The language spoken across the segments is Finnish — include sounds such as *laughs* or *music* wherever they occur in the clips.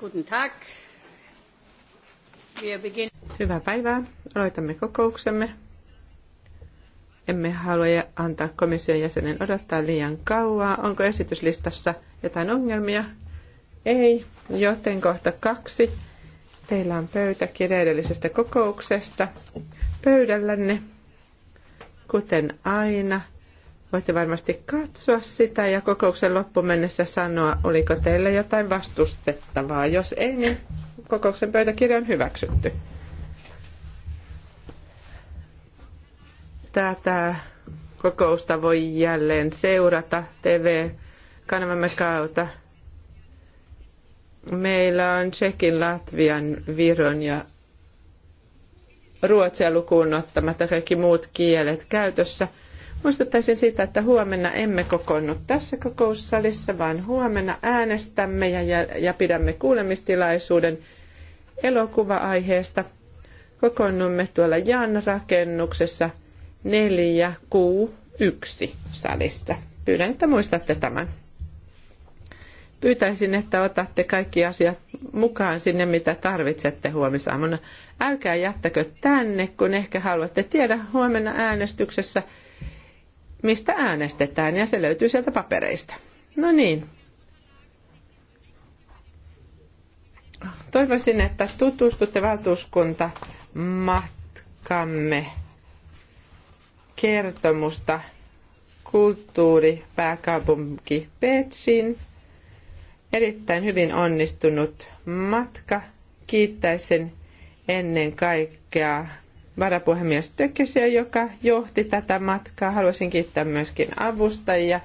Guten Tag. Hyvää päivää. Aloitamme kokouksemme. Emme halua antaa komission jäsenen odottaa liian kauaa. Onko esityslistassa jotain ongelmia? Ei, joten kohta kaksi. Teillä on pöytäkirja edellisestä kokouksesta pöydällänne, kuten aina. Voitte varmasti katsoa sitä ja kokouksen loppumennessä sanoa, oliko teillä jotain vastustettavaa. Jos ei, niin kokouksen pöytäkirja on hyväksytty. Tätä kokousta voi jälleen seurata TV-kanavamme kautta. Meillä on Tsekin, Latvian, Viron ja Ruotsia lukuun ottamatta kaikki muut kielet käytössä – Muistuttaisin siitä, että huomenna emme kokoonnu tässä kokoussalissa, vaan huomenna äänestämme ja, ja, ja pidämme kuulemistilaisuuden elokuva-aiheesta. Kokoonnumme tuolla Jan rakennuksessa 4 q salissa. Pyydän, että muistatte tämän. Pyytäisin, että otatte kaikki asiat mukaan sinne, mitä tarvitsette huomisaamuna. Älkää jättäkö tänne, kun ehkä haluatte tiedä huomenna äänestyksessä – mistä äänestetään, ja se löytyy sieltä papereista. No niin. Toivoisin, että tutustutte valtuuskunta matkamme kertomusta kulttuuripääkaupunki Petsin. Erittäin hyvin onnistunut matka. Kiittäisin ennen kaikkea varapuhemies Tökkesiä, joka johti tätä matkaa. Haluaisin kiittää myöskin avustajia,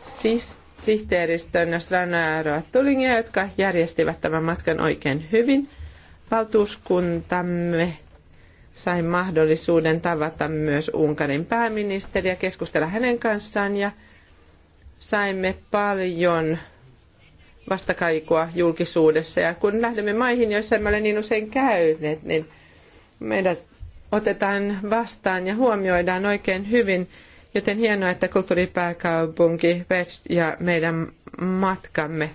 siis sihteeristön Stranaeroa Tulingia, jotka järjestivät tämän matkan oikein hyvin. Valtuuskuntamme sai mahdollisuuden tavata myös Unkarin pääministeriä, keskustella hänen kanssaan ja saimme paljon vastakaikua julkisuudessa. Ja kun lähdemme maihin, joissa emme ole niin usein käyneet, niin meidät otetaan vastaan ja huomioidaan oikein hyvin, joten hienoa, että kulttuuripääkaupunki Vest ja meidän matkamme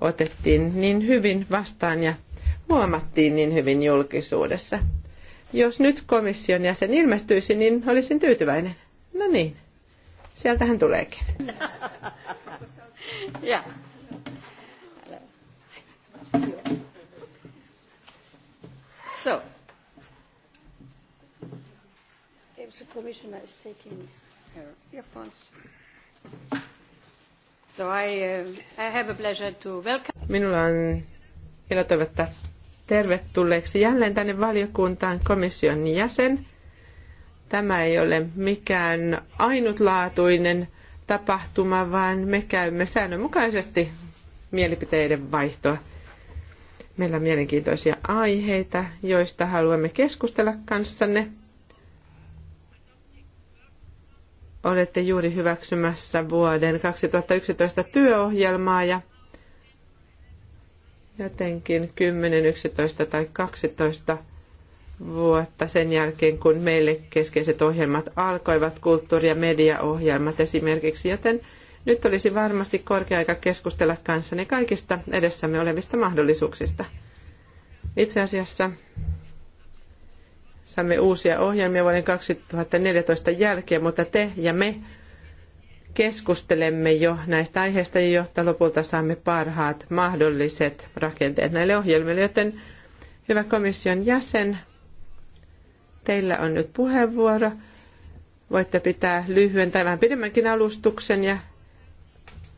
otettiin niin hyvin vastaan ja huomattiin niin hyvin julkisuudessa. Jos nyt komission jäsen ilmestyisi, niin olisin tyytyväinen. No niin, sieltähän tuleekin. Yeah. *laughs* perhaps the Commissioner is taking her earphones. So I, uh, I have a pleasure to welcome. Minulla on ilo toivottaa tervetulleeksi jälleen tänne valiokuntaan komission jäsen. Tämä ei ole mikään ainutlaatuinen tapahtuma, vaan me käymme säännönmukaisesti mielipiteiden vaihtoa. Meillä on mielenkiintoisia aiheita, joista haluamme keskustella kanssanne. olette juuri hyväksymässä vuoden 2011 työohjelmaa ja jotenkin 10, 11 tai 12 vuotta sen jälkeen, kun meille keskeiset ohjelmat alkoivat, kulttuuri- ja mediaohjelmat esimerkiksi, joten nyt olisi varmasti korkea aika keskustella kanssani kaikista edessämme olevista mahdollisuuksista. Itse asiassa Saimme uusia ohjelmia vuoden 2014 jälkeen, mutta te ja me keskustelemme jo näistä aiheista, jotta lopulta saamme parhaat mahdolliset rakenteet näille ohjelmille. Joten hyvä komission jäsen, teillä on nyt puheenvuoro. Voitte pitää lyhyen tai vähän pidemmänkin alustuksen ja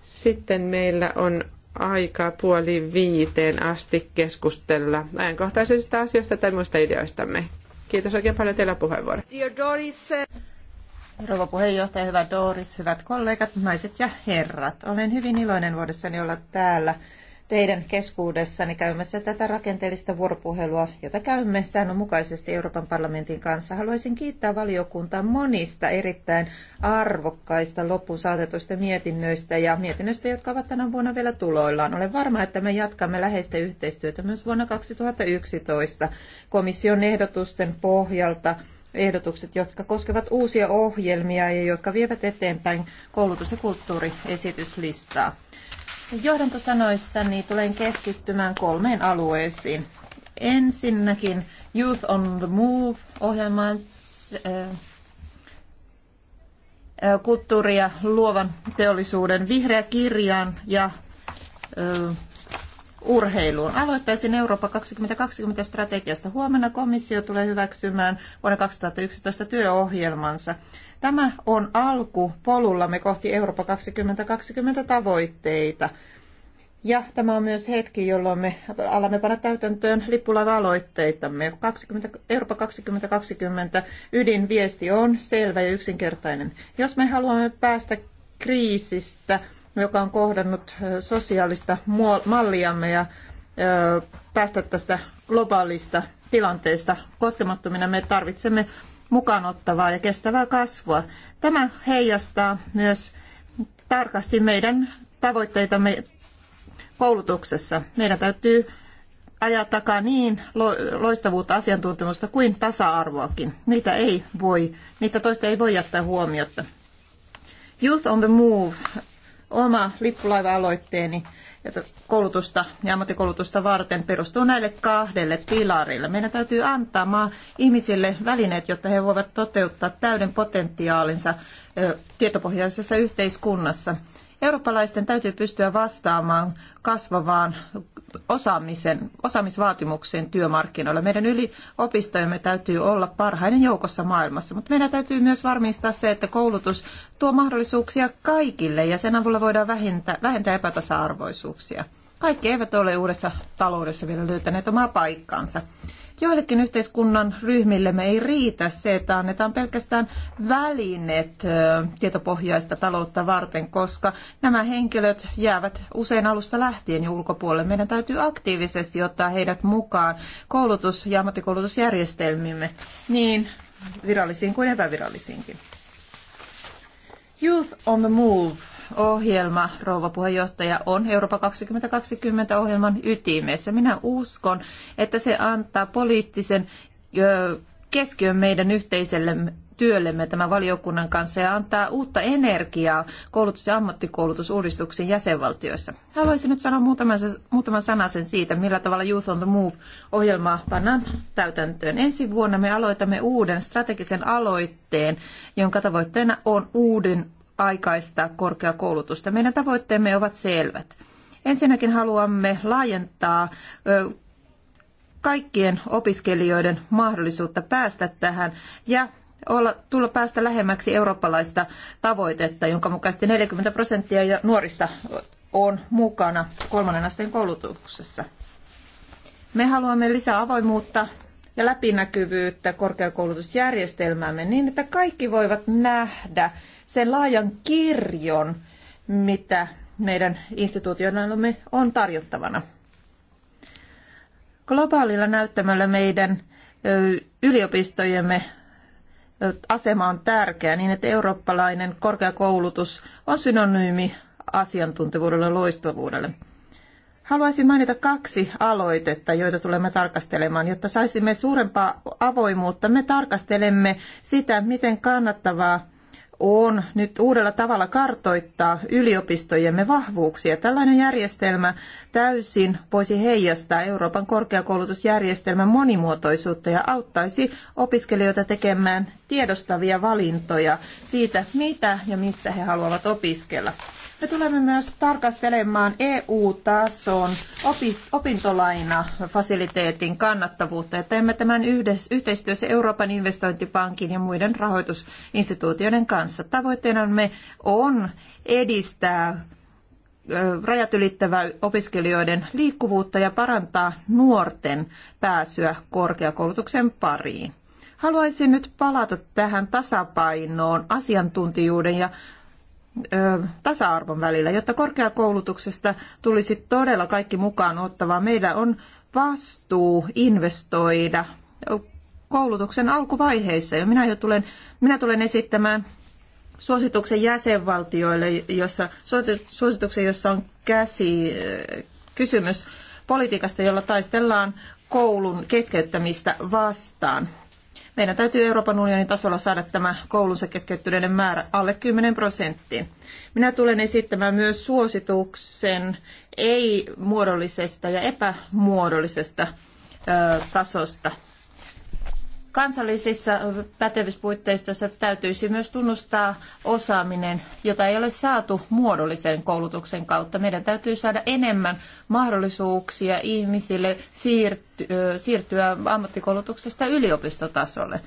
sitten meillä on aikaa puoli viiteen asti keskustella ajankohtaisista asioista tai muista ideoistamme. Kiitos oikein paljon teillä puheenvuoro. Dear Doris. Eh, Rouva puheenjohtaja, hyvä Doris, hyvät kollegat, naiset ja herrat. Olen hyvin iloinen vuodessani olla täällä teidän keskuudessani käymässä tätä rakenteellista vuoropuhelua, jota käymme säännönmukaisesti Euroopan parlamentin kanssa. Haluaisin kiittää valiokuntaa monista erittäin arvokkaista loppuun saatetuista mietinnöistä ja mietinnöistä, jotka ovat tänä vuonna vielä tuloillaan. Olen varma, että me jatkamme läheistä yhteistyötä myös vuonna 2011 komission ehdotusten pohjalta ehdotukset, jotka koskevat uusia ohjelmia ja jotka vievät eteenpäin koulutus- ja kulttuuriesityslistaa. Johdantosanoissani tulen keskittymään kolmeen alueesiin. Ensinnäkin Youth on the Move-ohjelmaan eh, eh, kulttuuri- ja luovan teollisuuden vihreä kirjaan ja ö, eh, urheiluun. Aloittaisin Eurooppa 2020 strategiasta. Huomenna komissio tulee hyväksymään vuonna 2011 työohjelmansa. Tämä on alku polullamme kohti Eurooppa 2020 tavoitteita. Ja tämä on myös hetki, jolloin me alamme panna täytäntöön lippulaiva-aloitteitamme. 20, Eurooppa 2020 ydinviesti on selvä ja yksinkertainen. Jos me haluamme päästä kriisistä, joka on kohdannut sosiaalista malliamme ja päästä tästä globaalista tilanteesta koskemattomina, me tarvitsemme mukaanottavaa ja kestävää kasvua. Tämä heijastaa myös tarkasti meidän tavoitteitamme koulutuksessa. Meidän täytyy ajaa takaa niin loistavuutta asiantuntemusta kuin tasa-arvoakin. Niitä ei voi, niistä toista ei voi jättää huomiota. Youth on the Move, oma lippulaiva-aloitteeni, koulutusta ja ammattikoulutusta varten perustuu näille kahdelle pilarille. Meidän täytyy antaa maa ihmisille välineet, jotta he voivat toteuttaa täyden potentiaalinsa tietopohjaisessa yhteiskunnassa. Eurooppalaisten täytyy pystyä vastaamaan kasvavaan osaamisen, osaamisvaatimukseen työmarkkinoilla. Meidän yliopistojemme täytyy olla parhainen joukossa maailmassa, mutta meidän täytyy myös varmistaa se, että koulutus tuo mahdollisuuksia kaikille ja sen avulla voidaan vähentää, vähentää epätasa-arvoisuuksia. Kaikki eivät ole uudessa taloudessa vielä löytäneet omaa paikkaansa. Joillekin yhteiskunnan ryhmille me ei riitä se, että annetaan pelkästään välineet tietopohjaista taloutta varten, koska nämä henkilöt jäävät usein alusta lähtien jo ulkopuolelle. Meidän täytyy aktiivisesti ottaa heidät mukaan koulutus- ja ammattikoulutusjärjestelmimme, niin virallisiin kuin epävirallisiinkin. Youth on the Move ohjelma, rouva puheenjohtaja, on Eurooppa 2020 ohjelman ytimessä. Minä uskon, että se antaa poliittisen keskiön meidän yhteiselle työllemme tämän valiokunnan kanssa ja antaa uutta energiaa koulutus- ja ammattikoulutusuudistuksiin jäsenvaltioissa. Haluaisin nyt sanoa muutaman, muutaman sen siitä, millä tavalla Youth on the Move-ohjelmaa pannaan täytäntöön. Ensi vuonna me aloitamme uuden strategisen aloitteen, jonka tavoitteena on uuden aikaistaa korkeakoulutusta. Meidän tavoitteemme ovat selvät. Ensinnäkin haluamme laajentaa kaikkien opiskelijoiden mahdollisuutta päästä tähän ja olla, tulla päästä lähemmäksi eurooppalaista tavoitetta, jonka mukaisesti 40 prosenttia nuorista on mukana kolmannen asteen koulutuksessa. Me haluamme lisää avoimuutta ja läpinäkyvyyttä korkeakoulutusjärjestelmäämme niin, että kaikki voivat nähdä sen laajan kirjon, mitä meidän instituutioillamme on tarjottavana. Globaalilla näyttämällä meidän yliopistojemme asema on tärkeä niin, että eurooppalainen korkeakoulutus on synonyymi asiantuntevuudelle ja loistavuudelle. Haluaisin mainita kaksi aloitetta, joita tulemme tarkastelemaan. Jotta saisimme suurempaa avoimuutta, me tarkastelemme sitä, miten kannattavaa on nyt uudella tavalla kartoittaa yliopistojemme vahvuuksia. Tällainen järjestelmä täysin voisi heijastaa Euroopan korkeakoulutusjärjestelmän monimuotoisuutta ja auttaisi opiskelijoita tekemään tiedostavia valintoja siitä, mitä ja missä he haluavat opiskella. Me tulemme myös tarkastelemaan EU-tason opintolainafasiliteetin kannattavuutta ja teemme tämän yhdessä, yhteistyössä Euroopan investointipankin ja muiden rahoitusinstituutioiden kanssa. Tavoitteenamme on edistää rajat ylittävää opiskelijoiden liikkuvuutta ja parantaa nuorten pääsyä korkeakoulutuksen pariin. Haluaisin nyt palata tähän tasapainoon asiantuntijuuden ja tasa-arvon välillä. Jotta korkeakoulutuksesta tulisi todella kaikki mukaan ottavaa, meillä on vastuu investoida koulutuksen alkuvaiheissa. Ja minä, jo tulen, minä tulen esittämään suosituksen jäsenvaltioille, jossa, suosituksen, jossa on käsi, kysymys politiikasta, jolla taistellaan koulun keskeyttämistä vastaan. Meidän täytyy Euroopan unionin tasolla saada tämä koulunsa keskeyttyneiden määrä alle 10 prosenttiin. Minä tulen esittämään myös suosituksen ei-muodollisesta ja epämuodollisesta tasosta kansallisissa pätevyyspuitteissa täytyisi myös tunnustaa osaaminen, jota ei ole saatu muodollisen koulutuksen kautta. Meidän täytyy saada enemmän mahdollisuuksia ihmisille siirtyä ammattikoulutuksesta yliopistotasolle.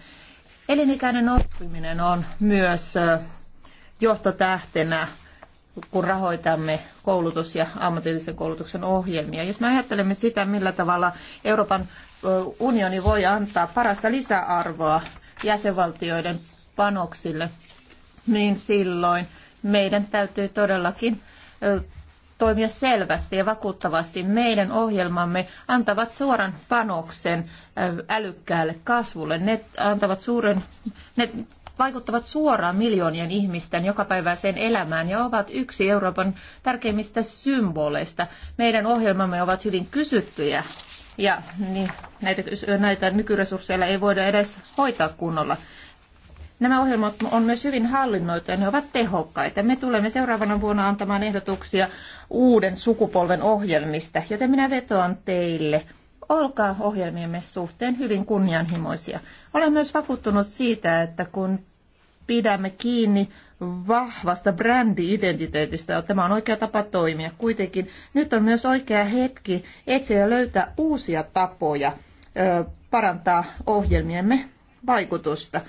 Elinikäinen oppiminen on myös johtotähtenä kun rahoitamme koulutus- ja ammatillisen koulutuksen ohjelmia. Jos me ajattelemme sitä, millä tavalla Euroopan unioni voi antaa parasta lisäarvoa jäsenvaltioiden panoksille, niin silloin meidän täytyy todellakin toimia selvästi ja vakuuttavasti. Meidän ohjelmamme antavat suoran panoksen älykkäälle kasvulle. Ne antavat suuren, ne vaikuttavat suoraan miljoonien ihmisten jokapäiväiseen elämään ja ovat yksi Euroopan tärkeimmistä symboleista. Meidän ohjelmamme ovat hyvin kysyttyjä ja niin näitä, näitä nykyresursseilla ei voida edes hoitaa kunnolla. Nämä ohjelmat on myös hyvin hallinnoitu ja ne ovat tehokkaita. Me tulemme seuraavana vuonna antamaan ehdotuksia uuden sukupolven ohjelmista, joten minä vetoan teille. Olkaa ohjelmiemme suhteen hyvin kunnianhimoisia. Olen myös vakuuttunut siitä, että kun pidämme kiinni vahvasta brändi-identiteetistä. Tämä on oikea tapa toimia. Kuitenkin nyt on myös oikea hetki etsiä ja löytää uusia tapoja parantaa ohjelmiemme vaikutusta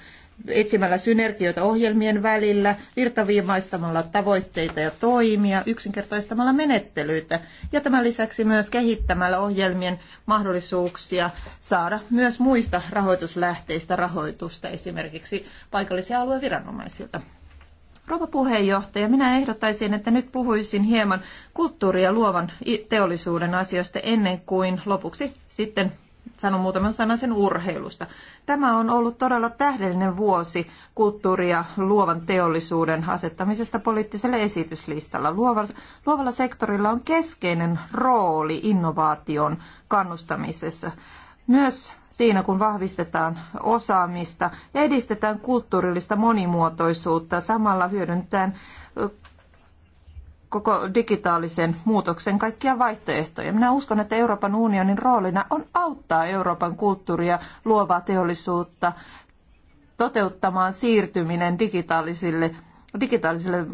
etsimällä synergioita ohjelmien välillä, virtaviimaistamalla tavoitteita ja toimia, yksinkertaistamalla menettelyitä ja tämän lisäksi myös kehittämällä ohjelmien mahdollisuuksia saada myös muista rahoituslähteistä rahoitusta, esimerkiksi paikallisia alueviranomaisilta. Rouva puheenjohtaja, minä ehdottaisin, että nyt puhuisin hieman kulttuuri- ja luovan teollisuuden asioista ennen kuin lopuksi sitten sanon muutaman sanan sen urheilusta. Tämä on ollut todella tähdellinen vuosi kulttuuri- ja luovan teollisuuden asettamisesta poliittiselle esityslistalla. Luovalla, luovalla sektorilla on keskeinen rooli innovaation kannustamisessa. Myös siinä, kun vahvistetaan osaamista ja edistetään kulttuurillista monimuotoisuutta, samalla hyödyntäen koko digitaalisen muutoksen kaikkia vaihtoehtoja. Minä uskon, että Euroopan unionin roolina on auttaa Euroopan kulttuuria, luovaa teollisuutta toteuttamaan siirtyminen digitaalisille, digitaalisille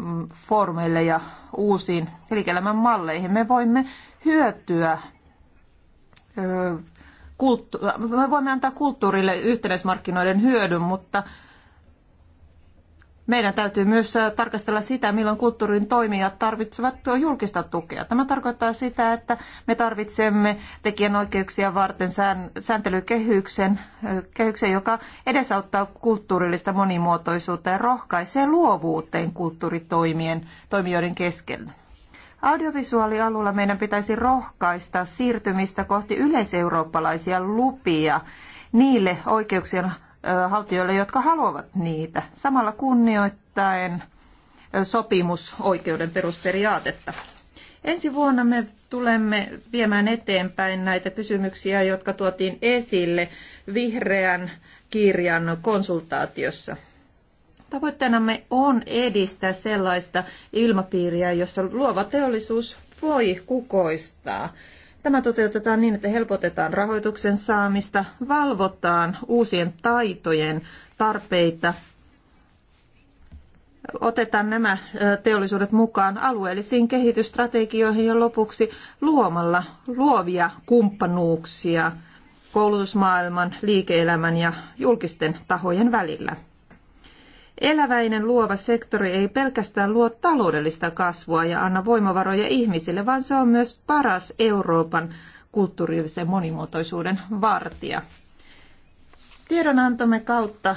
foorumeille ja uusiin liike-elämän malleihin. Me voimme hyötyä me voimme antaa kulttuurille yhtenäismarkkinoiden hyödyn, mutta meidän täytyy myös äh, tarkastella sitä, milloin kulttuurin toimijat tarvitsevat julkista tukea. Tämä tarkoittaa sitä, että me tarvitsemme tekijänoikeuksia varten sääntelykehyksen, äh, kehyksen, joka edesauttaa kulttuurillista monimuotoisuutta ja rohkaisee luovuuteen kulttuuritoimien toimijoiden keskellä. Audiovisuaalialueella meidän pitäisi rohkaista siirtymistä kohti yleiseurooppalaisia lupia niille oikeuksien haltijoille, jotka haluavat niitä, samalla kunnioittaen sopimusoikeuden perusperiaatetta. Ensi vuonna me tulemme viemään eteenpäin näitä kysymyksiä, jotka tuotiin esille vihreän kirjan konsultaatiossa. Tavoitteenamme on edistää sellaista ilmapiiriä, jossa luova teollisuus voi kukoistaa Tämä toteutetaan niin, että helpotetaan rahoituksen saamista, valvotaan uusien taitojen tarpeita, otetaan nämä teollisuudet mukaan alueellisiin kehitysstrategioihin ja lopuksi luomalla luovia kumppanuuksia koulutusmaailman, liike-elämän ja julkisten tahojen välillä. Eläväinen luova sektori ei pelkästään luo taloudellista kasvua ja anna voimavaroja ihmisille, vaan se on myös paras Euroopan kulttuurillisen monimuotoisuuden vartija. Tiedonantomme kautta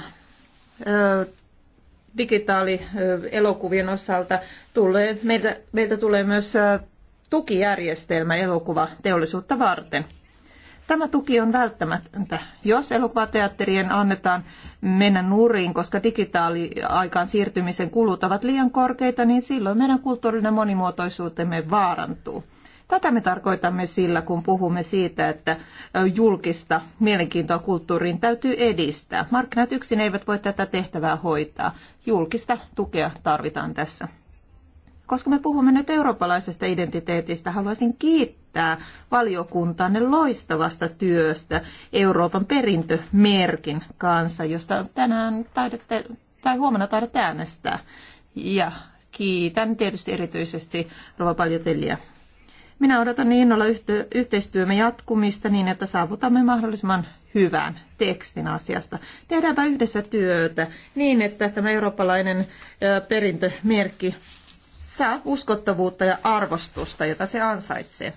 digitaalielokuvien osalta tulee, meiltä, meiltä tulee myös tukijärjestelmä elokuvateollisuutta varten – Tämä tuki on välttämätöntä, jos elokuvateatterien annetaan mennä nuriin, koska digitaaliaikaan siirtymisen kulut ovat liian korkeita, niin silloin meidän kulttuurinen monimuotoisuutemme vaarantuu. Tätä me tarkoitamme sillä, kun puhumme siitä, että julkista mielenkiintoa kulttuuriin täytyy edistää. Markkinat yksin eivät voi tätä tehtävää hoitaa. Julkista tukea tarvitaan tässä. Koska me puhumme nyt eurooppalaisesta identiteetistä, haluaisin kiittää valiokuntanne loistavasta työstä Euroopan perintömerkin kanssa, josta tänään taidatte, tai huomenna taidatte äänestää. Ja kiitän tietysti erityisesti Rova Paljotelia. Minä odotan niin olla yhteistyömme jatkumista niin, että saavutamme mahdollisimman hyvän tekstin asiasta. Tehdäänpä yhdessä työtä niin, että tämä eurooppalainen perintömerkki saa uskottavuutta ja arvostusta, jota se ansaitsee.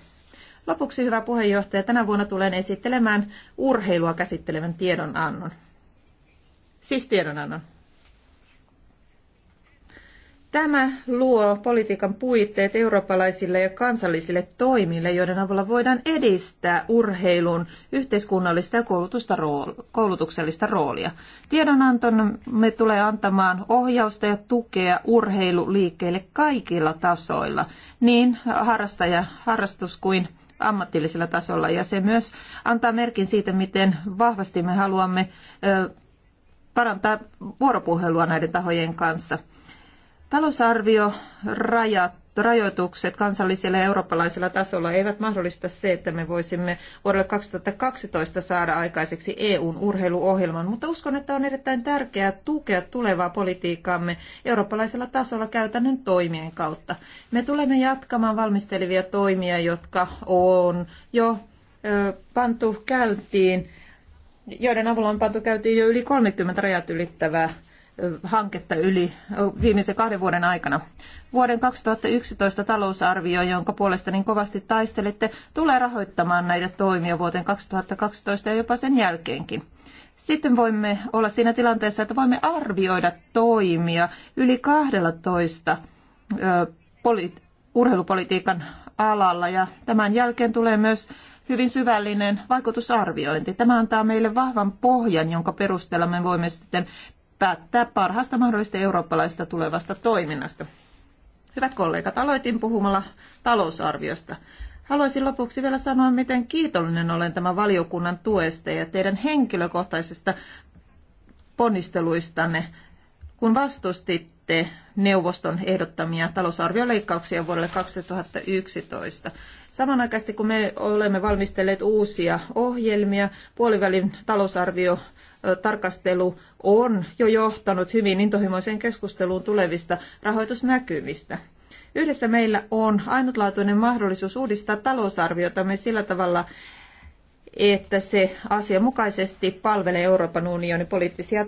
Lopuksi, hyvä puheenjohtaja, tänä vuonna tulen esittelemään urheilua käsittelevän tiedonannon. Siis tiedonannon. Tämä luo politiikan puitteet eurooppalaisille ja kansallisille toimille, joiden avulla voidaan edistää urheilun yhteiskunnallista ja koulutusta koulutuksellista roolia. Tiedonanton me tulee antamaan ohjausta ja tukea urheiluliikkeille kaikilla tasoilla, niin harrastaja, harrastus kuin ammatillisella tasolla. Ja se myös antaa merkin siitä, miten vahvasti me haluamme parantaa vuoropuhelua näiden tahojen kanssa – Talousarvio rajat rajoitukset kansallisella ja eurooppalaisella tasolla eivät mahdollista se, että me voisimme vuodelle 2012 saada aikaiseksi EUn urheiluohjelman, mutta uskon, että on erittäin tärkeää tukea tulevaa politiikkaamme eurooppalaisella tasolla käytännön toimien kautta. Me tulemme jatkamaan valmistelevia toimia, jotka on jo pantu käyntiin joiden avulla on pantu käyntiin jo yli 30 rajat ylittävää hanketta yli viimeisen kahden vuoden aikana. Vuoden 2011 talousarvio, jonka puolesta niin kovasti taistelitte, tulee rahoittamaan näitä toimia vuoteen 2012 ja jopa sen jälkeenkin. Sitten voimme olla siinä tilanteessa, että voimme arvioida toimia yli 12 poli- urheilupolitiikan alalla ja tämän jälkeen tulee myös hyvin syvällinen vaikutusarviointi. Tämä antaa meille vahvan pohjan, jonka perusteella me voimme sitten päättää parhaasta mahdollisesta eurooppalaisesta tulevasta toiminnasta. Hyvät kollegat, aloitin puhumalla talousarviosta. Haluaisin lopuksi vielä sanoa, miten kiitollinen olen tämän valiokunnan tuesta ja teidän henkilökohtaisesta ponnisteluistanne, kun vastustitte neuvoston ehdottamia talousarvioleikkauksia vuodelle 2011. Samanaikaisesti kun me olemme valmistelleet uusia ohjelmia, puolivälin talousarvio tarkastelu on jo johtanut hyvin intohimoiseen keskusteluun tulevista rahoitusnäkymistä. Yhdessä meillä on ainutlaatuinen mahdollisuus uudistaa talousarviotamme sillä tavalla, että se asianmukaisesti palvelee Euroopan unionin poliittisia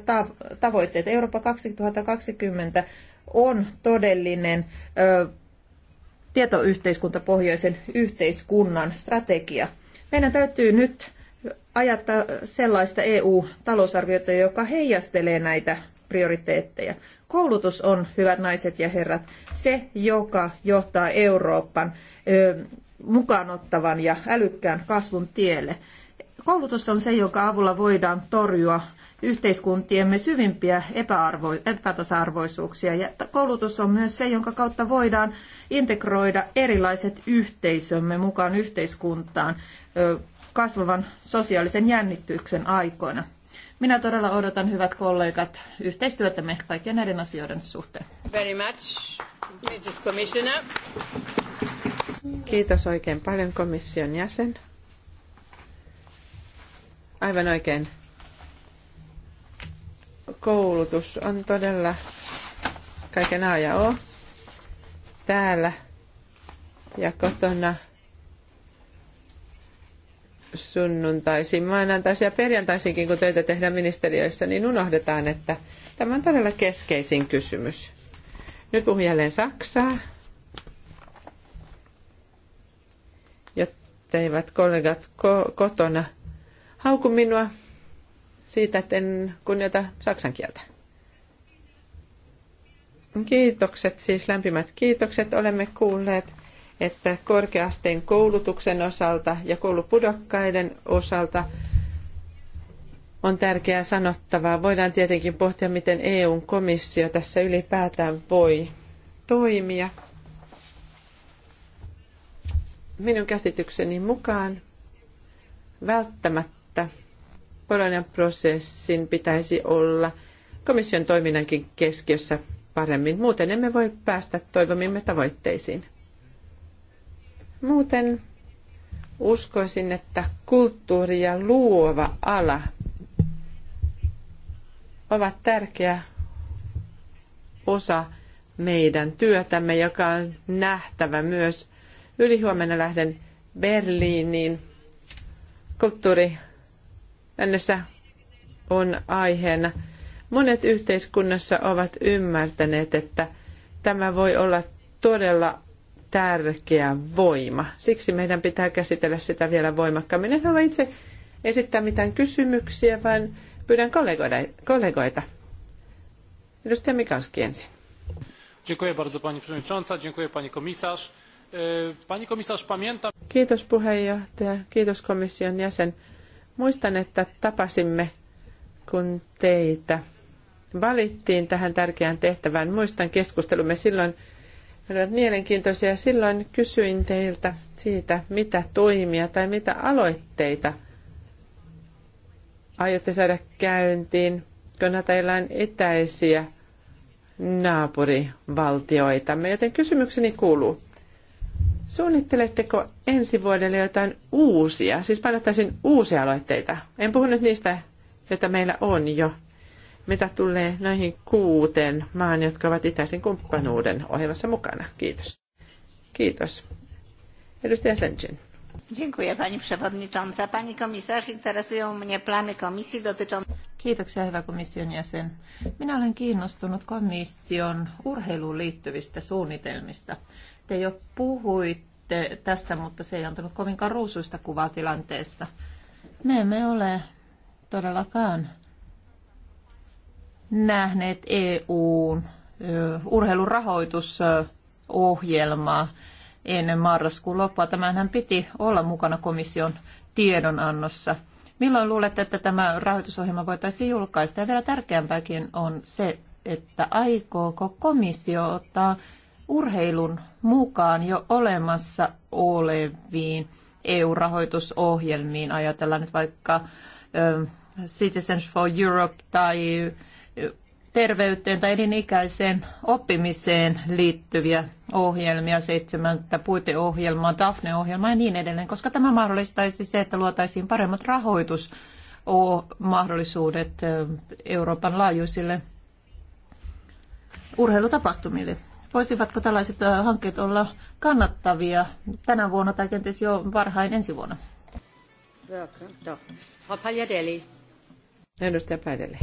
tavoitteita. Eurooppa 2020 on todellinen ö, tietoyhteiskuntapohjaisen yhteiskunnan strategia. Meidän täytyy nyt ajattaa sellaista EU-talousarviota, joka heijastelee näitä prioriteetteja. Koulutus on, hyvät naiset ja herrat, se, joka johtaa Euroopan ö, mukaanottavan ja älykkään kasvun tielle. Koulutus on se, jonka avulla voidaan torjua yhteiskuntiemme syvimpiä epäarvo, epätasa-arvoisuuksia. Ja koulutus on myös se, jonka kautta voidaan integroida erilaiset yhteisömme mukaan yhteiskuntaan, kasvavan sosiaalisen jännityksen aikoina. Minä todella odotan, hyvät kollegat, yhteistyötämme kaikkien näiden asioiden suhteen. Very much, Mrs. Commissioner. Kiitos oikein paljon komission jäsen. Aivan oikein. Koulutus on todella kaiken A ja O. Täällä ja kotona sunnuntaisin, maanantaisin ja perjantaisinkin, kun töitä tehdään ministeriöissä, niin unohdetaan, että tämä on todella keskeisin kysymys. Nyt puhun jälleen Saksaa. eivät kollegat ko- kotona hauku minua siitä, että en kunnioita saksan kieltä. Kiitokset, siis lämpimät kiitokset. Olemme kuulleet että korkeasteen koulutuksen osalta ja koulupudokkaiden osalta on tärkeää sanottavaa. Voidaan tietenkin pohtia, miten EUn komissio tässä ylipäätään voi toimia. Minun käsitykseni mukaan välttämättä Bolognan prosessin pitäisi olla komission toiminnankin keskiössä paremmin. Muuten emme voi päästä toivomimme tavoitteisiin. Muuten uskoisin, että kulttuuri ja luova ala ovat tärkeä osa meidän työtämme, joka on nähtävä myös. Ylihuomenna lähden Berliiniin. Kulttuuri mennessä on aiheena. Monet yhteiskunnassa ovat ymmärtäneet, että tämä voi olla todella tärkeä voima. Siksi meidän pitää käsitellä sitä vielä voimakkaammin. En halua itse esittää mitään kysymyksiä, vaan pyydän kollegoida, kollegoita. Edustaja Mikalski ensin. Dziękuję bardzo pani przewodnicząca, dziękuję pani komisarz. E, pani komisarz pamięta... Kiitos puheenjohtaja, kiitos komission jäsen. Muistan, että tapasimme, kun teitä valittiin tähän tärkeään tehtävään. Muistan keskustelumme silloin ne olivat mielenkiintoisia. Silloin kysyin teiltä siitä, mitä toimia tai mitä aloitteita aiotte saada käyntiin, kun teillä on etäisiä naapurivaltioita. Joten kysymykseni kuuluu, suunnitteletteko ensi vuodelle jotain uusia, siis painottaisin uusia aloitteita? En puhu nyt niistä, joita meillä on jo mitä tulee näihin kuuteen maan, jotka ovat itäisen kumppanuuden ohjelmassa mukana. Kiitos. Kiitos. Edustaja Senchen. Dziękuję Pani Przewodnicząca. Pani Komisarz, interesują mnie plany Komisji dotyczące... Kiitoksia, hyvä komission jäsen. Minä olen kiinnostunut komission urheiluun liittyvistä suunnitelmista. Te jo puhuitte tästä, mutta se ei antanut kovinkaan ruusuista kuvaa tilanteesta. Me emme ole todellakaan nähneet EUn urheilurahoitusohjelmaa ennen marraskuun loppua. Tämähän piti olla mukana komission tiedonannossa. Milloin luulette, että tämä rahoitusohjelma voitaisiin julkaista? Ja vielä tärkeämpääkin on se, että aikooko komissio ottaa urheilun mukaan jo olemassa oleviin EU-rahoitusohjelmiin. Ajatellaan nyt vaikka Citizens for Europe tai terveyteen tai elinikäiseen oppimiseen liittyviä ohjelmia, seitsemäntä puiteohjelmaa, Daphne-ohjelmaa ja niin edelleen, koska tämä mahdollistaisi se, että luotaisiin paremmat rahoitusmahdollisuudet Euroopan laajuisille urheilutapahtumille. Voisivatko tällaiset hankkeet olla kannattavia tänä vuonna tai kenties jo varhain ensi vuonna? Edustaja Päideli.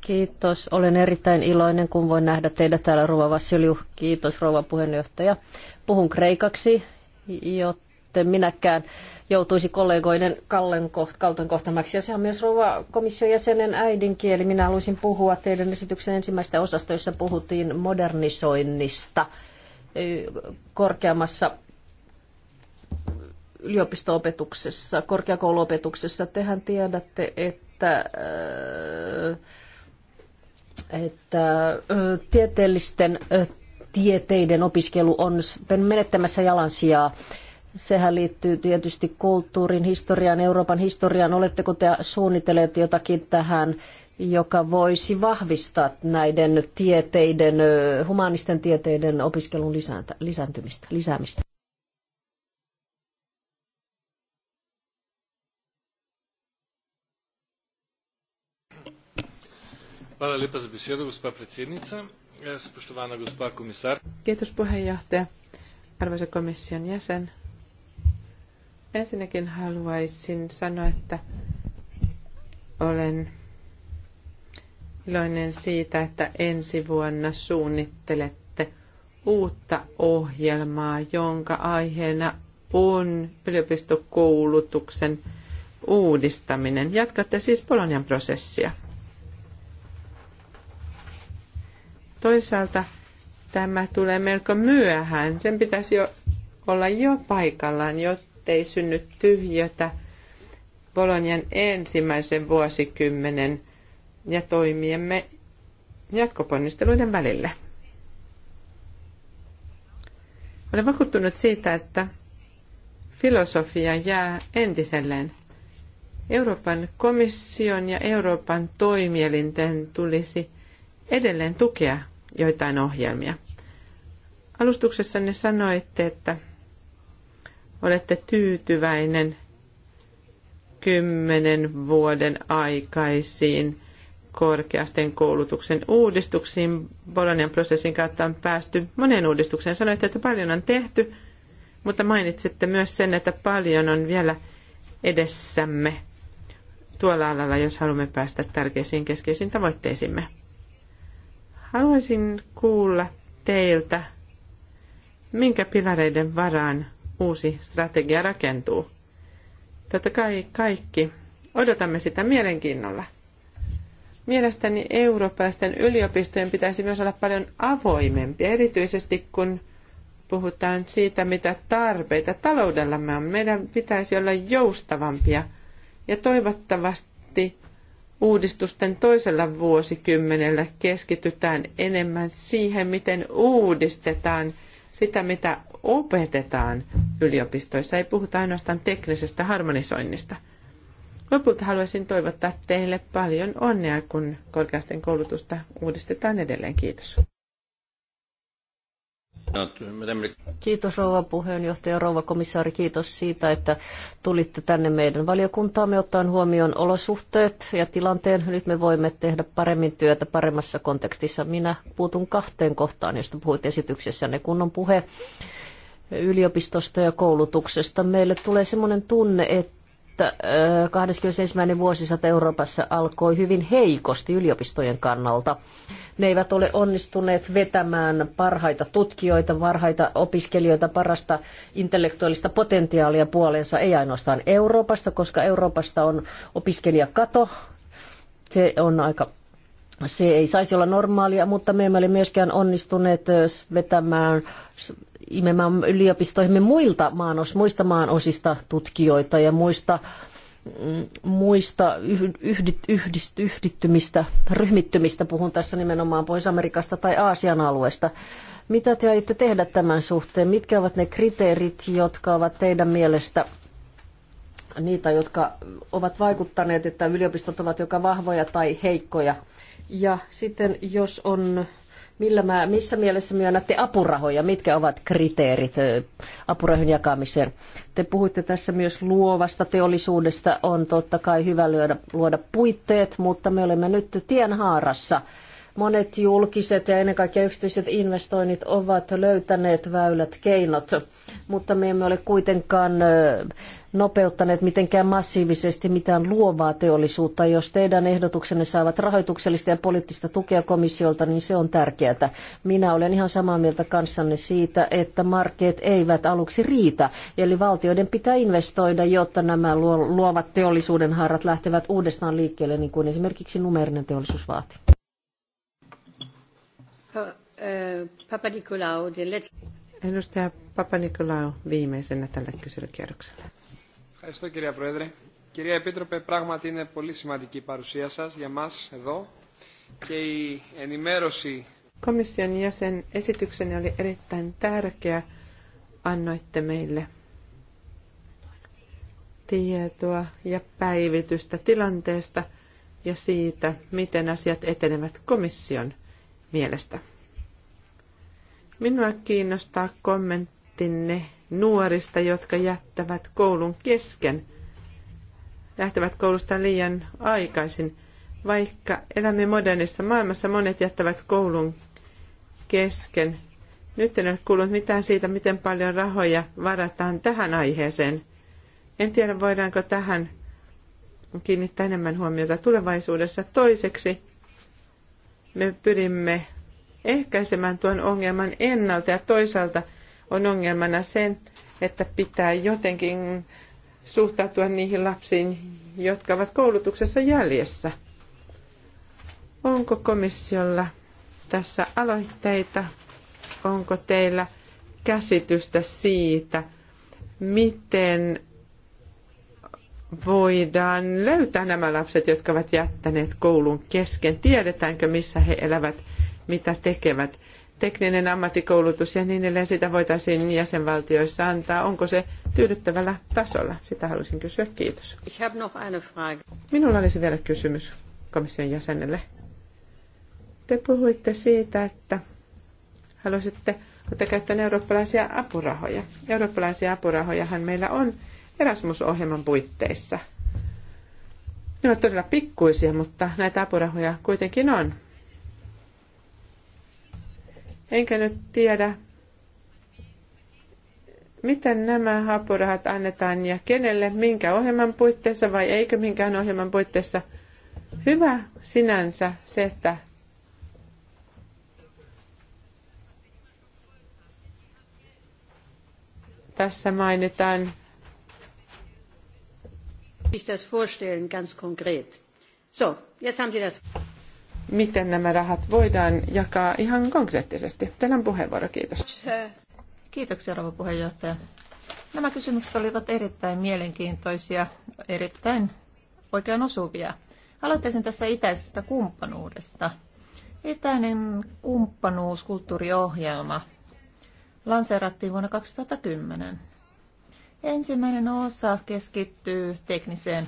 Kiitos. Olen erittäin iloinen, kun voin nähdä teidät täällä, Rouva Vassiliu. Kiitos, Rouva puheenjohtaja. Puhun kreikaksi, joten minäkään joutuisi kollegoiden kalton kohtamaksi. Ja se on myös Rouva komission jäsenen äidinkieli. Minä haluaisin puhua teidän esityksen ensimmäistä osasta, jossa puhuttiin modernisoinnista korkeammassa yliopisto-opetuksessa, korkeakouluopetuksessa. Tehän tiedätte, että, äh, että äh, tieteellisten äh, tieteiden opiskelu on menettämässä jalansijaa. Sehän liittyy tietysti kulttuurin, historiaan, Euroopan historiaan. Oletteko te suunnitelleet jotakin tähän, joka voisi vahvistaa näiden tieteiden, humanisten tieteiden opiskelun lisääntymistä, lisäämistä? Hvala lepa za besedo, gospa predsednica. Spoštovana gospa komisar. Kiitos puheenjohtaja. Arvoisa komission jäsen. Ensinnäkin haluaisin sanoa, että olen iloinen siitä, että ensi vuonna suunnittelette uutta ohjelmaa, jonka aiheena on yliopistokoulutuksen uudistaminen. Jatkatte siis Polonian prosessia. Toisaalta tämä tulee melko myöhään. Sen pitäisi jo olla jo paikallaan, jottei synny tyhjötä Bolonian ensimmäisen vuosikymmenen ja toimiemme jatkoponnisteluiden välillä. Olen vakuuttunut siitä, että filosofia jää entiselleen. Euroopan komission ja Euroopan toimielinten tulisi edelleen tukea joitain ohjelmia. Alustuksessanne sanoitte, että olette tyytyväinen kymmenen vuoden aikaisiin korkeasten koulutuksen uudistuksiin. Bolonian prosessin kautta on päästy moneen uudistukseen. Sanoitte, että paljon on tehty, mutta mainitsitte myös sen, että paljon on vielä edessämme tuolla alalla, jos haluamme päästä tärkeisiin keskeisiin tavoitteisimme. Haluaisin kuulla teiltä, minkä pilareiden varaan uusi strategia rakentuu. Totta kai kaikki odotamme sitä mielenkiinnolla. Mielestäni eurooppalaisten yliopistojen pitäisi myös olla paljon avoimempia, erityisesti kun puhutaan siitä, mitä tarpeita taloudellamme on. Meidän pitäisi olla joustavampia ja toivottavasti uudistusten toisella vuosikymmenellä keskitytään enemmän siihen, miten uudistetaan sitä, mitä opetetaan yliopistoissa. Ei puhuta ainoastaan teknisestä harmonisoinnista. Lopulta haluaisin toivottaa teille paljon onnea, kun korkeasten koulutusta uudistetaan edelleen. Kiitos. Kiitos rouva puheenjohtaja, rouva komissaari, kiitos siitä, että tulitte tänne meidän valiokuntaamme ottaen huomioon olosuhteet ja tilanteen. Nyt me voimme tehdä paremmin työtä paremmassa kontekstissa. Minä puutun kahteen kohtaan, josta puhuit esityksessänne, kun on puhe yliopistosta ja koulutuksesta. Meille tulee sellainen tunne, että 21. vuosisata Euroopassa alkoi hyvin heikosti yliopistojen kannalta. Ne eivät ole onnistuneet vetämään parhaita tutkijoita, parhaita opiskelijoita, parasta intellektuaalista potentiaalia puoleensa, ei ainoastaan Euroopasta, koska Euroopasta on opiskelijakato. Se on aika se ei saisi olla normaalia, mutta me emme ole myöskään onnistuneet vetämään imemään yliopistoihimme muilta maanos, muista maanosista tutkijoita ja muista, mm, muista yhdit, yhdist, yhdittymistä, ryhmittymistä. Puhun tässä nimenomaan Pohjois-Amerikasta tai Aasian alueesta. Mitä te aiotte tehdä tämän suhteen? Mitkä ovat ne kriteerit, jotka ovat teidän mielestä niitä, jotka ovat vaikuttaneet, että yliopistot ovat joka vahvoja tai heikkoja? Ja sitten jos on Millä mä, missä mielessä myönnätte apurahoja? Mitkä ovat kriteerit apurahojen jakamiseen? Te puhuitte tässä myös luovasta teollisuudesta. On totta kai hyvä luoda, luoda puitteet, mutta me olemme nyt tienhaarassa. Monet julkiset ja ennen kaikkea yksityiset investoinnit ovat löytäneet väylät, keinot, mutta me emme ole kuitenkaan nopeuttaneet mitenkään massiivisesti mitään luovaa teollisuutta. Jos teidän ehdotuksenne saavat rahoituksellista ja poliittista tukea komissiolta, niin se on tärkeää. Minä olen ihan samaa mieltä kanssanne siitä, että markkeet eivät aluksi riitä. Eli valtioiden pitää investoida, jotta nämä luovat teollisuuden haarat lähtevät uudestaan liikkeelle, niin kuin esimerkiksi numerinen teollisuus vaatii. Eh, Edustaja Papa Nikolaou viimeisenä tällä kyselykierroksella. Ευχαριστώ κυρία Πρόεδρε. Κυρία Επίτροπε, πράγματι είναι πολύ σημαντική η παρουσία σας για μας εδώ και η ενημέρωση... Komission jäsen esityksen oli erittäin tärkeä. Annoitte meille tietoa ja päivitystä tilanteesta ja siitä, miten asiat etenevät komission mielestä. Minua kiinnostaa kommenttinne nuorista, jotka jättävät koulun kesken, lähtevät koulusta liian aikaisin. Vaikka elämme modernissa maailmassa, monet jättävät koulun kesken. Nyt en ole kuullut mitään siitä, miten paljon rahoja varataan tähän aiheeseen. En tiedä, voidaanko tähän kiinnittää enemmän huomiota tulevaisuudessa. Toiseksi me pyrimme ehkäisemään tuon ongelman ennalta ja toisaalta – on ongelmana sen, että pitää jotenkin suhtautua niihin lapsiin, jotka ovat koulutuksessa jäljessä. Onko komissiolla tässä aloitteita? Onko teillä käsitystä siitä, miten voidaan löytää nämä lapset, jotka ovat jättäneet koulun kesken? Tiedetäänkö, missä he elävät, mitä tekevät? tekninen ammattikoulutus ja niin edelleen, sitä voitaisiin jäsenvaltioissa antaa. Onko se tyydyttävällä tasolla? Sitä haluaisin kysyä. Kiitos. Minulla olisi vielä kysymys komission jäsenelle. Te puhuitte siitä, että haluaisitte ottaa käyttöön eurooppalaisia apurahoja. Eurooppalaisia apurahojahan meillä on Erasmus-ohjelman puitteissa. Ne ovat todella pikkuisia, mutta näitä apurahoja kuitenkin on. Enkä nyt tiedä, miten nämä apurahat annetaan ja kenelle, minkä ohjelman puitteissa vai eikö minkään ohjelman puitteissa. Hyvä sinänsä se, että tässä mainitaan. Ich das vorstellen ganz konkret. So, jetzt haben Sie das miten nämä rahat voidaan jakaa ihan konkreettisesti. Teillä on puheenvuoro, kiitos. Kiitoksia, rouva puheenjohtaja. Nämä kysymykset olivat erittäin mielenkiintoisia, erittäin oikean osuvia. Aloittaisin tässä itäisestä kumppanuudesta. Itäinen kumppanuus, kulttuuriohjelma, lanseerattiin vuonna 2010. Ensimmäinen osa keskittyy tekniseen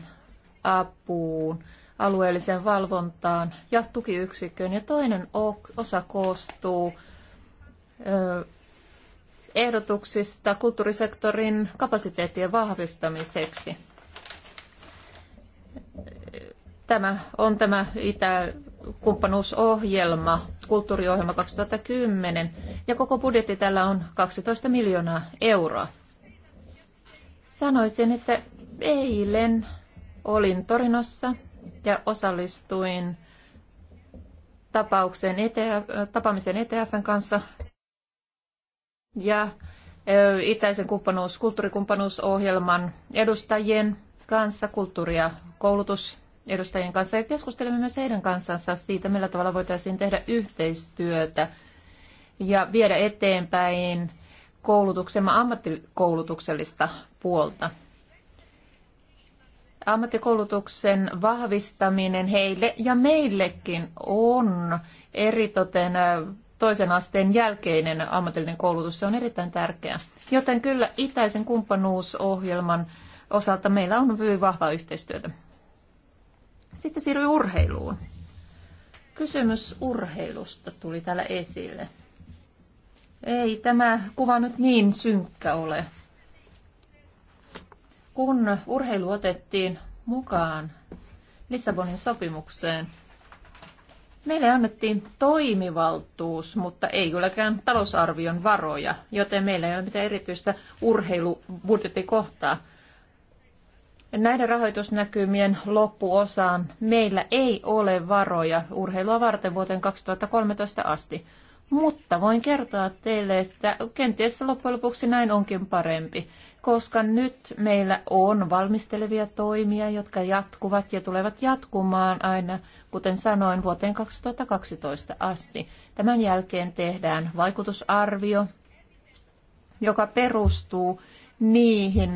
apuun alueelliseen valvontaan ja tukiyksikköön. Ja toinen osa koostuu ehdotuksista kulttuurisektorin kapasiteettien vahvistamiseksi. Tämä on tämä Itä-kumppanuusohjelma, kulttuuriohjelma 2010, ja koko budjetti tällä on 12 miljoonaa euroa. Sanoisin, että eilen olin Torinossa ja osallistuin tapaukseen ETF, tapaamisen ETFn kanssa ja itäisen kumppanuus, kulttuurikumppanuusohjelman edustajien kanssa, kulttuuri- ja koulutusedustajien kanssa ja keskustelimme myös heidän kanssansa siitä, millä tavalla voitaisiin tehdä yhteistyötä ja viedä eteenpäin koulutuksemme ammattikoulutuksellista puolta ammattikoulutuksen vahvistaminen heille ja meillekin on eritoten toisen asteen jälkeinen ammatillinen koulutus. Se on erittäin tärkeää. Joten kyllä itäisen kumppanuusohjelman osalta meillä on hyvin vahvaa yhteistyötä. Sitten siirry urheiluun. Kysymys urheilusta tuli täällä esille. Ei tämä kuva nyt niin synkkä ole. Kun urheilu otettiin mukaan Lissabonin sopimukseen, meille annettiin toimivaltuus, mutta ei kylläkään talousarvion varoja, joten meillä ei ole mitään erityistä urheilubudjettikohtaa. Näiden rahoitusnäkymien loppuosaan meillä ei ole varoja urheilua varten vuoteen 2013 asti. Mutta voin kertoa teille, että kenties loppujen lopuksi näin onkin parempi koska nyt meillä on valmistelevia toimia, jotka jatkuvat ja tulevat jatkumaan aina, kuten sanoin, vuoteen 2012 asti. Tämän jälkeen tehdään vaikutusarvio, joka perustuu niihin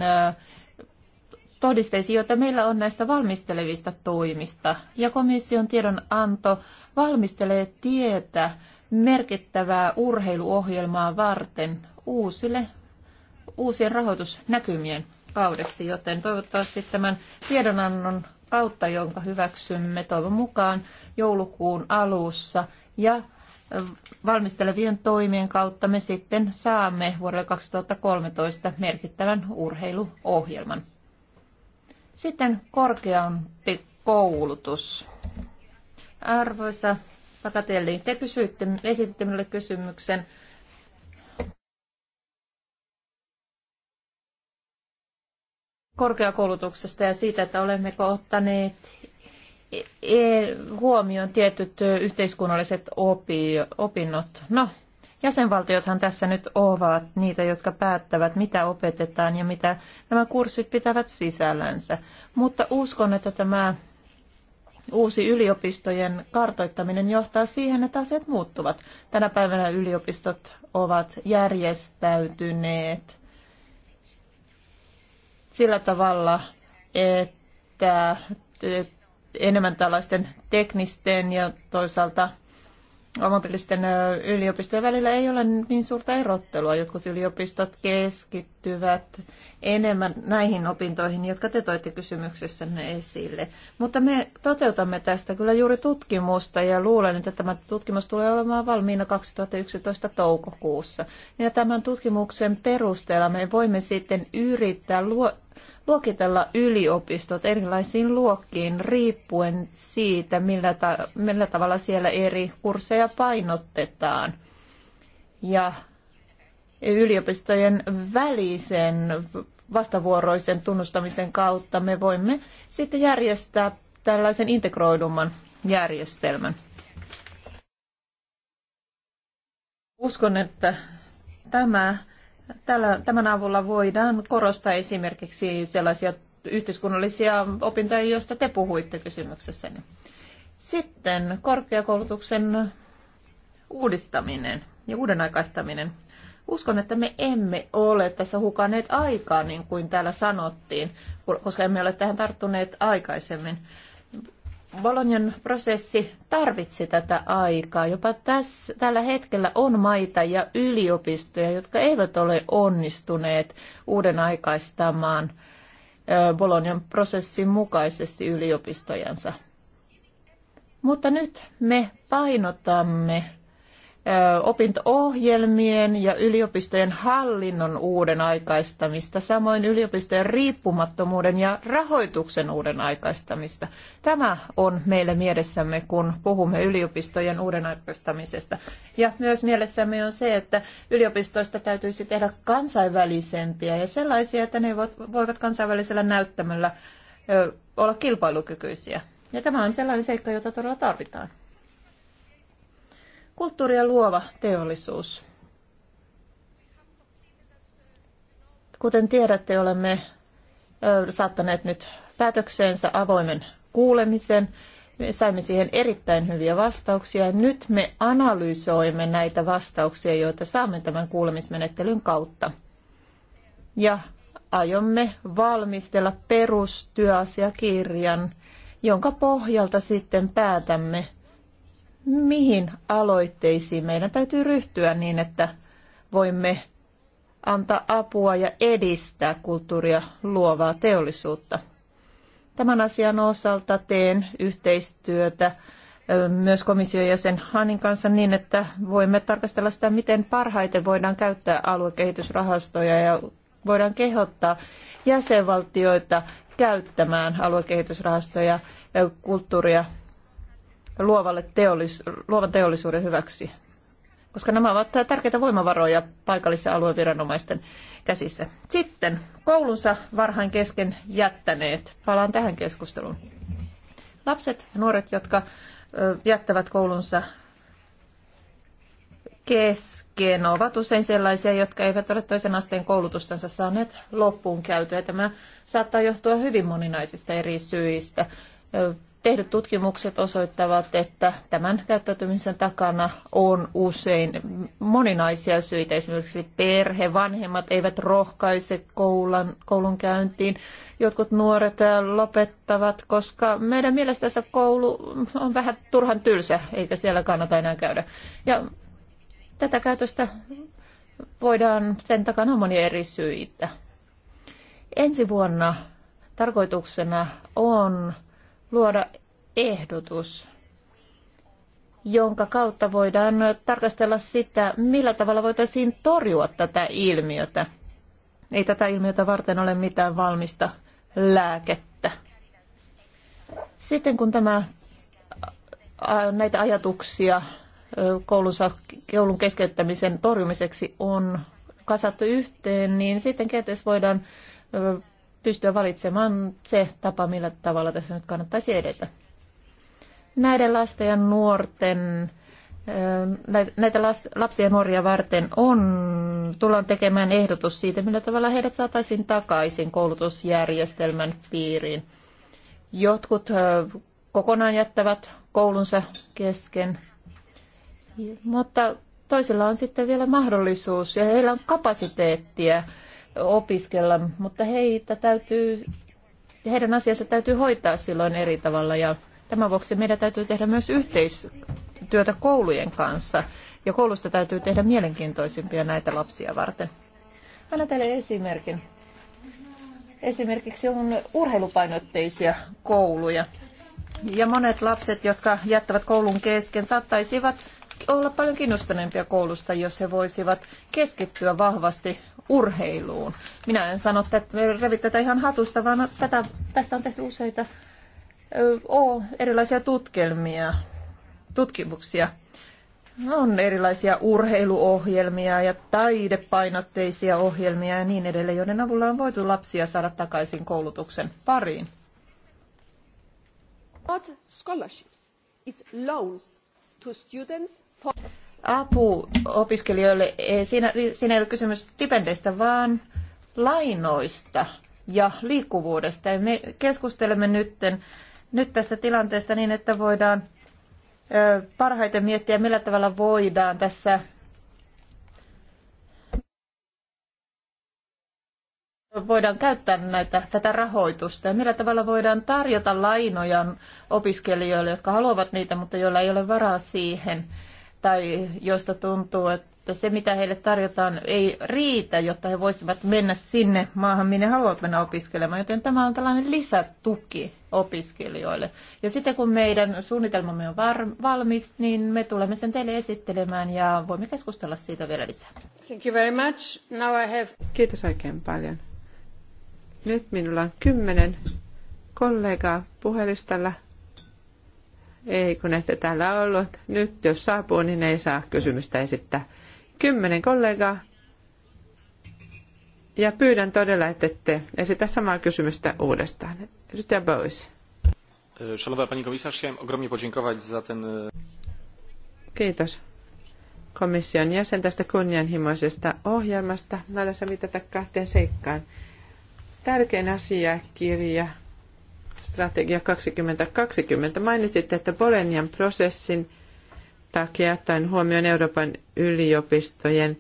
todisteisiin, joita meillä on näistä valmistelevista toimista. Ja komission tiedonanto valmistelee tietä merkittävää urheiluohjelmaa varten uusille uusien rahoitusnäkymien kaudeksi, joten toivottavasti tämän tiedonannon kautta, jonka hyväksymme toivon mukaan joulukuun alussa ja valmistelevien toimien kautta me sitten saamme vuodelle 2013 merkittävän urheiluohjelman. Sitten korkeampi koulutus. Arvoisa Pakatelli, te kysyitte, esititte minulle kysymyksen korkeakoulutuksesta ja siitä, että olemmeko ottaneet e- e- huomioon tietyt yhteiskunnalliset opi opinnot. No, jäsenvaltiothan tässä nyt ovat niitä, jotka päättävät, mitä opetetaan ja mitä nämä kurssit pitävät sisällänsä. Mutta uskon, että tämä uusi yliopistojen kartoittaminen johtaa siihen, että asiat muuttuvat. Tänä päivänä yliopistot ovat järjestäytyneet – sillä tavalla, että enemmän tällaisten teknisten ja toisaalta ammatillisten yliopistojen välillä ei ole niin suurta erottelua. Jotkut yliopistot keskittyvät enemmän näihin opintoihin, jotka te toitte kysymyksessänne esille. Mutta me toteutamme tästä kyllä juuri tutkimusta ja luulen, että tämä tutkimus tulee olemaan valmiina 2011 toukokuussa. Ja tämän tutkimuksen perusteella me voimme sitten yrittää luo, luokitella yliopistot erilaisiin luokkiin riippuen siitä, millä, ta- millä tavalla siellä eri kursseja painotetaan. Ja yliopistojen välisen vastavuoroisen tunnustamisen kautta me voimme sitten järjestää tällaisen integroidumman järjestelmän. Uskon, että tämä Tällä, tämän avulla voidaan korostaa esimerkiksi sellaisia yhteiskunnallisia opintoja, joista te puhuitte kysymyksessäni. Sitten korkeakoulutuksen uudistaminen ja uudenaikaistaminen. Uskon, että me emme ole tässä hukaneet aikaa, niin kuin täällä sanottiin, koska emme ole tähän tarttuneet aikaisemmin. Bolognan prosessi tarvitsi tätä aikaa. Jopa tässä, tällä hetkellä on maita ja yliopistoja, jotka eivät ole onnistuneet uuden aikaistamaan Bolognan prosessin mukaisesti yliopistojansa. Mutta nyt me painotamme opinto-ohjelmien ja yliopistojen hallinnon uuden aikaistamista, samoin yliopistojen riippumattomuuden ja rahoituksen uuden aikaistamista. Tämä on meille mielessämme, kun puhumme yliopistojen uuden aikaistamisesta. Ja myös mielessämme on se, että yliopistoista täytyisi tehdä kansainvälisempiä ja sellaisia, että ne voivat kansainvälisellä näyttämällä olla kilpailukykyisiä. Ja tämä on sellainen seikka, jota todella tarvitaan. Kulttuuri ja luova teollisuus. Kuten tiedätte, olemme saattaneet nyt päätökseensä avoimen kuulemisen. Me saimme siihen erittäin hyviä vastauksia. Nyt me analysoimme näitä vastauksia, joita saamme tämän kuulemismenettelyn kautta. Ja aiomme valmistella perustyöasiakirjan, jonka pohjalta sitten päätämme mihin aloitteisiin meidän täytyy ryhtyä niin, että voimme antaa apua ja edistää kulttuuria luovaa teollisuutta. Tämän asian osalta teen yhteistyötä myös komission jäsen Hanin kanssa niin, että voimme tarkastella sitä, miten parhaiten voidaan käyttää aluekehitysrahastoja ja voidaan kehottaa jäsenvaltioita käyttämään aluekehitysrahastoja kulttuuria luovalle teollis- luovan teollisuuden hyväksi? Koska nämä ovat tärkeitä voimavaroja paikallisen alueen viranomaisten käsissä. Sitten koulunsa varhain kesken jättäneet. Palaan tähän keskusteluun. Lapset ja nuoret, jotka jättävät koulunsa kesken ovat usein sellaisia, jotka eivät ole toisen asteen koulutustansa saaneet loppuun käytyä. Tämä saattaa johtua hyvin moninaisista eri syistä tehdyt tutkimukset osoittavat, että tämän käyttäytymisen takana on usein moninaisia syitä. Esimerkiksi perhe, vanhemmat eivät rohkaise koulun koulunkäyntiin. Jotkut nuoret lopettavat, koska meidän tässä koulu on vähän turhan tylsä, eikä siellä kannata enää käydä. Ja tätä käytöstä voidaan, sen takana monia eri syitä. Ensi vuonna tarkoituksena on luoda ehdotus, jonka kautta voidaan tarkastella sitä, millä tavalla voitaisiin torjua tätä ilmiötä. Ei tätä ilmiötä varten ole mitään valmista lääkettä. Sitten kun tämä, näitä ajatuksia koulunsa, koulun keskeyttämisen torjumiseksi on kasattu yhteen, niin sitten kenties voidaan pystyä valitsemaan se tapa, millä tavalla tässä nyt kannattaisi edetä. Näiden lasten ja nuorten näitä lapsia ja nuoria varten on, tullaan tekemään ehdotus siitä, millä tavalla heidät saataisiin takaisin koulutusjärjestelmän piiriin. Jotkut kokonaan jättävät koulunsa kesken, mutta toisilla on sitten vielä mahdollisuus ja heillä on kapasiteettia opiskella, mutta heitä täytyy, heidän asiansa täytyy hoitaa silloin eri tavalla ja tämän vuoksi meidän täytyy tehdä myös yhteistyötä koulujen kanssa ja koulusta täytyy tehdä mielenkiintoisimpia näitä lapsia varten. Anna teille esimerkin. Esimerkiksi on urheilupainotteisia kouluja. Ja monet lapset, jotka jättävät koulun kesken, saattaisivat olla paljon kiinnostuneempia koulusta, jos he voisivat keskittyä vahvasti urheiluun. Minä en sano, että revit tätä ihan hatusta, vaan tätä, tästä on tehty useita o, erilaisia tutkelmia, tutkimuksia. On erilaisia urheiluohjelmia ja taidepainotteisia ohjelmia ja niin edelleen, joiden avulla on voitu lapsia saada takaisin koulutuksen pariin. Not scholarships, it's loans to students Apu opiskelijoille, siinä, siinä ei ole kysymys stipendeistä, vaan lainoista ja liikkuvuudesta. Ja me keskustelemme nytten nyt tästä tilanteesta niin, että voidaan parhaiten miettiä, millä tavalla voidaan tässä voidaan käyttää näitä, tätä rahoitusta ja millä tavalla voidaan tarjota lainoja opiskelijoille, jotka haluavat niitä, mutta joilla ei ole varaa siihen tai joista tuntuu, että se mitä heille tarjotaan ei riitä, jotta he voisivat mennä sinne maahan, minne haluavat mennä opiskelemaan. Joten tämä on tällainen lisätuki opiskelijoille. Ja sitten kun meidän suunnitelmamme on var- valmis, niin me tulemme sen teille esittelemään ja voimme keskustella siitä vielä lisää. Thank you very much. Now I have... Kiitos oikein paljon. Nyt minulla on kymmenen kollegaa puhelistalla. Ei kun ette täällä ollut. Nyt jos saapuu, niin ei saa kysymystä esittää. Kymmenen kollegaa. Ja pyydän todella, että ette esitä samaa kysymystä uudestaan. Edustaja Bois. Szanowna pani komisarz, chciałem ogromnie podziękować za ten... E, Kiitos komission jäsen tästä kunnianhimoisesta ohjelmasta. Mä olen viitata kahteen seikkaan. Tärkein asiakirja strategia 2020. Mainitsitte, että Bolenian prosessin takia ottaen huomioon Euroopan yliopistojen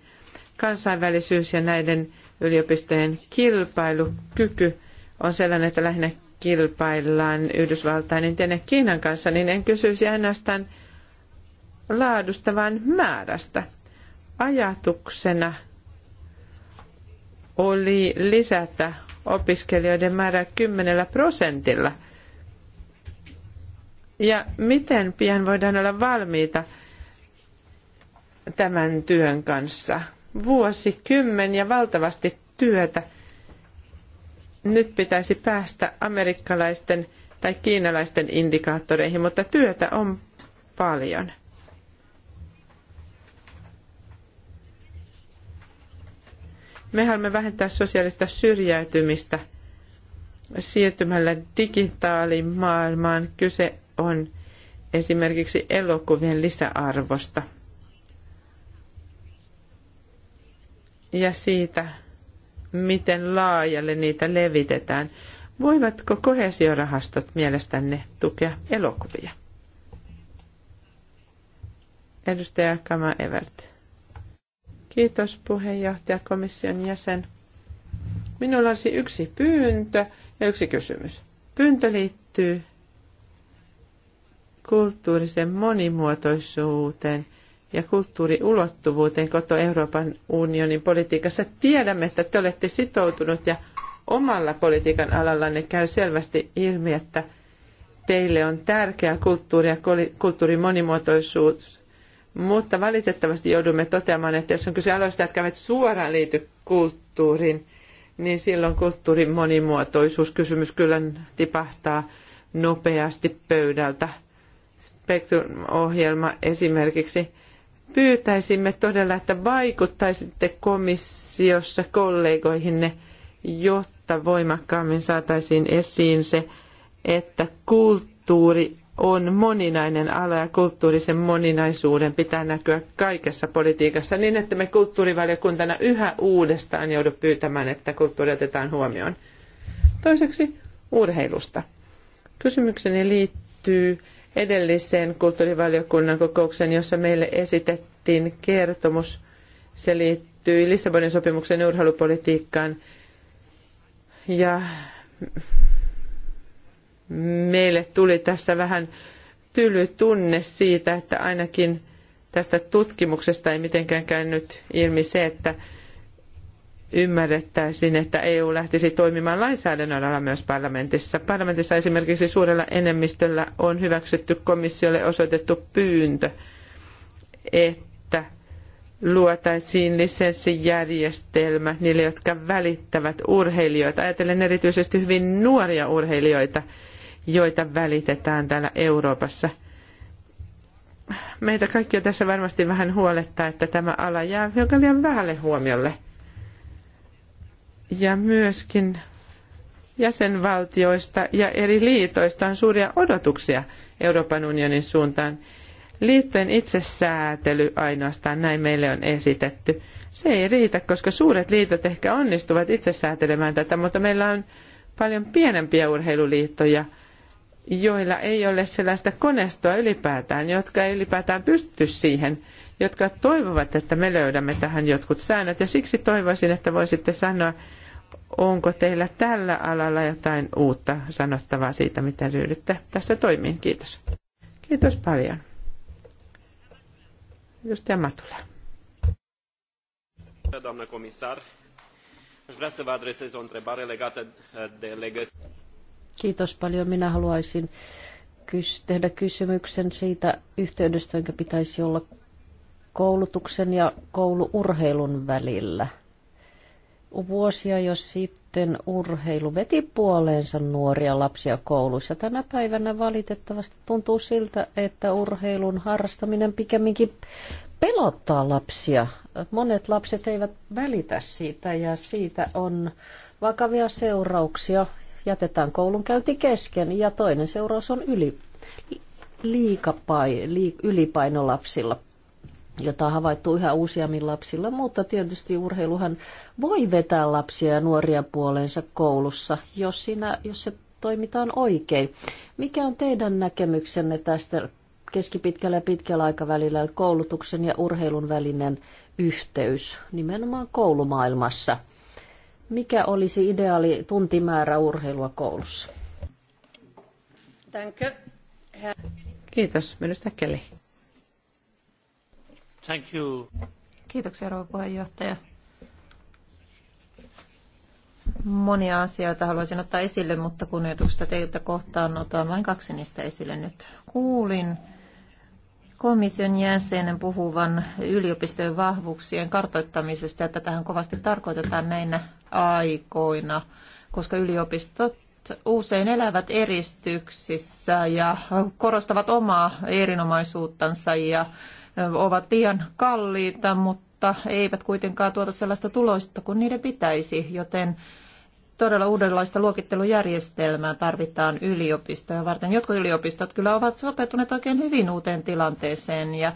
kansainvälisyys ja näiden yliopistojen kilpailukyky on sellainen, että lähinnä kilpaillaan Yhdysvaltain, Intian ja Kiinan kanssa, niin en kysyisi ainoastaan laadusta, vaan määrästä. Ajatuksena oli lisätä opiskelijoiden määrä 10 prosentilla. Ja miten pian voidaan olla valmiita tämän työn kanssa? Vuosi, kymmen ja valtavasti työtä. Nyt pitäisi päästä amerikkalaisten tai kiinalaisten indikaattoreihin, mutta työtä on paljon. Me haluamme vähentää sosiaalista syrjäytymistä siirtymällä digitaalimaailmaan. Kyse on esimerkiksi elokuvien lisäarvosta ja siitä, miten laajalle niitä levitetään. Voivatko kohesiorahastot mielestänne tukea elokuvia? Edustaja Kama Evert. Kiitos puheenjohtaja komission jäsen. Minulla olisi yksi pyyntö ja yksi kysymys. Pyyntö liittyy kulttuurisen monimuotoisuuteen ja kulttuuriulottuvuuteen koto Euroopan unionin politiikassa. Tiedämme, että te olette sitoutunut ja omalla politiikan alallanne käy selvästi ilmi, että teille on tärkeää kulttuuri ja kulttuurin monimuotoisuus mutta valitettavasti joudumme toteamaan, että jos on kyse aloista, jotka eivät suoraan liity kulttuuriin, niin silloin kulttuurin monimuotoisuuskysymys kyllä tipahtaa nopeasti pöydältä. spectrum ohjelma esimerkiksi. Pyytäisimme todella, että vaikuttaisitte komissiossa kollegoihinne, jotta voimakkaammin saataisiin esiin se, että kulttuuri on moninainen ala ja kulttuurisen moninaisuuden pitää näkyä kaikessa politiikassa niin, että me kulttuurivaliokuntana yhä uudestaan joudut pyytämään, että kulttuuri otetaan huomioon. Toiseksi urheilusta. Kysymykseni liittyy edelliseen kulttuurivaliokunnan kokoukseen, jossa meille esitettiin kertomus. Se liittyy Lissabonin sopimuksen urheilupolitiikkaan ja meille tuli tässä vähän tyly tunne siitä, että ainakin tästä tutkimuksesta ei mitenkään käynyt ilmi se, että ymmärrettäisiin, että EU lähtisi toimimaan lainsäädännön alalla myös parlamentissa. Parlamentissa esimerkiksi suurella enemmistöllä on hyväksytty komissiolle osoitettu pyyntö, että luotaisiin lisenssijärjestelmä niille, jotka välittävät urheilijoita. Ajatellen erityisesti hyvin nuoria urheilijoita – joita välitetään täällä Euroopassa. Meitä on tässä varmasti vähän huolettaa, että tämä ala jää hiukan liian vähälle huomiolle. Ja myöskin jäsenvaltioista ja eri liitoista on suuria odotuksia Euroopan unionin suuntaan. Liittojen itsesäätely ainoastaan, näin meille on esitetty. Se ei riitä, koska suuret liitot ehkä onnistuvat itsesäätelemään tätä, mutta meillä on paljon pienempiä urheiluliittoja – joilla ei ole sellaista koneistoa ylipäätään, jotka ei ylipäätään pysty siihen, jotka toivovat, että me löydämme tähän jotkut säännöt. Ja siksi toivoisin, että voisitte sanoa, onko teillä tällä alalla jotain uutta sanottavaa siitä, mitä ryhdytte tässä toimiin. Kiitos. Kiitos paljon. Edustaja Matula. Doamnă comisar, aș vrea să vă adresez o întrebare legată eh, de legătură. Kiitos paljon. Minä haluaisin tehdä kysymyksen siitä yhteydestä, jonka pitäisi olla koulutuksen ja kouluurheilun välillä. Vuosia jo sitten urheilu veti puoleensa nuoria lapsia kouluissa. Tänä päivänä valitettavasti tuntuu siltä, että urheilun harrastaminen pikemminkin pelottaa lapsia. Monet lapset eivät välitä siitä ja siitä on vakavia seurauksia jätetään koulunkäynti kesken ja toinen seuraus on yli, liikapai, li, ylipaino lapsilla jota havaittu yhä useammin lapsilla, mutta tietysti urheiluhan voi vetää lapsia ja nuoria puoleensa koulussa, jos, siinä, jos se toimitaan oikein. Mikä on teidän näkemyksenne tästä keskipitkällä ja pitkällä aikavälillä koulutuksen ja urheilun välinen yhteys nimenomaan koulumaailmassa? Mikä olisi ideaali tuntimäärä urheilua koulussa? Kiitos, minusta Keli. Thank you. Kiitoksia, rouva puheenjohtaja. Monia asioita haluaisin ottaa esille, mutta kunnioituksesta teiltä kohtaan otan vain kaksi niistä esille nyt. Kuulin komission jäsenen puhuvan yliopistojen vahvuuksien kartoittamisesta, että tähän kovasti tarkoitetaan näinä aikoina, koska yliopistot usein elävät eristyksissä ja korostavat omaa erinomaisuuttansa ja ovat liian kalliita, mutta eivät kuitenkaan tuota sellaista tuloista kuin niiden pitäisi, joten todella uudenlaista luokittelujärjestelmää tarvitaan yliopistoja varten. Jotkut yliopistot kyllä ovat sopeutuneet oikein hyvin uuteen tilanteeseen ja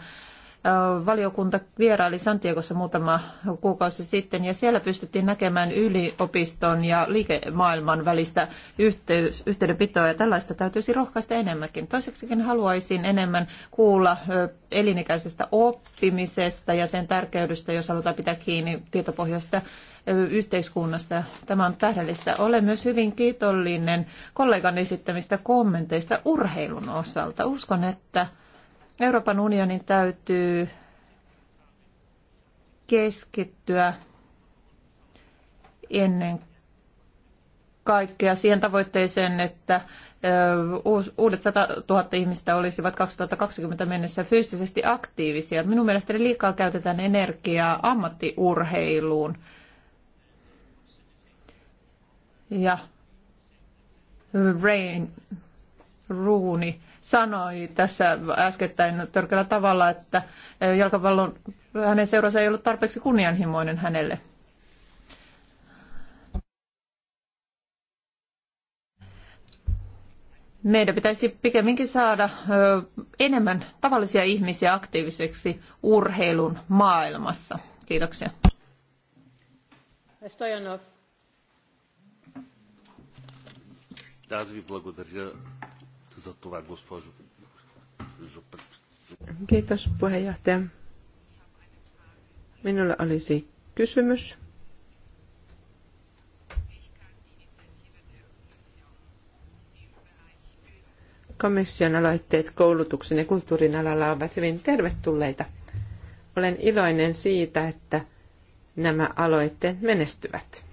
valiokunta vieraili Santiagossa muutama kuukausi sitten ja siellä pystyttiin näkemään yliopiston ja liikemaailman välistä yhteys, yhteydenpitoa ja tällaista täytyisi rohkaista enemmänkin. Toiseksikin haluaisin enemmän kuulla elinikäisestä oppimisesta ja sen tärkeydestä, jos halutaan pitää kiinni tietopohjaisesta yhteiskunnasta. Tämä on tähdellistä. Olen myös hyvin kiitollinen kollegan esittämistä kommenteista urheilun osalta. Uskon, että Euroopan unionin täytyy keskittyä ennen kaikkea siihen tavoitteeseen, että uudet 100 000 ihmistä olisivat 2020 mennessä fyysisesti aktiivisia. Minun mielestäni liikaa käytetään energiaa ammattiurheiluun ja Rain Ruuni sanoi tässä äskettäin törkällä tavalla, että eh, jalkapallon hänen seurassa ei ollut tarpeeksi kunnianhimoinen hänelle. Meidän pitäisi pikemminkin saada eh, enemmän tavallisia ihmisiä aktiiviseksi urheilun maailmassa. Kiitoksia. Stojanov. Аз ви благодаря за това, госпожо. Kiitos puheenjohtaja. Minulla olisi kysymys. Komission aloitteet koulutuksen ja kulttuurin alalla ovat hyvin tervetulleita. Olen iloinen siitä, että nämä aloitteet menestyvät.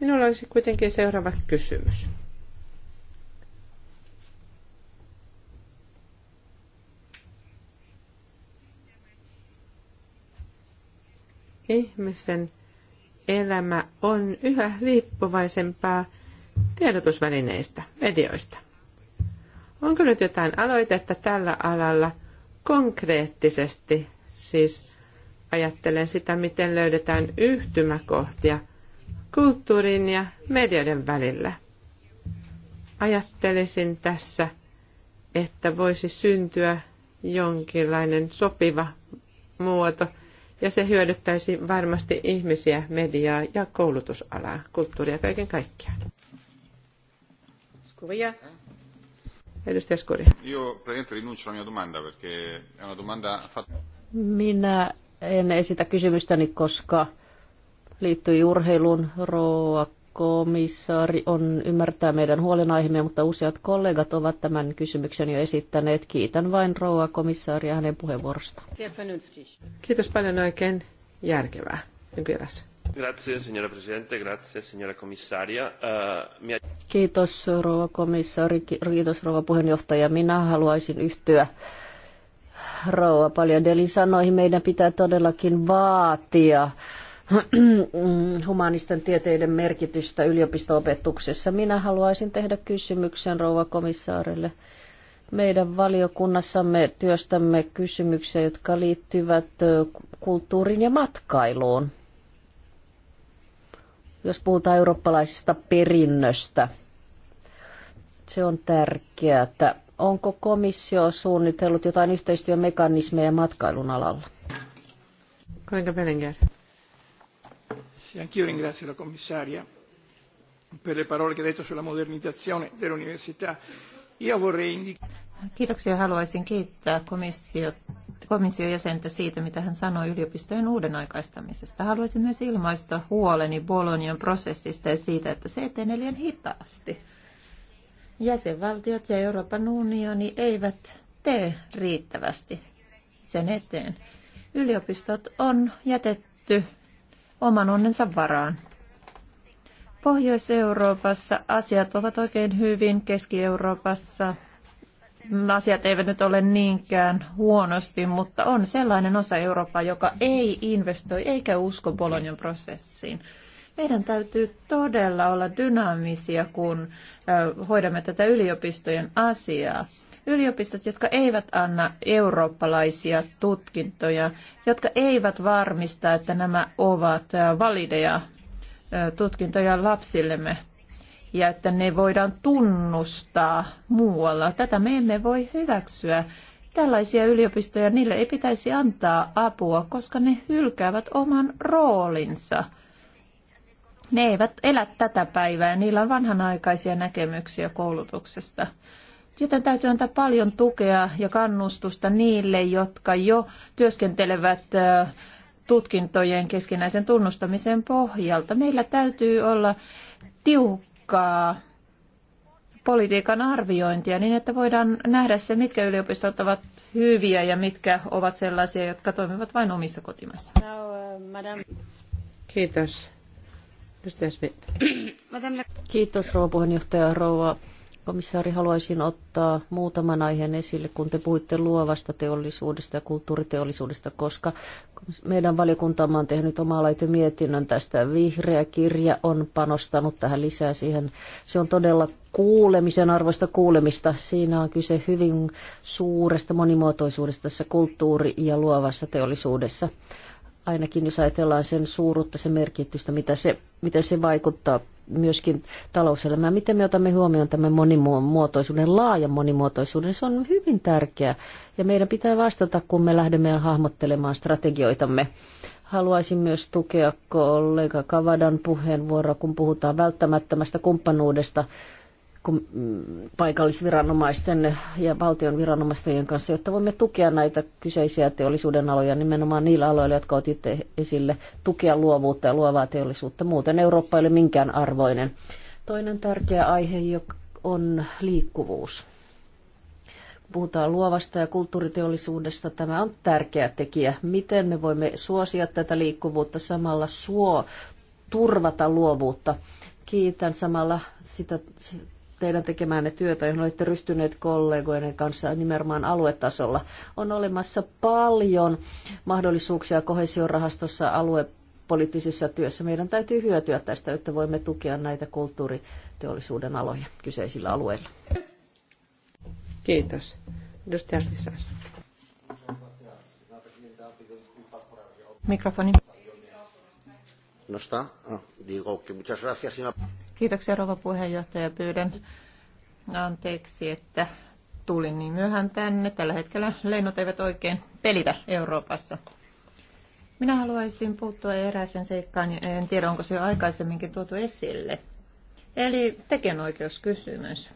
Minulla olisi kuitenkin seuraava kysymys. Ihmisen elämä on yhä liippuvaisempaa tiedotusvälineistä, medioista. Onko nyt jotain aloitetta tällä alalla konkreettisesti, siis ajattelen sitä, miten löydetään yhtymäkohtia – kulttuurin ja medioiden välillä. Ajattelisin tässä, että voisi syntyä jonkinlainen sopiva muoto, ja se hyödyttäisi varmasti ihmisiä, mediaa ja koulutusalaa, kulttuuria kaiken kaikkiaan. Skuria. Edustaja Skuri. Minä en esitä kysymystäni, koska liittyy urheilun Roa komissaari on, ymmärtää meidän huolenaiheemme, mutta useat kollegat ovat tämän kysymyksen jo esittäneet. Kiitän vain rouva komissaaria hänen puheenvuorosta. Kiitos paljon oikein järkevää. Grazie signora Presidente, grazie signora Commissaria. Eh, kiitos rouva komissaari, kiitos rouva puheenjohtaja. Minä haluaisin yhtyä rouva paljon Delin sanoihin. Meidän pitää todellakin vaatia *clears throat* humanisten tieteiden merkitystä yliopistoopetuksessa. Minä haluaisin tehdä kysymyksen rouva komissaarille. Meidän valiokunnassamme työstämme kysymyksiä, jotka liittyvät kulttuuriin ja matkailuun. Jos puhutaan eurooppalaisesta perinnöstä, se on tärkeää. Onko komissio suunnitellut jotain yhteistyömekanismeja matkailun alalla? Kuinka Bellinger? Sì, anch'io ringrazio la commissaria per le parole che ha detto sulla modernizzazione dell'università. Io vorrei indicare... Kiitoksia. Haluaisin kiittää komissio, komission jäsentä siitä, mitä hän sanoi yliopistojen uuden aikaistamisesta. Haluaisin myös ilmaista huoleni Bolonian prosessista ja siitä, että se etenee liian hitaasti. Jäsenvaltiot ja Euroopan unioni eivät tee riittävästi sen eteen. Yliopistot on jätetty oman onnensa varaan. Pohjois-Euroopassa asiat ovat oikein hyvin, Keski-Euroopassa asiat eivät nyt ole niinkään huonosti, mutta on sellainen osa Eurooppaa, joka ei investoi eikä usko Bolognan prosessiin. Meidän täytyy todella olla dynaamisia, kun hoidamme tätä yliopistojen asiaa. Yliopistot, jotka eivät anna eurooppalaisia tutkintoja, jotka eivät varmista, että nämä ovat valideja tutkintoja lapsillemme ja että ne voidaan tunnustaa muualla. Tätä me emme voi hyväksyä. Tällaisia yliopistoja, niille ei pitäisi antaa apua, koska ne hylkäävät oman roolinsa. Ne eivät elä tätä päivää, niillä on vanhanaikaisia näkemyksiä koulutuksesta. Joten täytyy antaa paljon tukea ja kannustusta niille, jotka jo työskentelevät tutkintojen keskinäisen tunnustamisen pohjalta. Meillä täytyy olla tiukkaa politiikan arviointia niin, että voidaan nähdä se, mitkä yliopistot ovat hyviä ja mitkä ovat sellaisia, jotka toimivat vain omissa kotimaissa. Uh, Kiitos. Kiitos rouva puheenjohtaja, rouva Komissaari, haluaisin ottaa muutaman aiheen esille, kun te puhuitte luovasta teollisuudesta ja kulttuuriteollisuudesta, koska meidän valiokuntamme on tehnyt omaa mietinnön tästä. Vihreä kirja on panostanut tähän lisää siihen. Se on todella kuulemisen arvoista kuulemista. Siinä on kyse hyvin suuresta monimuotoisuudesta tässä kulttuuri- ja luovassa teollisuudessa. Ainakin jos ajatellaan sen suuruutta, sen merkitystä, mitä se, miten se vaikuttaa myöskin talouselämää. Miten me otamme huomioon tämän monimuotoisuuden, laajan monimuotoisuuden? Se on hyvin tärkeä ja meidän pitää vastata, kun me lähdemme hahmottelemaan strategioitamme. Haluaisin myös tukea kollega Kavadan puheenvuoroa, kun puhutaan välttämättömästä kumppanuudesta kun mm, paikallisviranomaisten ja valtion viranomaisten kanssa, jotta voimme tukea näitä kyseisiä teollisuuden aloja nimenomaan niillä aloilla, jotka otitte esille, tukea luovuutta ja luovaa teollisuutta. Muuten Eurooppa ei ole minkään arvoinen. Toinen tärkeä aihe on liikkuvuus. Puhutaan luovasta ja kulttuuriteollisuudesta. Tämä on tärkeä tekijä. Miten me voimme suosia tätä liikkuvuutta samalla suo, turvata luovuutta kiitän samalla sitä teidän tekemäänne työtä, johon olette rystyneet kollegoiden kanssa nimenomaan aluetasolla. On olemassa paljon mahdollisuuksia kohesiorahastossa aluepoliittisessa työssä. Meidän täytyy hyötyä tästä, että voimme tukea näitä kulttuuriteollisuuden aloja kyseisillä alueilla. Kiitos. Edustaja Fisas. Mikrofoni. No está. Ah, digo que muchas gracias, señora. Kiitoksia rouva puheenjohtaja. Pyydän anteeksi, että tulin niin myöhään tänne. Tällä hetkellä lennot eivät oikein pelitä Euroopassa. Minä haluaisin puuttua erääseen seikkaan, en tiedä onko se jo aikaisemminkin tuotu esille. Eli tekijänoikeuskysymys.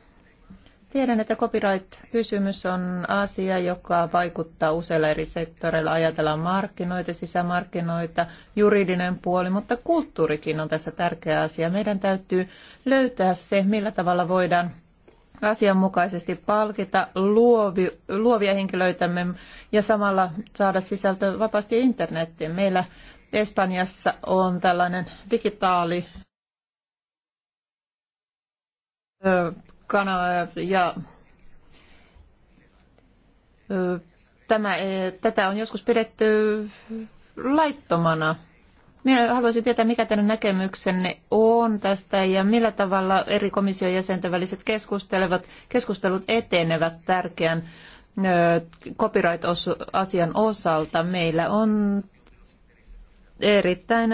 Tiedän, että copyright-kysymys on asia, joka vaikuttaa useilla eri sektoreilla. Ajatellaan markkinoita, sisämarkkinoita, juridinen puoli, mutta kulttuurikin on tässä tärkeä asia. Meidän täytyy löytää se, millä tavalla voidaan asianmukaisesti palkita luovi, luovia henkilöitämme ja samalla saada sisältö vapaasti internettiin. Meillä Espanjassa on tällainen digitaali ja tämä, e, tätä on joskus pidetty laittomana. Minä haluaisin tietää, mikä teidän näkemyksenne on tästä ja millä tavalla eri komission jäsenten väliset keskustelevat, keskustelut etenevät tärkeän copyright-asian osalta. Meillä on erittäin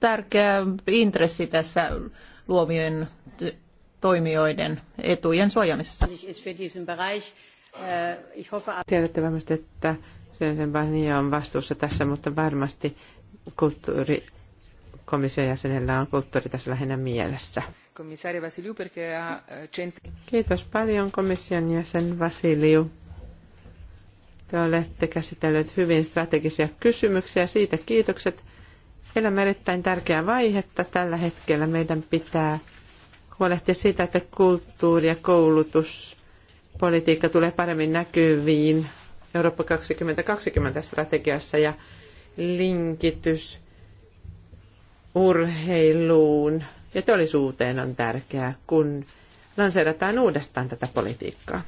tärkeä intressi tässä luomien toimijoiden etujen suojaamisessa. Äh, Tiedätte varmasti, että sen Barnier on vastuussa tässä, mutta varmasti kulttuuri, komission jäsenellä on kulttuuri tässä lähinnä mielessä. Eh, Kiitos paljon komission jäsen Vasiliu. Te olette käsitelleet hyvin strategisia kysymyksiä. Siitä kiitokset. Elämme erittäin tärkeää vaihetta tällä hetkellä. Meidän pitää huolehtia siitä, että kulttuuri- ja koulutuspolitiikka tulee paremmin näkyviin Eurooppa 2020-strategiassa ja linkitys urheiluun ja teollisuuteen on tärkeää, kun lanseerataan uudestaan tätä politiikkaa.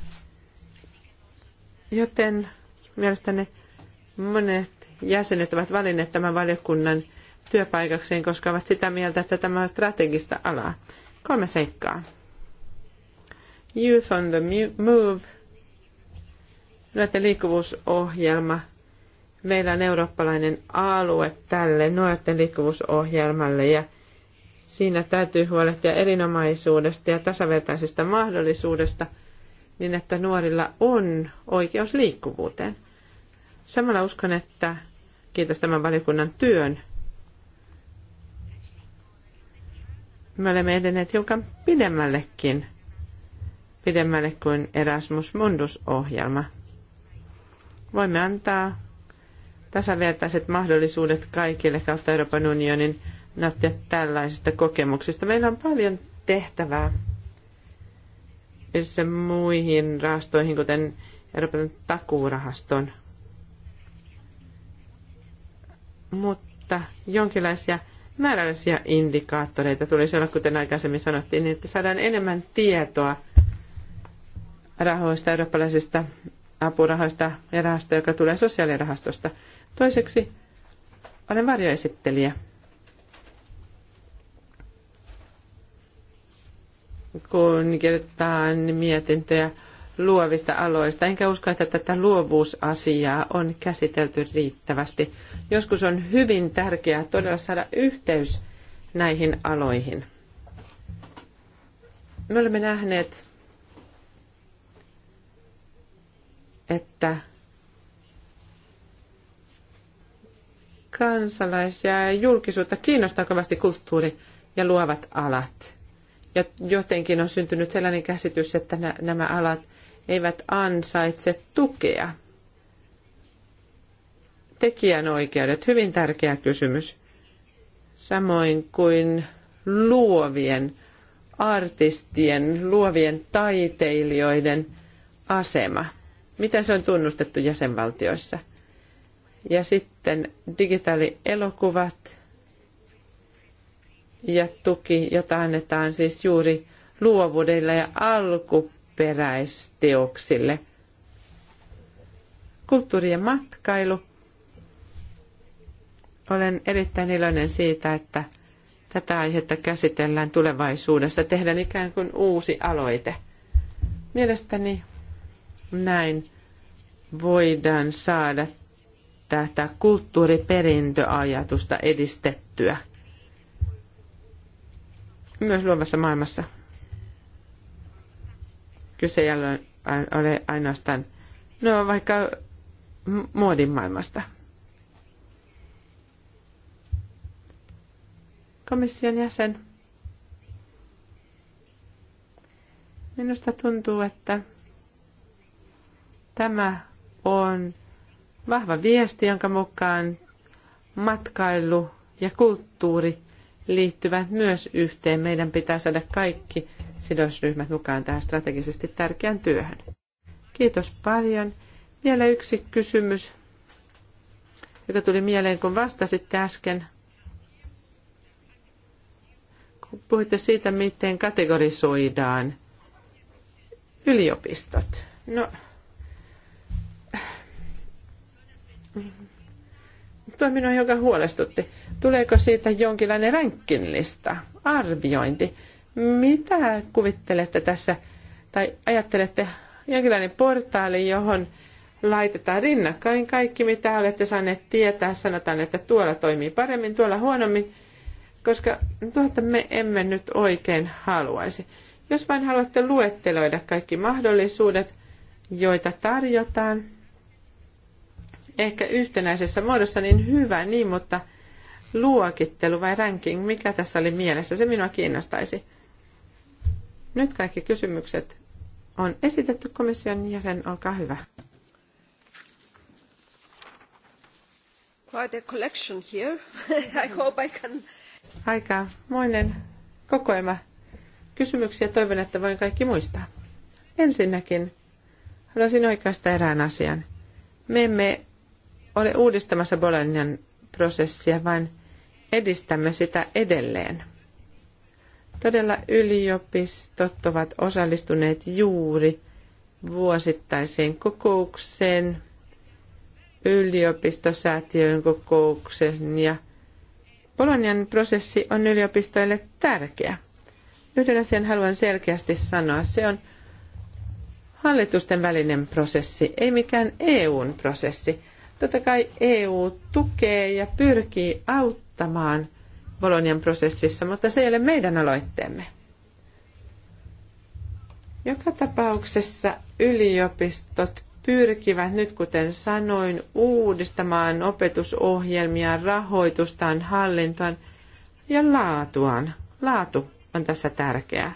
Joten mielestäni monet jäsenet ovat valinneet tämän valiokunnan työpaikakseen, koska ovat sitä mieltä, että tämä on strategista alaa. Kolme seikkaa. Youth on the Move, nuorten liikkuvuusohjelma. Meillä on eurooppalainen alue tälle nuorten liikkuvuusohjelmalle ja siinä täytyy huolehtia erinomaisuudesta ja tasavertaisesta mahdollisuudesta niin, että nuorilla on oikeus liikkuvuuteen. Samalla uskon, että kiitos tämän valiokunnan työn me olemme edenneet hiukan pidemmällekin, pidemmälle kuin Erasmus Mundus-ohjelma. Voimme antaa tasavertaiset mahdollisuudet kaikille kautta Euroopan unionin nauttia tällaisista kokemuksista. Meillä on paljon tehtävää yhdessä muihin rahastoihin, kuten Euroopan takuurahaston. Mutta jonkinlaisia määrällisiä indikaattoreita tulisi olla, kuten aikaisemmin sanottiin, niin että saadaan enemmän tietoa rahoista, eurooppalaisista apurahoista ja rahasta, joka tulee sosiaalirahastosta. Toiseksi olen varjoesittelijä. Kun kirjoitetaan mietintöjä luovista aloista, enkä usko, että tätä luovuusasiaa on käsitelty riittävästi. Joskus on hyvin tärkeää todella saada yhteys näihin aloihin. Me olemme nähneet, että kansalaisia ja julkisuutta kiinnostaa kovasti kulttuuri ja luovat alat. Ja jotenkin on syntynyt sellainen käsitys, että nämä alat eivät ansaitse tukea. Tekijänoikeudet, hyvin tärkeä kysymys. Samoin kuin luovien artistien, luovien taiteilijoiden asema. Miten se on tunnustettu jäsenvaltioissa? Ja sitten digitaalielokuvat ja tuki, jota annetaan siis juuri luovuudelle ja alku alkuperäisteoksille. Kulttuuri ja matkailu. Olen erittäin iloinen siitä, että tätä aihetta käsitellään tulevaisuudessa. Tehdään ikään kuin uusi aloite. Mielestäni näin voidaan saada tätä kulttuuriperintöajatusta edistettyä myös luovassa maailmassa. Kyse ei ole ainoastaan, no vaikka muodin maailmasta. Komission jäsen. Minusta tuntuu, että tämä on vahva viesti, jonka mukaan matkailu ja kulttuuri liittyvät myös yhteen. Meidän pitää saada kaikki sidosryhmät mukaan tähän strategisesti tärkeään työhön. Kiitos paljon. Vielä yksi kysymys, joka tuli mieleen, kun vastasitte äsken. Kun puhuitte siitä, miten kategorisoidaan yliopistot. No, tuo minua hiukan huolestutti. Tuleeko siitä jonkinlainen ränkkinlista, arviointi? Mitä kuvittelette tässä, tai ajattelette jonkinlainen portaali, johon laitetaan rinnakkain kaikki, mitä olette saaneet tietää. Sanotaan, että tuolla toimii paremmin, tuolla huonommin, koska tuota me emme nyt oikein haluaisi. Jos vain haluatte luetteloida kaikki mahdollisuudet, joita tarjotaan, ehkä yhtenäisessä muodossa, niin hyvä niin, mutta luokittelu vai ranking, mikä tässä oli mielessä, se minua kiinnostaisi. Nyt kaikki kysymykset on esitetty komission jäsen, olkaa hyvä. Quite a collection here. *laughs* I hope I can... Aika moinen kokoelma kysymyksiä. Toivon, että voin kaikki muistaa. Ensinnäkin haluaisin oikeastaan erään asian. Me emme ole uudistamassa Bolognan prosessia, vaan edistämme sitä edelleen. Todella yliopistot ovat osallistuneet juuri vuosittaiseen kokoukseen, yliopistosäätiön kokoukseen ja Polonian prosessi on yliopistoille tärkeä. Yhden asian haluan selkeästi sanoa, se on hallitusten välinen prosessi, ei mikään EUn prosessi. Totta kai EU tukee ja pyrkii auttamaan Bolonian prosessissa, mutta se ei ole meidän aloitteemme. Joka tapauksessa yliopistot pyrkivät nyt, kuten sanoin, uudistamaan opetusohjelmia, rahoitustaan, hallintoaan ja laatuaan. Laatu on tässä tärkeää.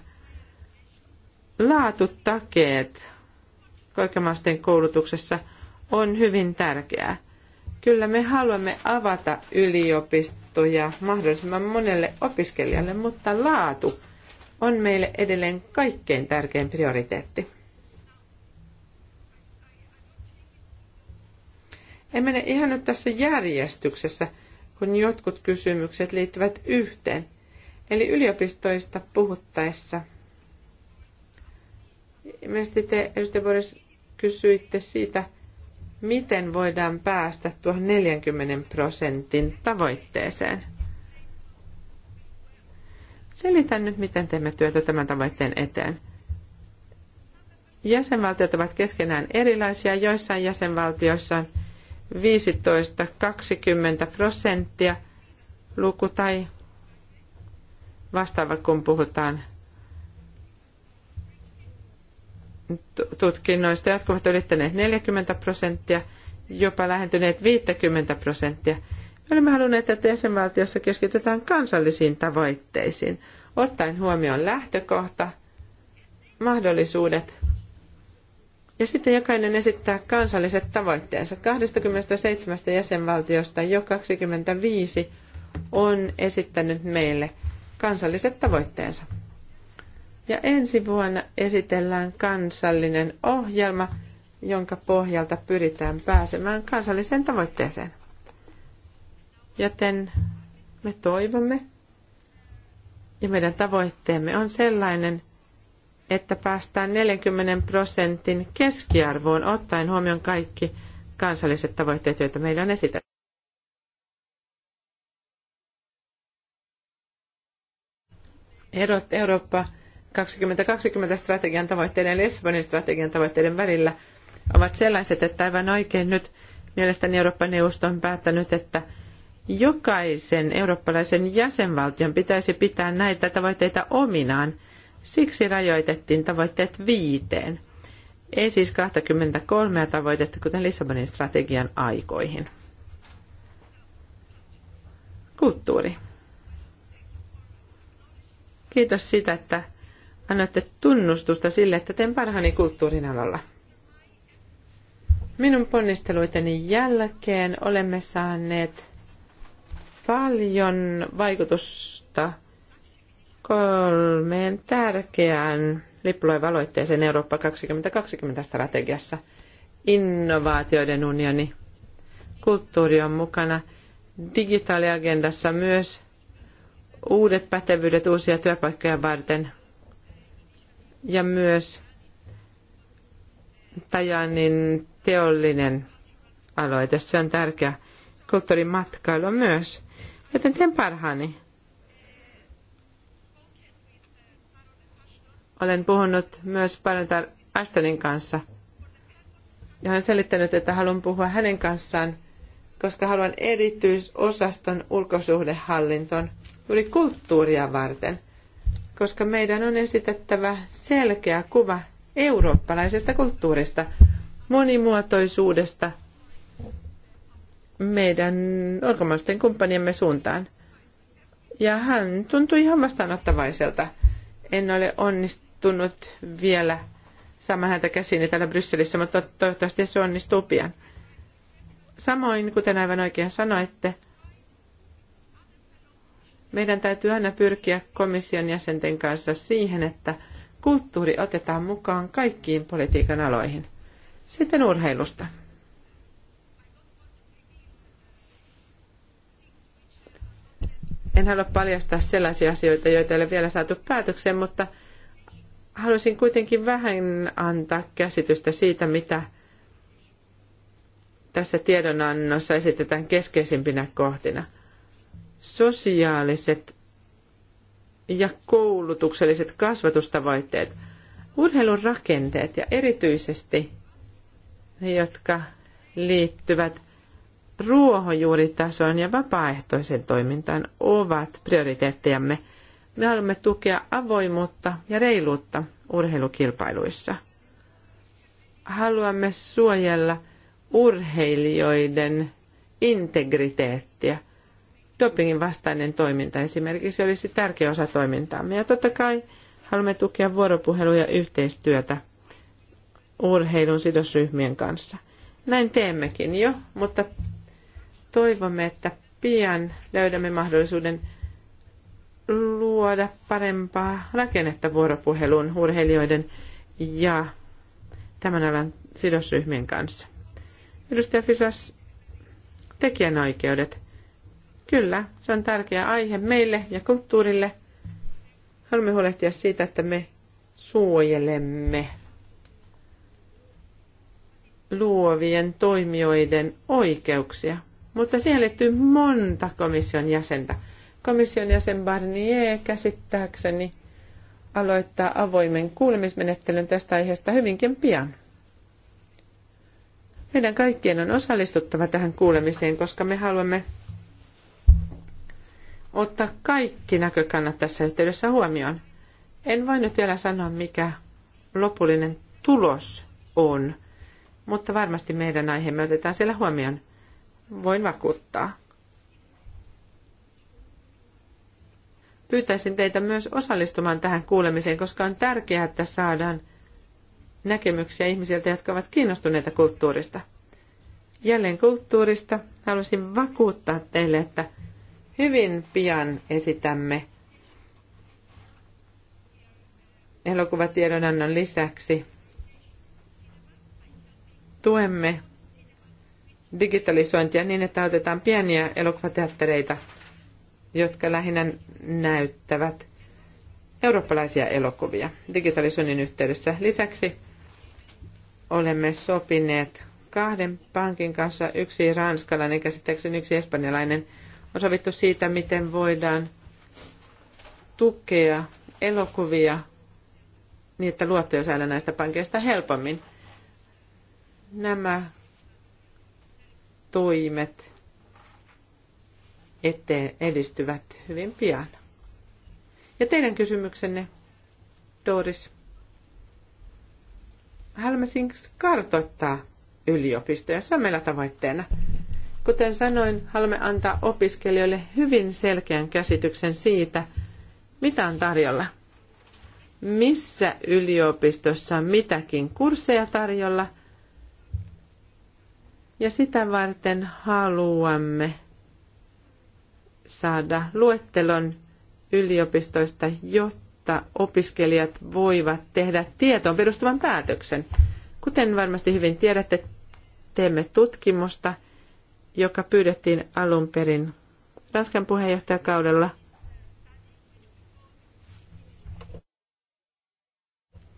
Laatutakeet koikemasteen koulutuksessa on hyvin tärkeää. Kyllä me haluamme avata yliopistot ehtoja mahdollisimman monelle opiskelijalle, mutta laatu on meille edelleen kaikkein tärkein prioriteetti. En mene ihan nyt tässä järjestyksessä, kun jotkut kysymykset liittyvät yhteen. Eli yliopistoista puhuttaessa. Ilmeisesti te, edustaja Boris, kysyitte siitä, miten voidaan päästä tuohon 40 prosentin tavoitteeseen. Selitän nyt, miten teemme työtä tämän tavoitteen eteen. Jäsenvaltiot ovat keskenään erilaisia. Joissain jäsenvaltioissa on 15-20 prosenttia luku tai vastaava, kun puhutaan tutkinnoista, jotka ovat ylittäneet 40 prosenttia, jopa lähentyneet 50 prosenttia. Me olemme halunneet, että jäsenvaltiossa keskitytään kansallisiin tavoitteisiin, ottaen huomioon lähtökohta, mahdollisuudet ja sitten jokainen esittää kansalliset tavoitteensa. 27 jäsenvaltiosta jo 25 on esittänyt meille kansalliset tavoitteensa. Ja ensi vuonna esitellään kansallinen ohjelma, jonka pohjalta pyritään pääsemään kansalliseen tavoitteeseen. Joten me toivomme ja meidän tavoitteemme on sellainen, että päästään 40 prosentin keskiarvoon ottaen huomioon kaikki kansalliset tavoitteet, joita meillä on esitetty. Erot Eurooppa 2020 strategian tavoitteiden ja Lissabonin strategian tavoitteiden välillä ovat sellaiset, että aivan oikein nyt mielestäni Euroopan neuvosto on päättänyt, että jokaisen eurooppalaisen jäsenvaltion pitäisi pitää näitä tavoitteita ominaan. Siksi rajoitettiin tavoitteet viiteen. Ei siis 23 tavoitetta, kuten Lissabonin strategian aikoihin. Kulttuuri. Kiitos siitä, että annatte tunnustusta sille, että teen parhaani kulttuurin alalla. Minun ponnisteluiteni jälkeen olemme saaneet paljon vaikutusta kolmeen tärkeään lippulaivaloitteeseen Eurooppa 2020-strategiassa. Innovaatioiden unioni, kulttuuri on mukana, digitaaliagendassa myös uudet pätevyydet uusia työpaikkoja varten, ja myös Tajanin teollinen aloite. Se on tärkeä kulttuurimatkailu myös. Joten teen parhaani. Olen puhunut myös Parantar Ashtonin kanssa. Ja olen selittänyt, että haluan puhua hänen kanssaan, koska haluan erityisosaston ulkosuhdehallinton juuri kulttuuria varten – koska meidän on esitettävä selkeä kuva eurooppalaisesta kulttuurista, monimuotoisuudesta meidän ulkomaisten kumppaniemme suuntaan. Ja hän tuntui ihan vastaanottavaiselta. En ole onnistunut vielä saamaan häntä käsiini täällä Brysselissä, mutta toivottavasti se onnistuu pian. Samoin, kuten aivan oikein sanoitte, meidän täytyy aina pyrkiä komission jäsenten kanssa siihen, että kulttuuri otetaan mukaan kaikkiin politiikan aloihin. Sitten urheilusta. En halua paljastaa sellaisia asioita, joita ei ole vielä saatu päätökseen, mutta haluaisin kuitenkin vähän antaa käsitystä siitä, mitä tässä tiedonannossa esitetään keskeisimpinä kohtina – sosiaaliset ja koulutukselliset kasvatustavoitteet, urheilun rakenteet ja erityisesti ne, jotka liittyvät ruohonjuuritasoon ja vapaaehtoisen toimintaan, ovat prioriteettejamme. Me haluamme tukea avoimuutta ja reiluutta urheilukilpailuissa. Haluamme suojella urheilijoiden integriteettiä – dopingin vastainen toiminta esimerkiksi olisi tärkeä osa toimintaamme. Ja totta kai haluamme tukea vuoropuheluja ja yhteistyötä urheilun sidosryhmien kanssa. Näin teemmekin jo, mutta toivomme, että pian löydämme mahdollisuuden luoda parempaa rakennetta vuoropuheluun urheilijoiden ja tämän alan sidosryhmien kanssa. Edustaja Fisas, tekijänoikeudet. Kyllä, se on tärkeä aihe meille ja kulttuurille. Haluamme huolehtia siitä, että me suojelemme luovien toimijoiden oikeuksia. Mutta siihen liittyy monta komission jäsentä. Komission jäsen Barnier käsittääkseni aloittaa avoimen kuulemismenettelyn tästä aiheesta hyvinkin pian. Meidän kaikkien on osallistuttava tähän kuulemiseen, koska me haluamme ottaa kaikki näkökannat tässä yhteydessä huomioon. En voi nyt vielä sanoa, mikä lopullinen tulos on, mutta varmasti meidän aiheemme otetaan siellä huomioon. Voin vakuuttaa. Pyytäisin teitä myös osallistumaan tähän kuulemiseen, koska on tärkeää, että saadaan näkemyksiä ihmisiltä, jotka ovat kiinnostuneita kulttuurista. Jälleen kulttuurista haluaisin vakuuttaa teille, että – Hyvin pian esitämme elokuvatiedonannon lisäksi tuemme digitalisointia niin, että otetaan pieniä elokuvateattereita, jotka lähinnä näyttävät eurooppalaisia elokuvia digitalisoinnin yhteydessä. Lisäksi olemme sopineet kahden pankin kanssa, yksi ranskalainen, käsittääkseni yksi espanjalainen, on sovittu siitä, miten voidaan tukea elokuvia niin, että luottoja saadaan näistä pankeista helpommin. Nämä toimet eteen edistyvät hyvin pian. Ja teidän kysymyksenne, Doris. Haluamme kartoittaa yliopistoja. Se on meillä tavoitteena. Kuten sanoin, haluamme antaa opiskelijoille hyvin selkeän käsityksen siitä, mitä on tarjolla. Missä yliopistossa on mitäkin kursseja tarjolla. Ja sitä varten haluamme saada luettelon yliopistoista, jotta opiskelijat voivat tehdä tietoon perustuvan päätöksen. Kuten varmasti hyvin tiedätte, teemme tutkimusta – joka pyydettiin alun perin Ranskan puheenjohtajakaudella.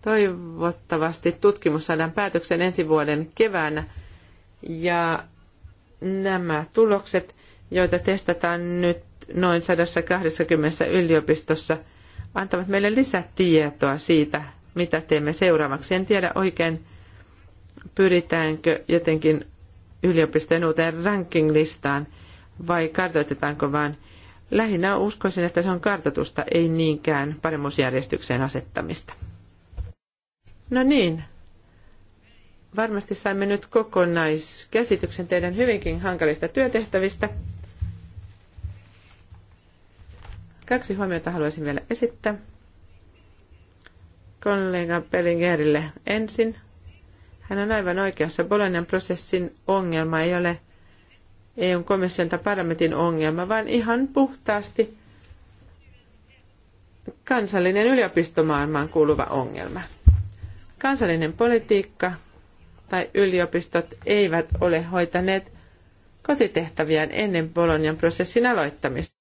Toivottavasti tutkimus saadaan päätöksen ensi vuoden keväänä ja nämä tulokset, joita testataan nyt noin 120 yliopistossa, antavat meille lisätietoa siitä, mitä teemme seuraavaksi. En tiedä oikein, pyritäänkö jotenkin yliopistojen uuteen ranking-listaan vai kartoitetaanko vaan? Lähinnä uskoisin, että se on kartoitusta, ei niinkään paremmuusjärjestykseen asettamista. No niin, varmasti saimme nyt kokonaiskäsityksen teidän hyvinkin hankalista työtehtävistä. Kaksi huomiota haluaisin vielä esittää. Kollega Pellingerille ensin. Hän on aivan oikeassa. Bolognan prosessin ongelma ei ole EUn komission tai parlamentin ongelma, vaan ihan puhtaasti kansallinen yliopistomaailmaan kuuluva ongelma. Kansallinen politiikka tai yliopistot eivät ole hoitaneet kotitehtäviään ennen Bolognan prosessin aloittamista.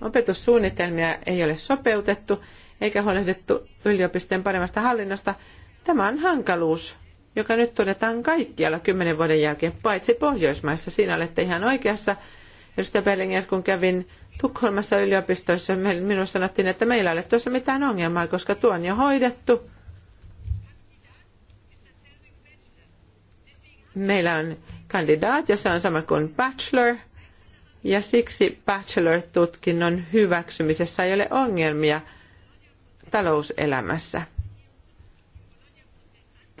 Opetussuunnitelmia ei ole sopeutettu eikä huolehdittu yliopistojen paremmasta hallinnosta. Tämä on hankaluus, joka nyt todetaan kaikkialla kymmenen vuoden jälkeen, paitsi Pohjoismaissa. Siinä olette ihan oikeassa. Edustaja Bellinger, kun kävin Tukholmassa yliopistoissa, minulle sanottiin, että meillä ei ole tuossa mitään ongelmaa, koska tuo on jo hoidettu. Meillä on kandidaat, jossa on sama kuin bachelor, ja siksi bachelor-tutkinnon hyväksymisessä ei ole ongelmia – talouselämässä.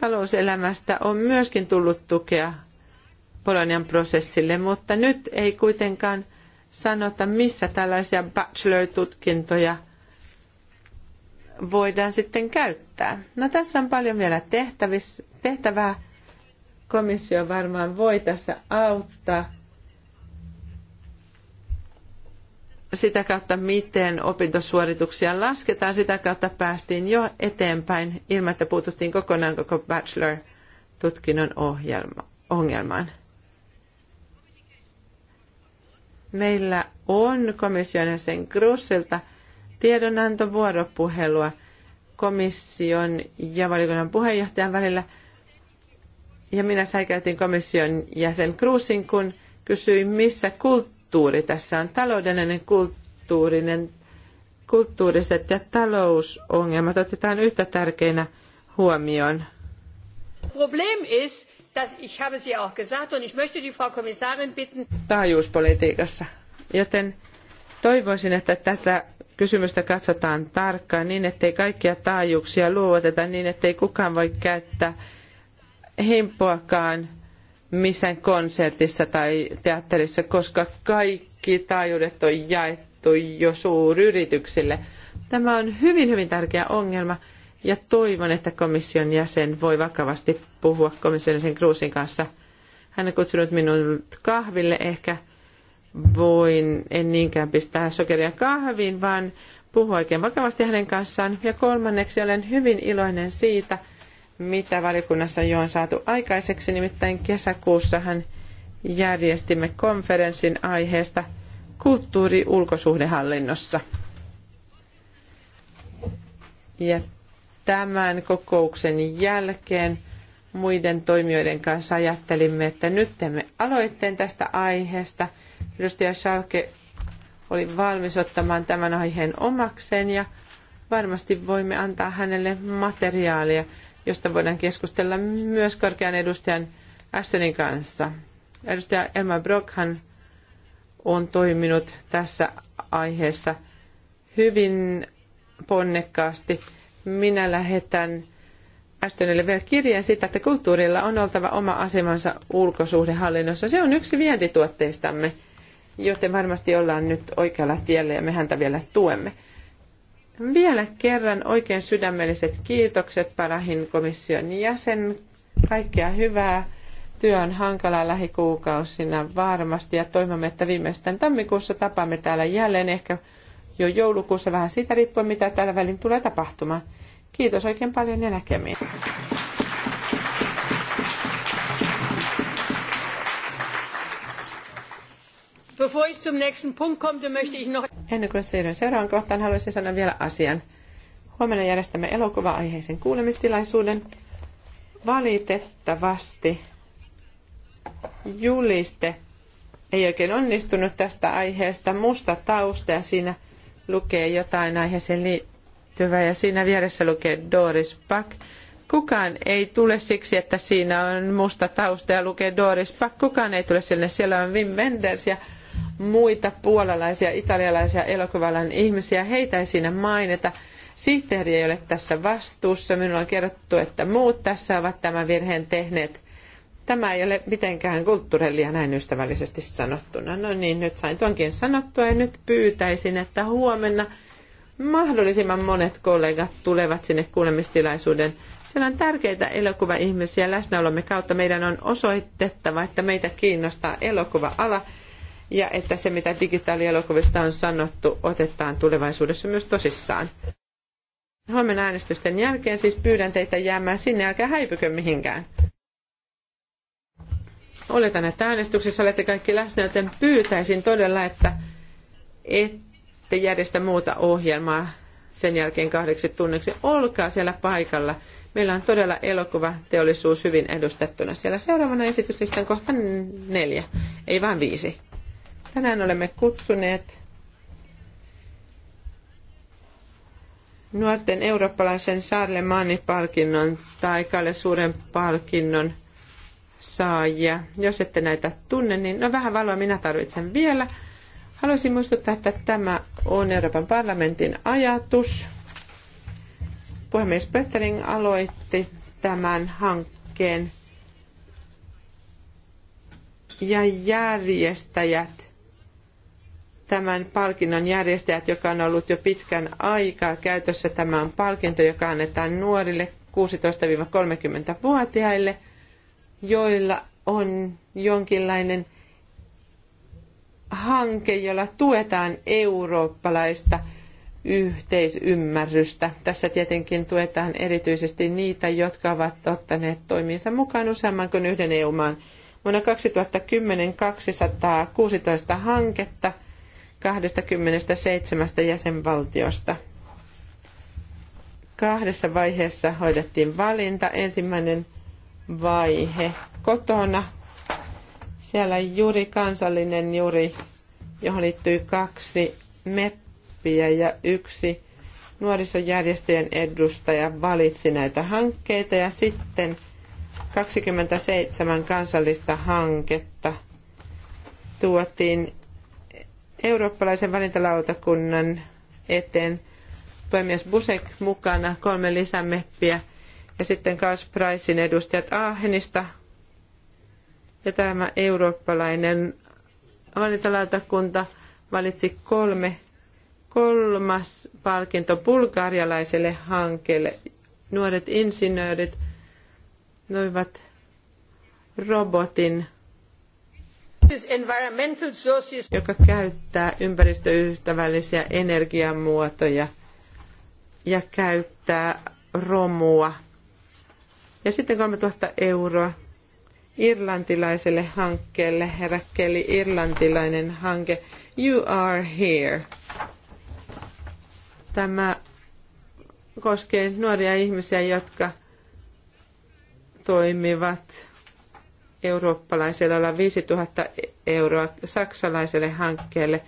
Talouselämästä on myöskin tullut tukea Bolognan prosessille, mutta nyt ei kuitenkaan sanota, missä tällaisia bachelor-tutkintoja voidaan sitten käyttää. No tässä on paljon vielä tehtävissä, tehtävää. Komissio varmaan voi tässä auttaa sitä kautta, miten opintosuorituksia lasketaan, sitä kautta päästiin jo eteenpäin ilman, että puututtiin kokonaan koko bachelor-tutkinnon ohjelma, ongelmaan. Meillä on komission jäsen Grusselta tiedonanto vuoropuhelua komission ja valiokunnan puheenjohtajan välillä. Ja minä säikäytin komission jäsen Kruusin, kun kysyin, missä kulttuuri kulttuuri. Tässä on taloudellinen, kulttuurinen, kulttuuriset ja talousongelmat otetaan yhtä tärkeinä huomioon. Problem is, dass ich habe sie auch gesagt und ich möchte die Frau Kommissarin bitten. Taajuuspolitiikassa. Joten toivoisin, että tätä kysymystä katsotaan tarkkaan niin, ettei kaikkia taajuuksia luovuteta niin, ettei kukaan voi käyttää himpoakaan missään konsertissa tai teatterissa, koska kaikki taajuudet on jaettu jo suuryrityksille. Tämä on hyvin, hyvin tärkeä ongelma ja toivon, että komission jäsen voi vakavasti puhua komission jäsen Kruusin kanssa. Hän on kutsunut minut kahville ehkä voin, en niinkään pistää sokeria kahviin, vaan puhua oikein vakavasti hänen kanssaan. Ja kolmanneksi olen hyvin iloinen siitä, mitä valiokunnassa jo on saatu aikaiseksi. Nimittäin kesäkuussahan järjestimme konferenssin aiheesta kulttuuri ulkosuhdehallinnossa. Ja tämän kokouksen jälkeen muiden toimijoiden kanssa ajattelimme, että nyt teemme aloitteen tästä aiheesta. Edustaja Schalke oli valmis ottamaan tämän aiheen omakseen ja varmasti voimme antaa hänelle materiaalia josta voidaan keskustella myös korkean edustajan Ashtonin kanssa. Edustaja Elma Brockhan on toiminut tässä aiheessa hyvin ponnekkaasti. Minä lähetän Ashtonille vielä kirjeen siitä, että kulttuurilla on oltava oma asemansa ulkosuhdehallinnossa. Se on yksi vientituotteistamme, joten varmasti ollaan nyt oikealla tiellä ja me häntä vielä tuemme. Vielä kerran oikein sydämelliset kiitokset Parahin komission jäsen. Kaikkea hyvää. Työ on hankalaa lähikuukausina varmasti ja toivomme, että viimeistään tammikuussa tapaamme täällä jälleen ehkä jo joulukuussa vähän siitä riippuen, mitä tällä välin tulee tapahtumaan. Kiitos oikein paljon ja näkemiin. Bevor ich zum nächsten Punkt komme, möchte ich noch... Ennen kuin siirryn seuraavaan kohtaan, haluaisin sanoa vielä asian. Huomenna järjestämme elokuva-aiheisen kuulemistilaisuuden. Valitettavasti juliste ei oikein onnistunut tästä aiheesta. Musta tausta ja siinä lukee jotain aiheeseen liittyvää ja siinä vieressä lukee Doris Pack. Kukaan ei tule siksi, että siinä on musta tausta ja lukee Doris Pack. Kukaan ei tule sinne. Siellä on Wim Wenders ja muita puolalaisia, italialaisia elokuvalan ihmisiä. Heitä ei siinä mainita. Sihteeri ei ole tässä vastuussa. Minulla on kerrottu, että muut tässä ovat tämän virheen tehneet. Tämä ei ole mitenkään kulttuurellia näin ystävällisesti sanottuna. No niin, nyt sain tuonkin sanottua ja nyt pyytäisin, että huomenna mahdollisimman monet kollegat tulevat sinne kuulemistilaisuuden. Siellä on tärkeitä elokuvaihmisiä läsnäolomme kautta. Meidän on osoitettava, että meitä kiinnostaa elokuva-ala ja että se, mitä digitaalielokuvista on sanottu, otetaan tulevaisuudessa myös tosissaan. Huomenna äänestysten jälkeen siis pyydän teitä jäämään sinne, älkää häipykö mihinkään. Oletan, että äänestyksessä olette kaikki läsnä, joten pyytäisin todella, että ette järjestä muuta ohjelmaa sen jälkeen kahdeksi tunneksi. Olkaa siellä paikalla. Meillä on todella teollisuus hyvin edustettuna siellä. Seuraavana esityslistan kohta neljä, ei vaan viisi. Tänään olemme kutsuneet nuorten eurooppalaisen Charles Manni-palkinnon tai Kalle Suuren palkinnon saajia. Jos ette näitä tunne, niin no vähän valoa minä tarvitsen vielä. Haluaisin muistuttaa, että tämä on Euroopan parlamentin ajatus. Puhemies Pöttering aloitti tämän hankkeen ja järjestäjät tämän palkinnon järjestäjät, joka on ollut jo pitkän aikaa käytössä. Tämä on palkinto, joka annetaan nuorille 16-30-vuotiaille, joilla on jonkinlainen hanke, jolla tuetaan eurooppalaista yhteisymmärrystä. Tässä tietenkin tuetaan erityisesti niitä, jotka ovat ottaneet toimiinsa mukaan useamman kuin yhden EU-maan. Vuonna 2010 216 hanketta – 27 jäsenvaltiosta. Kahdessa vaiheessa hoidettiin valinta. Ensimmäinen vaihe kotona. Siellä juuri kansallinen juuri, johon liittyy kaksi meppiä ja yksi nuorisojärjestöjen edustaja valitsi näitä hankkeita ja sitten 27 kansallista hanketta tuotiin eurooppalaisen valintalautakunnan eteen puhemies Busek mukana, kolme lisämeppiä ja sitten Kaas Pricein edustajat Aahenista ja tämä eurooppalainen valintalautakunta valitsi kolme kolmas palkinto bulgarialaiselle hankkeelle. Nuoret insinöörit noivat robotin joka käyttää ympäristöystävällisiä energiamuotoja ja käyttää romua. Ja sitten 3000 euroa irlantilaiselle hankkeelle, herra Kelly, irlantilainen hanke, You Are Here. Tämä koskee nuoria ihmisiä, jotka toimivat eurooppalaiselle olla 5000 euroa, saksalaiselle hankkeelle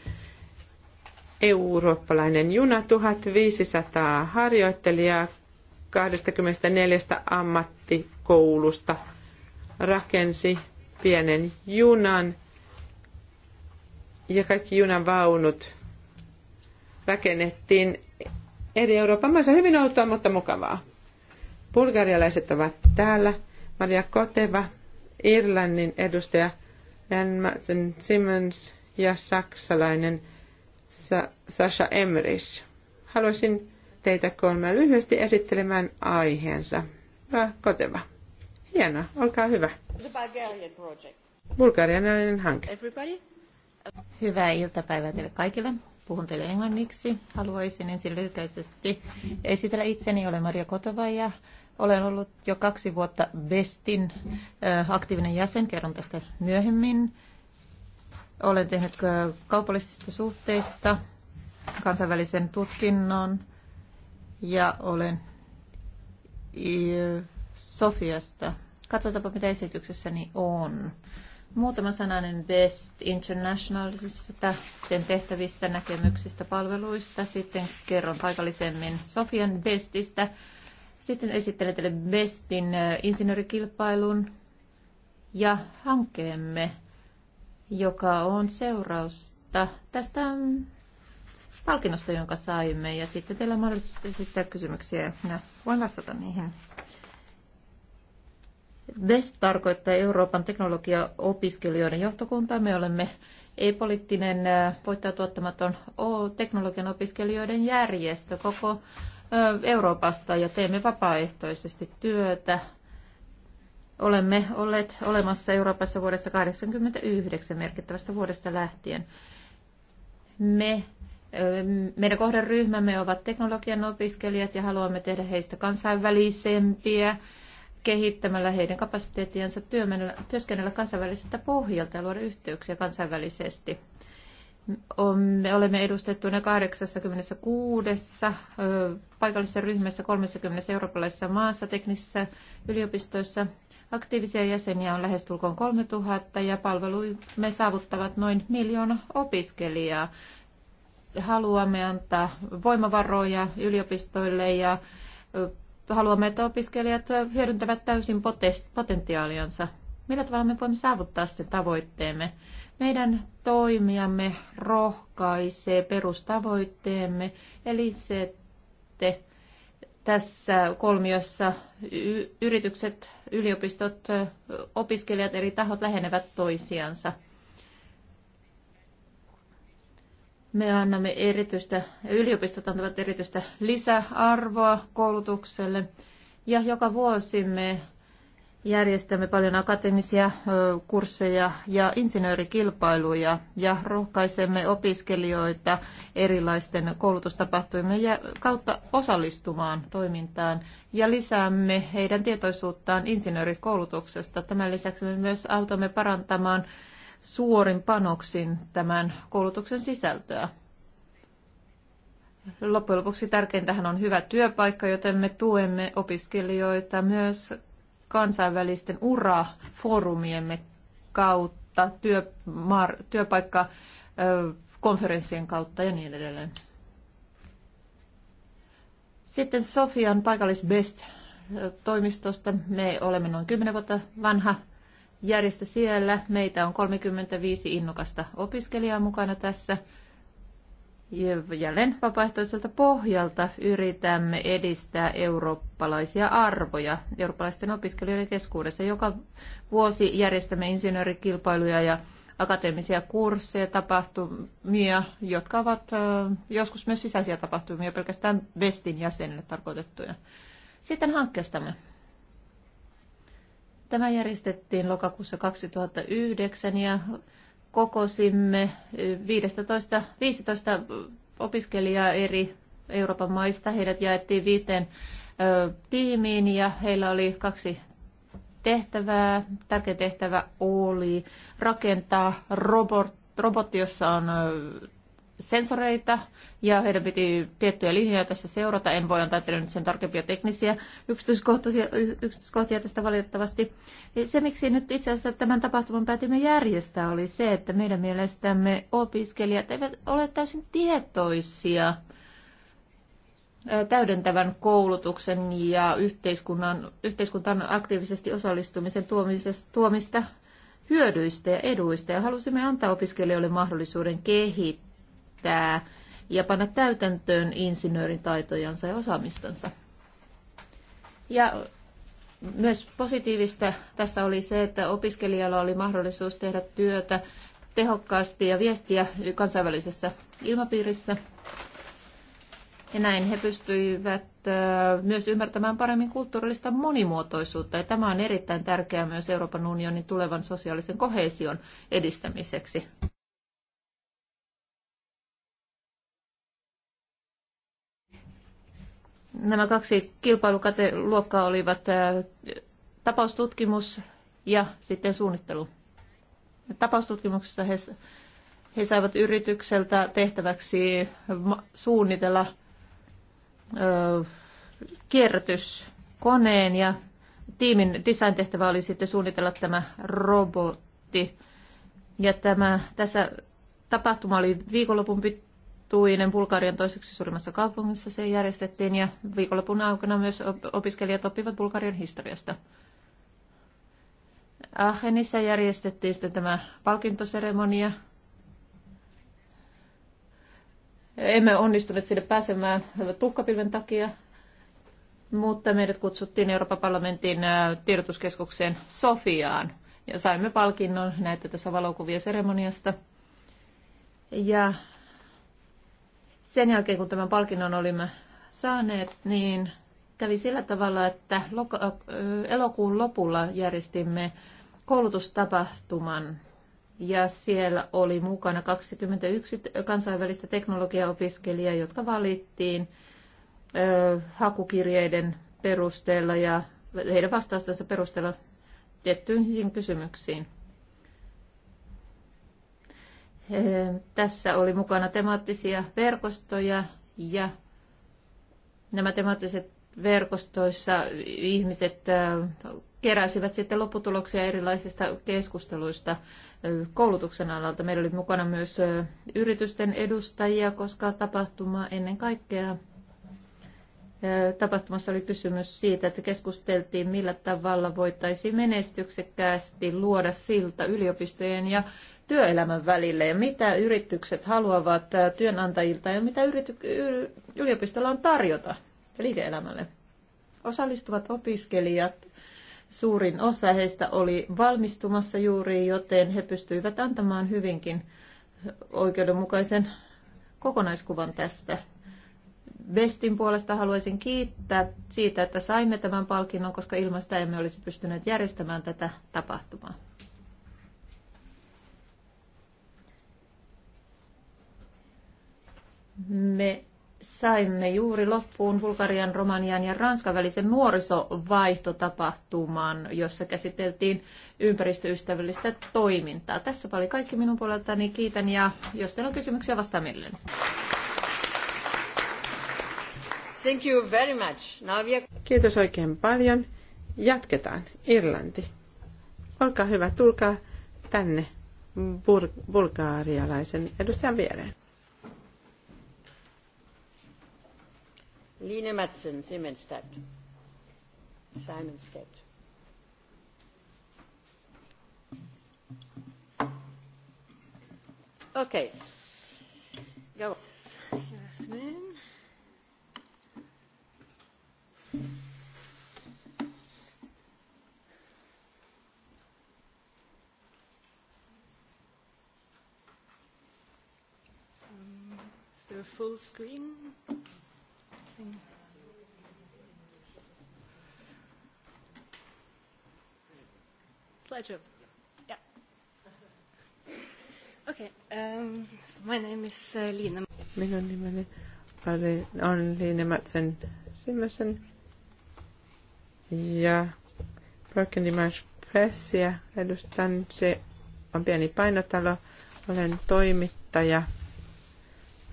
eurooppalainen juna 1500 harjoittelijaa 24 ammattikoulusta rakensi pienen junan ja kaikki junan vaunut rakennettiin eri Euroopan maissa. Hyvin outoa, mutta mukavaa. Bulgarialaiset ovat täällä. Maria Koteva Irlannin edustaja Jan Madsen Simmons ja saksalainen Sa- Sasha Emrich. Haluaisin teitä kolme lyhyesti esittelemään aiheensa. Koteva. Hienoa, olkaa hyvä. Bulgarian Bulgarianainen hanke. Everybody? Hyvää iltapäivää teille kaikille. Puhun teille englanniksi. Haluaisin ensin lyhykäisesti esitellä itseni. Olen Maria Kotova ja olen ollut jo kaksi vuotta Vestin aktiivinen jäsen, kerron tästä myöhemmin. Olen tehnyt kaupallisista suhteista kansainvälisen tutkinnon ja olen Sofiasta. Katsotaanpa, mitä esityksessäni on. Muutama sananen Best Internationalista sen tehtävistä, näkemyksistä, palveluista. Sitten kerron paikallisemmin Sofian Bestistä sitten esittelen teille Bestin insinöörikilpailun ja hankkeemme, joka on seurausta tästä mm, palkinnosta, jonka saimme. Ja sitten teillä on mahdollisuus esittää kysymyksiä. ja voin vastata niihin. BEST tarkoittaa Euroopan teknologiaopiskelijoiden johtokuntaa. Me olemme ei-poliittinen, voittaa tuottamaton teknologian opiskelijoiden järjestö. Koko Euroopasta ja teemme vapaaehtoisesti työtä. Olemme olleet olemassa Euroopassa vuodesta 1989 merkittävästä vuodesta lähtien. Me meidän kohderyhmämme ovat teknologian opiskelijat ja haluamme tehdä heistä kansainvälisempiä kehittämällä heidän kapasiteettiansa työskennellä kansainväliseltä pohjalta ja luoda yhteyksiä kansainvälisesti. Me olemme edustettuina 86 paikallisessa ryhmässä 30 eurooppalaisessa maassa teknisissä yliopistoissa. Aktiivisia jäseniä on lähestulkoon 3000 ja palveluimme saavuttavat noin miljoona opiskelijaa. Haluamme antaa voimavaroja yliopistoille ja haluamme, että opiskelijat hyödyntävät täysin potentiaaliansa. Millä tavalla me voimme saavuttaa sen tavoitteemme? Meidän toimijamme rohkaisee perustavoitteemme, eli se, että tässä kolmiossa yritykset, yliopistot, opiskelijat, eri tahot lähenevät toisiansa. Me annamme erityistä, yliopistot antavat erityistä lisäarvoa koulutukselle ja joka vuosi me Järjestämme paljon akateemisia kursseja ja insinöörikilpailuja ja rohkaisemme opiskelijoita erilaisten koulutustapahtumien kautta osallistumaan toimintaan ja lisäämme heidän tietoisuuttaan insinöörikoulutuksesta. Tämän lisäksi me myös autamme parantamaan suorin panoksin tämän koulutuksen sisältöä. Loppujen lopuksi tärkeintähän on hyvä työpaikka, joten me tuemme opiskelijoita myös kansainvälisten urafoorumiemme kautta, työmar, työpaikka konferenssien kautta ja niin edelleen. Sitten Sofian paikallisbest toimistosta. Me olemme noin 10 vuotta vanha järjestö siellä. Meitä on 35 innokasta opiskelijaa mukana tässä jälleen vapaaehtoiselta pohjalta yritämme edistää eurooppalaisia arvoja eurooppalaisten opiskelijoiden keskuudessa. Joka vuosi järjestämme insinöörikilpailuja ja akateemisia kursseja, tapahtumia, jotka ovat joskus myös sisäisiä tapahtumia, pelkästään Vestin jäsenille tarkoitettuja. Sitten hankkeestamme. Tämä järjestettiin lokakuussa 2009 ja kokosimme 15, 15 opiskelijaa eri Euroopan maista. Heidät jaettiin viiteen tiimiin ja heillä oli kaksi tehtävää. Tärkeä tehtävä oli rakentaa robot, robotti, jossa on sensoreita ja heidän piti tiettyjä linjoja tässä seurata. En voi antaa teille nyt sen tarkempia teknisiä yksityiskohtia, yksityiskohtia tästä valitettavasti. Se, miksi nyt itse asiassa tämän tapahtuman päätimme järjestää, oli se, että meidän mielestämme opiskelijat eivät ole täysin tietoisia täydentävän koulutuksen ja yhteiskunnan, yhteiskuntaan aktiivisesti osallistumisen tuomista hyödyistä ja eduista ja halusimme antaa opiskelijoille mahdollisuuden kehittää kehittää ja panna täytäntöön insinöörin taitojansa ja osaamistansa. Ja myös positiivista tässä oli se, että opiskelijalla oli mahdollisuus tehdä työtä tehokkaasti ja viestiä kansainvälisessä ilmapiirissä. Ja näin he pystyivät myös ymmärtämään paremmin kulttuurillista monimuotoisuutta. Ja tämä on erittäin tärkeää myös Euroopan unionin tulevan sosiaalisen kohesion edistämiseksi. Nämä kaksi kilpailukateluokkaa olivat äh, tapaustutkimus ja sitten suunnittelu. Tapaustutkimuksessa he, he saivat yritykseltä tehtäväksi suunnitella ö, äh, kierrätyskoneen ja tiimin design-tehtävä oli sitten suunnitella tämä robotti. Ja tämä, tässä tapahtuma oli viikonlopun tuinen Bulgarian toiseksi suurimmassa kaupungissa se järjestettiin ja viikonlopun aikana myös opiskelijat oppivat Bulgarian historiasta. Aachenissa järjestettiin sitten tämä palkintoseremonia. Emme onnistuneet sinne pääsemään tuhkapilven takia, mutta meidät kutsuttiin Euroopan parlamentin tiedotuskeskukseen Sofiaan ja saimme palkinnon, näitä tässä valokuvia seremoniasta. Ja sen jälkeen, kun tämän palkinnon olimme saaneet, niin kävi sillä tavalla, että elokuun lopulla järjestimme koulutustapahtuman ja siellä oli mukana 21 kansainvälistä teknologiaopiskelijaa, jotka valittiin hakukirjeiden perusteella ja heidän vastaustensa perusteella tiettyihin kysymyksiin. Ehm, tässä oli mukana temaattisia verkostoja ja nämä temaattiset verkostoissa ihmiset äh, keräsivät sitten lopputuloksia erilaisista keskusteluista äh, koulutuksen alalta. Meillä oli mukana myös äh, yritysten edustajia, koska tapahtuma ennen kaikkea Tapahtumassa oli kysymys siitä, että keskusteltiin, millä tavalla voitaisiin menestyksekkäästi luoda silta yliopistojen ja työelämän välille ja mitä yritykset haluavat työnantajilta ja mitä yrity- yliopistolla on tarjota liike-elämälle. Osallistuvat opiskelijat, suurin osa heistä oli valmistumassa juuri, joten he pystyivät antamaan hyvinkin oikeudenmukaisen kokonaiskuvan tästä. Vestin puolesta haluaisin kiittää siitä, että saimme tämän palkinnon, koska ilman sitä emme olisi pystyneet järjestämään tätä tapahtumaa. me saimme juuri loppuun Bulgarian, Romanian ja Ranskan välisen nuorisovaihtotapahtuman, jossa käsiteltiin ympäristöystävällistä toimintaa. Tässä oli kaikki minun puoleltani. Kiitän ja jos teillä on kysymyksiä, vastaan mielelläni. Thank you very much. Now we Kiitos oikein paljon. Jatketaan. Irlanti. Olkaa hyvä, tulkaa tänne bulgaarialaisen edustajan viereen. Line Madsen, Siemensstadt. Simonstadt. Okay. Go. Good afternoon. Um, is there a full screen? Slideshow. Yeah. Okay. Um, so my name is uh, Lina. Minun nimeni oli, on Lina Matsen Simmersen. Ja Broken Dimash Pressia edustan. Se on pieni painotalo. Olen toimittaja,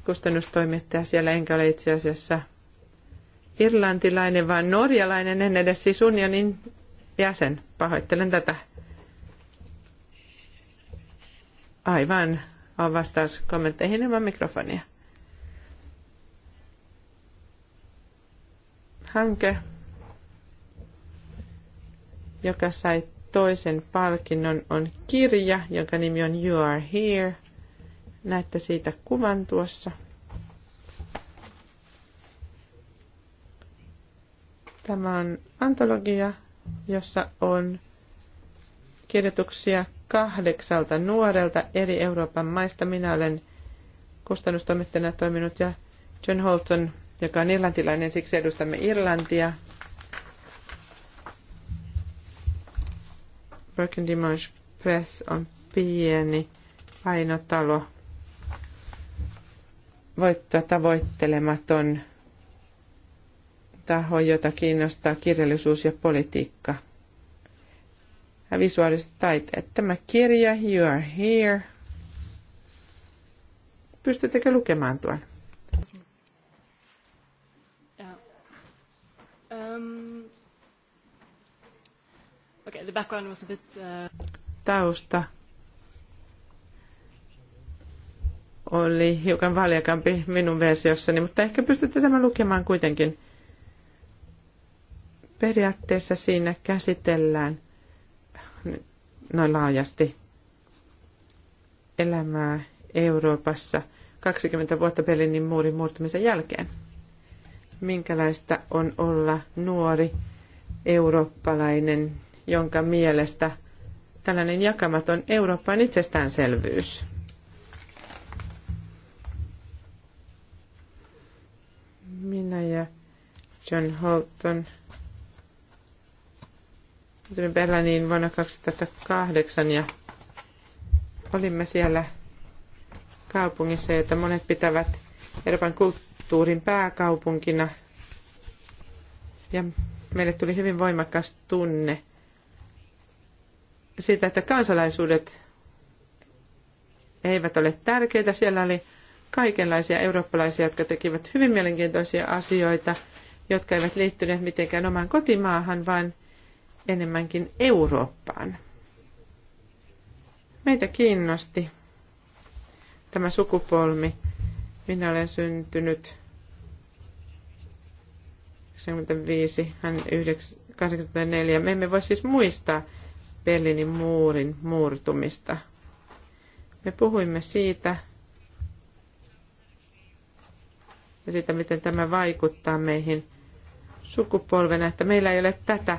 kustannustoimittaja siellä, enkä ole itse asiassa – irlantilainen, vaan norjalainen, en edes siis unionin jäsen. Pahoittelen tätä. Aivan, on vastaus kommentteihin ilman mikrofonia. Hanke, joka sai toisen palkinnon, on kirja, jonka nimi on You Are Here. Näette siitä kuvan tuossa. Tämä on antologia, jossa on kirjoituksia kahdeksalta nuorelta eri Euroopan maista. Minä olen kustannustoimittajana toiminut ja John Holton, joka on irlantilainen, siksi edustamme Irlantia. Broken Dimanche Press on pieni painotalo, voitto tavoittelematon taho, jota kiinnostaa kirjallisuus ja politiikka ja visuaaliset taiteet. Tämä kirja, You Are Here, pystyttekö lukemaan tuon? Um, uh, Tausta oli hiukan valjakampi minun versiossani, mutta ehkä pystytte tämän lukemaan kuitenkin. Periaatteessa siinä käsitellään noin laajasti elämää Euroopassa 20 vuotta Berliinin muurin murtumisen jälkeen. Minkälaista on olla nuori eurooppalainen, jonka mielestä tällainen jakamaton Eurooppa on itsestäänselvyys? Minä ja John Holton Tulin Berliiniin vuonna 2008 ja olimme siellä kaupungissa, jota monet pitävät Euroopan kulttuurin pääkaupunkina. Ja meille tuli hyvin voimakas tunne siitä, että kansalaisuudet eivät ole tärkeitä. Siellä oli kaikenlaisia eurooppalaisia, jotka tekivät hyvin mielenkiintoisia asioita, jotka eivät liittyneet mitenkään omaan kotimaahan, vaan – enemmänkin Eurooppaan. Meitä kiinnosti tämä sukupolmi. Minä olen syntynyt 85, hän 84. Me emme voi siis muistaa Berliinin muurin murtumista. Me puhuimme siitä ja siitä, miten tämä vaikuttaa meihin sukupolvena, että meillä ei ole tätä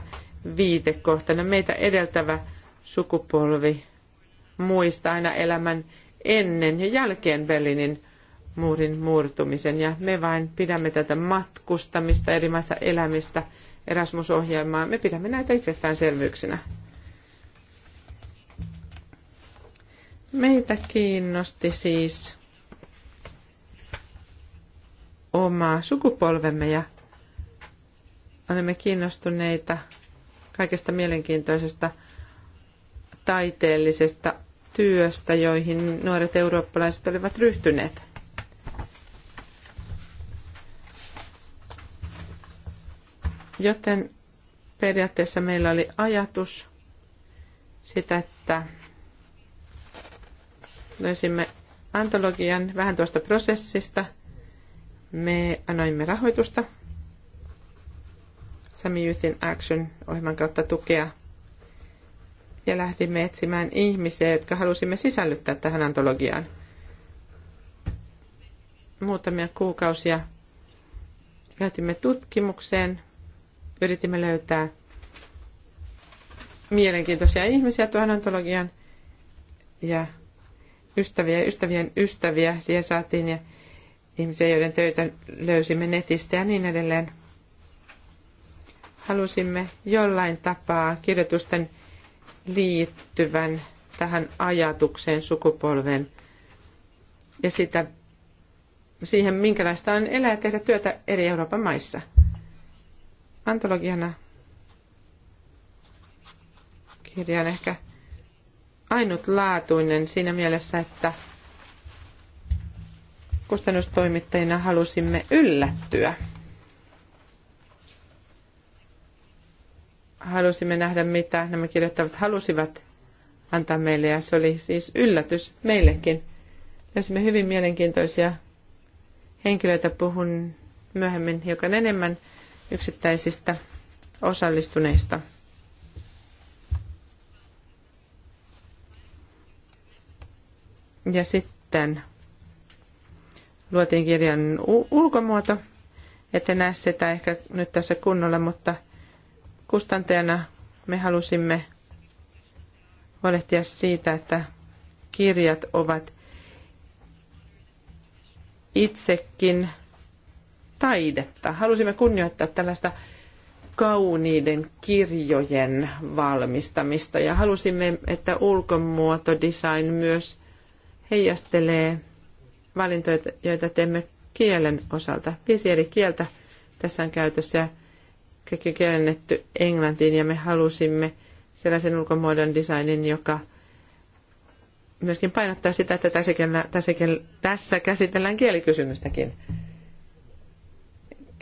viitekohtana. Meitä edeltävä sukupolvi muistaa aina elämän ennen ja jälkeen Berliinin muurin murtumisen. Ja me vain pidämme tätä matkustamista, eri maissa elämistä, Erasmus-ohjelmaa. Me pidämme näitä itsestäänselvyyksinä. Meitä kiinnosti siis oma sukupolvemme ja olemme kiinnostuneita kaikesta mielenkiintoisesta taiteellisesta työstä, joihin nuoret eurooppalaiset olivat ryhtyneet. Joten periaatteessa meillä oli ajatus sitä, että löysimme antologian vähän tuosta prosessista. Me annoimme rahoitusta Sami Youth in Action-ohjelman kautta tukea. Ja lähdimme etsimään ihmisiä, jotka halusimme sisällyttää tähän antologiaan. Muutamia kuukausia käytimme tutkimukseen, yritimme löytää mielenkiintoisia ihmisiä tuohon antologian ja ystäviä ja ystävien ystäviä siihen saatiin ja ihmisiä, joiden töitä löysimme netistä ja niin edelleen halusimme jollain tapaa kirjoitusten liittyvän tähän ajatukseen sukupolven ja sitä, siihen, minkälaista on elää ja tehdä työtä eri Euroopan maissa. Antologiana kirja on ehkä ainutlaatuinen siinä mielessä, että kustannustoimittajina halusimme yllättyä halusimme nähdä, mitä nämä kirjoittavat halusivat antaa meille, ja se oli siis yllätys meillekin. Löysimme hyvin mielenkiintoisia henkilöitä, puhun myöhemmin hiukan enemmän yksittäisistä osallistuneista. Ja sitten luotiin kirjan ulkomuoto. Ette näe sitä ehkä nyt tässä kunnolla, mutta – kustantajana me halusimme huolehtia siitä, että kirjat ovat itsekin taidetta. Halusimme kunnioittaa tällaista kauniiden kirjojen valmistamista ja halusimme, että ulkomuotodesign myös heijastelee valintoja, joita teemme kielen osalta. Viisi eri kieltä tässä on käytössä kaikki kielennetty englantiin ja me halusimme sellaisen ulkomuodon designin, joka myöskin painottaa sitä, että tässä, tässä, tässä käsitellään kielikysymystäkin.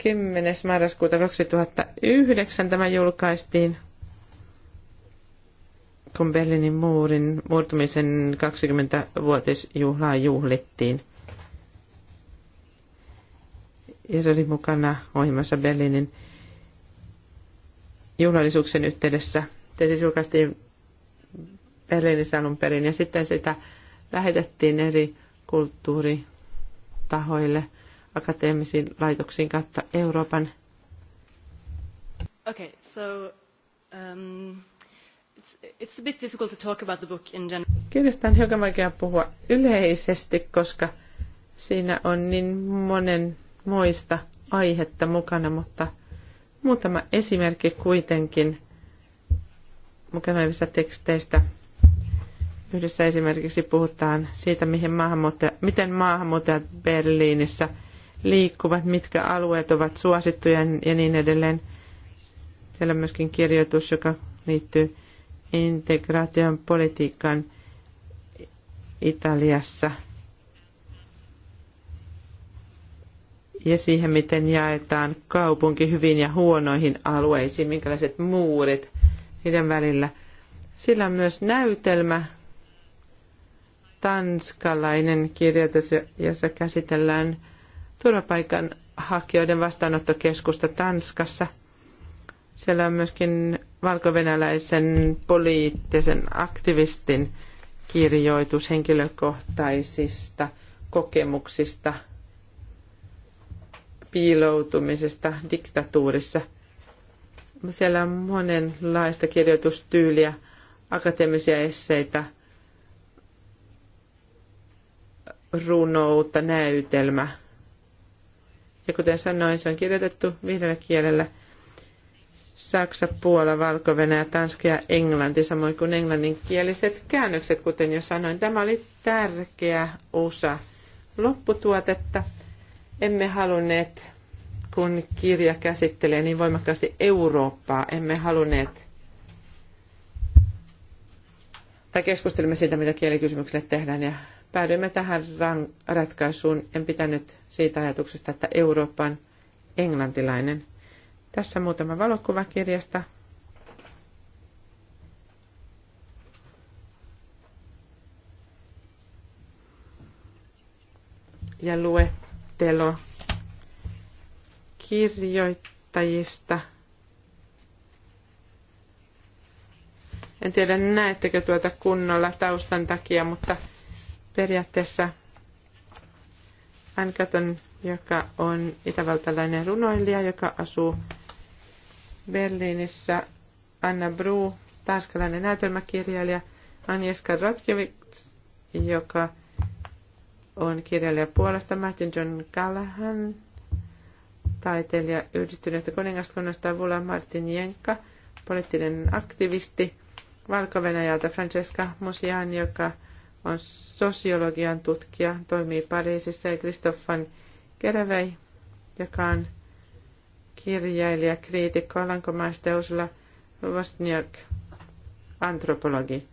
10. marraskuuta 2009 tämä julkaistiin, kun Berliinin muurin murtumisen 20-vuotisjuhlaa juhlittiin. Ja se oli mukana ohjelmassa Berliinin juhlallisuuksien yhteydessä. Te siis julkaistiin Berliinissä alun perin ja sitten sitä lähetettiin eri kulttuuritahoille, akateemisiin laitoksiin kautta Euroopan. Okay, so um, it's, it's a bit difficult to talk about the book in general. Kirjasta on hiukan vaikea puhua yleisesti, koska siinä on niin monen moista aihetta mukana, mutta – Muutama esimerkki kuitenkin mukavissa teksteistä. Yhdessä esimerkiksi puhutaan siitä, mihin maahanmuuttaja, miten maahanmuuttajat Berliinissä liikkuvat, mitkä alueet ovat suosittuja ja niin edelleen. Siellä on myöskin kirjoitus, joka liittyy integraation politiikkaan Italiassa – ja siihen, miten jaetaan kaupunki hyvin ja huonoihin alueisiin, minkälaiset muurit niiden välillä. Sillä on myös näytelmä, tanskalainen kirjoitus, jossa käsitellään turvapaikan hakijoiden vastaanottokeskusta Tanskassa. Siellä on myöskin valkovenäläisen poliittisen aktivistin kirjoitus henkilökohtaisista kokemuksista – piiloutumisesta diktatuurissa. Siellä on monenlaista kirjoitustyyliä, akateemisia esseitä, runoutta, näytelmä. Ja kuten sanoin, se on kirjoitettu viidellä kielellä. Saksa, Puola, valko Tanska ja Englanti, samoin kuin englanninkieliset käännökset, kuten jo sanoin. Tämä oli tärkeä osa lopputuotetta. Emme halunneet, kun kirja käsittelee niin voimakkaasti Eurooppaa, emme halunneet, tai keskustelimme siitä, mitä kielikysymyksille tehdään, ja päädyimme tähän ratkaisuun. En pitänyt siitä ajatuksesta, että Eurooppa on englantilainen. Tässä muutama valokuva kirjasta. ja lue luettelo kirjoittajista. En tiedä, näettekö tuota kunnolla taustan takia, mutta periaatteessa Ankaton, joka on itävaltalainen runoilija, joka asuu Berliinissä, Anna Bru, tanskalainen näytelmäkirjailija, Anjeska Rotkiewicz, joka on kirjailija Puolasta Matthew John Callahan, taiteilija yhdistyneestä kuningaskunnasta Vula Martin Jenka, poliittinen aktivisti valko Francesca Musian, joka on sosiologian tutkija, toimii Pariisissa, ja Kristoffan Kerevei, joka on kirjailija, kriitikko, alankomaista Ursula Wozniak, antropologi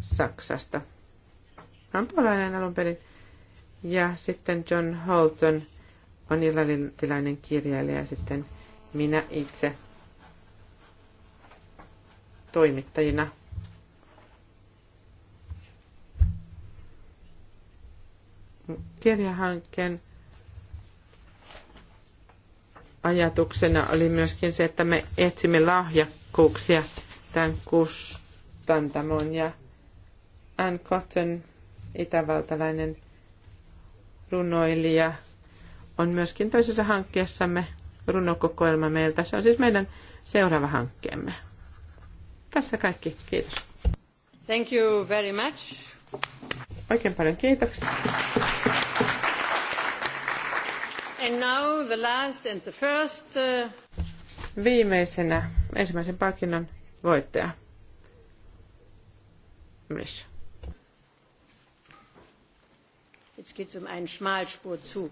Saksasta. Hän on puolainen alun perin ja sitten John Holton on irlantilainen kirjailija ja sitten minä itse toimittajina. Kirjahankkeen ajatuksena oli myöskin se, että me etsimme lahjakkuuksia tämän kustantamon ja Ann Cotton, itävaltalainen runoilija on myöskin toisessa hankkeessamme runokokoelma meiltä. Se on siis meidän seuraava hankkeemme. Tässä kaikki. Kiitos. Thank you very much. Oikein paljon kiitoksia. And now the last and the first, uh... Viimeisenä ensimmäisen palkinnon voittaja. Missä? Es geht um einen Schmalspurzug.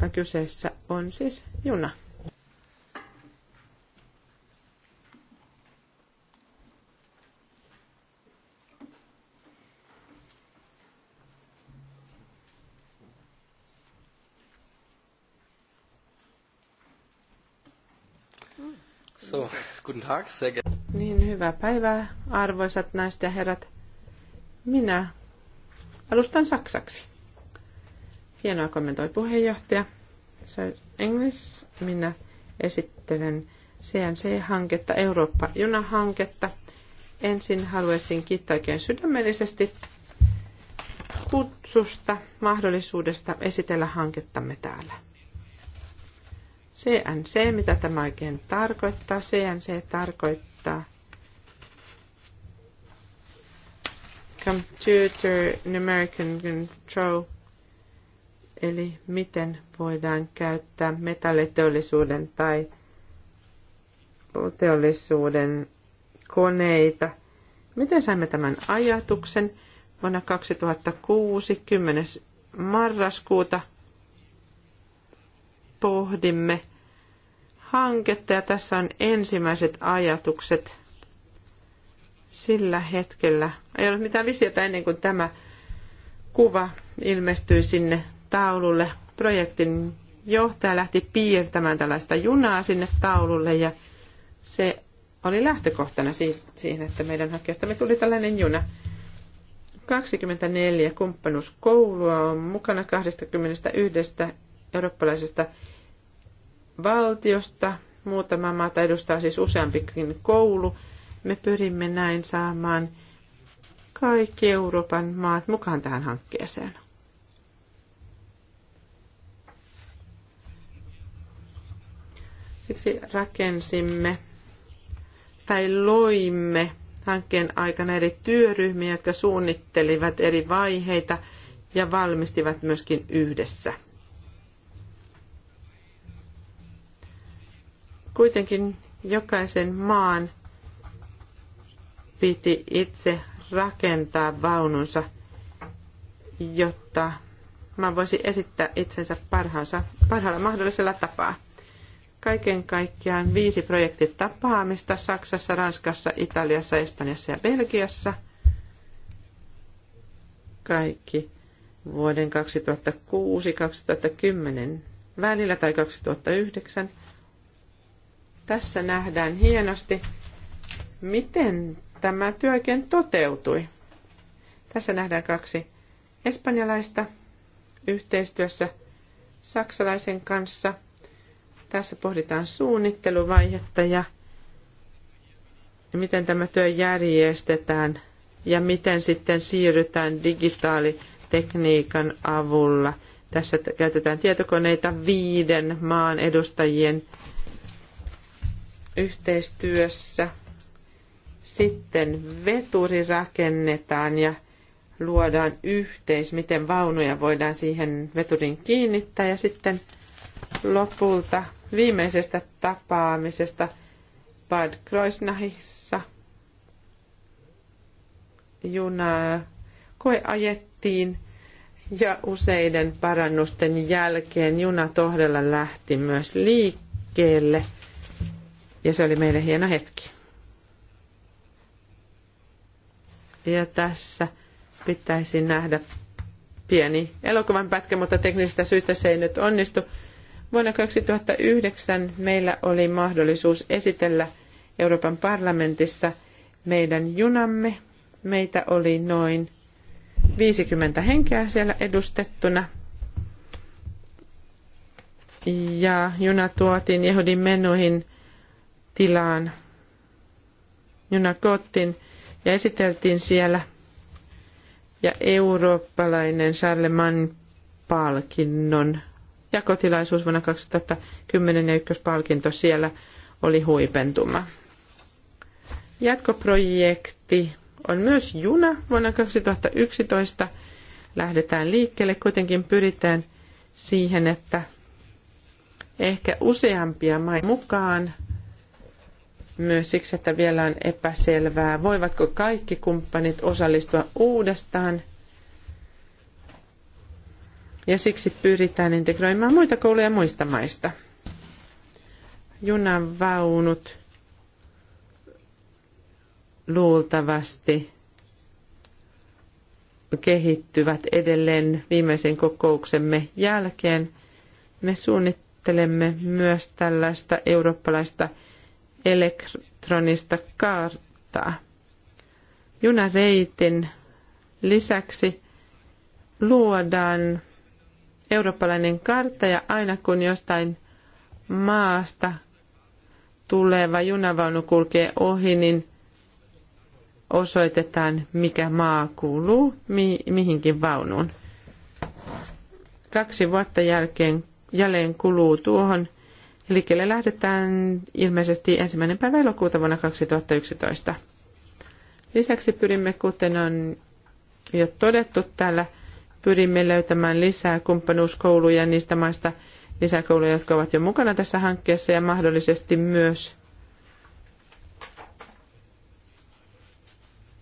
Äh, kyseessä on siis juna. So, guten Tag, sehr Niin, hyvää päivää, arvoisat naiset ja herrat. Minä Alustan saksaksi. Hienoa kommentoi puheenjohtaja. Sir English, minä esittelen CNC-hanketta, Eurooppa-junahanketta. Ensin haluaisin kiittää oikein sydämellisesti kutsusta, mahdollisuudesta esitellä hankettamme täällä. CNC, mitä tämä oikein tarkoittaa? CNC tarkoittaa Computer Numerican Control, eli miten voidaan käyttää metalliteollisuuden tai teollisuuden koneita. Miten saimme tämän ajatuksen? Vuonna 2006, 10. marraskuuta, pohdimme hanketta ja tässä on ensimmäiset ajatukset – sillä hetkellä. Ei ollut mitään visiota ennen kuin tämä kuva ilmestyi sinne taululle. Projektin johtaja lähti piirtämään tällaista junaa sinne taululle ja se oli lähtökohtana siihen, että meidän hakijastamme tuli tällainen juna. 24 kumppanuuskoulua on mukana 21 eurooppalaisesta valtiosta. Muutama maata edustaa siis useampikin koulu. Me pyrimme näin saamaan kaikki Euroopan maat mukaan tähän hankkeeseen. Siksi rakensimme tai loimme hankkeen aikana eri työryhmiä, jotka suunnittelivat eri vaiheita ja valmistivat myöskin yhdessä. Kuitenkin jokaisen maan piti itse rakentaa vaununsa, jotta mä voisi esittää itsensä parhaansa, parhaalla mahdollisella tapaa. Kaiken kaikkiaan viisi projektitapaamista Saksassa, Ranskassa, Italiassa, Espanjassa ja Belgiassa. Kaikki vuoden 2006-2010 välillä tai 2009. Tässä nähdään hienosti, miten tämä työ oikein toteutui. Tässä nähdään kaksi espanjalaista yhteistyössä saksalaisen kanssa. Tässä pohditaan suunnitteluvaihetta ja miten tämä työ järjestetään ja miten sitten siirrytään digitaalitekniikan avulla. Tässä käytetään tietokoneita viiden maan edustajien yhteistyössä sitten veturi rakennetaan ja luodaan yhteis, miten vaunuja voidaan siihen veturin kiinnittää. Ja sitten lopulta viimeisestä tapaamisesta Bad Kreuznachissa junaa koe ajettiin ja useiden parannusten jälkeen juna tohdella lähti myös liikkeelle ja se oli meille hieno hetki. Ja tässä pitäisi nähdä pieni elokuvan pätkä, mutta teknisistä syistä se ei nyt onnistu. Vuonna 2009 meillä oli mahdollisuus esitellä Euroopan parlamentissa meidän junamme. Meitä oli noin 50 henkeä siellä edustettuna. Ja juna tuotiin Jehudin menuihin tilaan. Juna koottiin ja esiteltiin siellä. Ja eurooppalainen Charlemagne palkinnon jakotilaisuus vuonna 2010 ja ykköspalkinto siellä oli huipentuma. Jatkoprojekti on myös juna vuonna 2011. Lähdetään liikkeelle, kuitenkin pyritään siihen, että ehkä useampia maita mukaan – myös siksi, että vielä on epäselvää, voivatko kaikki kumppanit osallistua uudestaan. Ja siksi pyritään integroimaan muita kouluja muista maista. Junan vaunut luultavasti kehittyvät edelleen viimeisen kokouksemme jälkeen. Me suunnittelemme myös tällaista eurooppalaista elektronista kaartaa. Junareitin lisäksi luodaan eurooppalainen kartta ja aina kun jostain maasta tuleva junavaunu kulkee ohi, niin osoitetaan, mikä maa kuuluu mi- mihinkin vaunuun. Kaksi vuotta jälkeen jälleen kuluu tuohon Liikkeelle lähdetään ilmeisesti ensimmäinen päivä elokuuta vuonna 2011. Lisäksi pyrimme, kuten on jo todettu täällä, pyrimme löytämään lisää kumppanuuskouluja niistä maista, lisäkouluja, jotka ovat jo mukana tässä hankkeessa ja mahdollisesti myös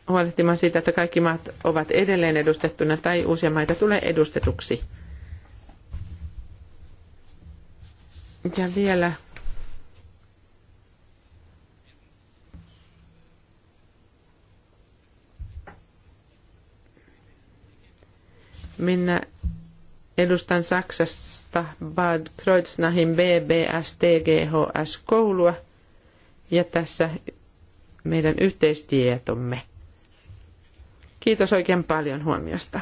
huolehtimaan siitä, että kaikki maat ovat edelleen edustettuna tai uusia maita tulee edustetuksi. Ja vielä Minä edustan Saksasta Bad Kreuznahin BBS TGHS koulua ja tässä meidän yhteistietomme. Kiitos oikein paljon huomiosta.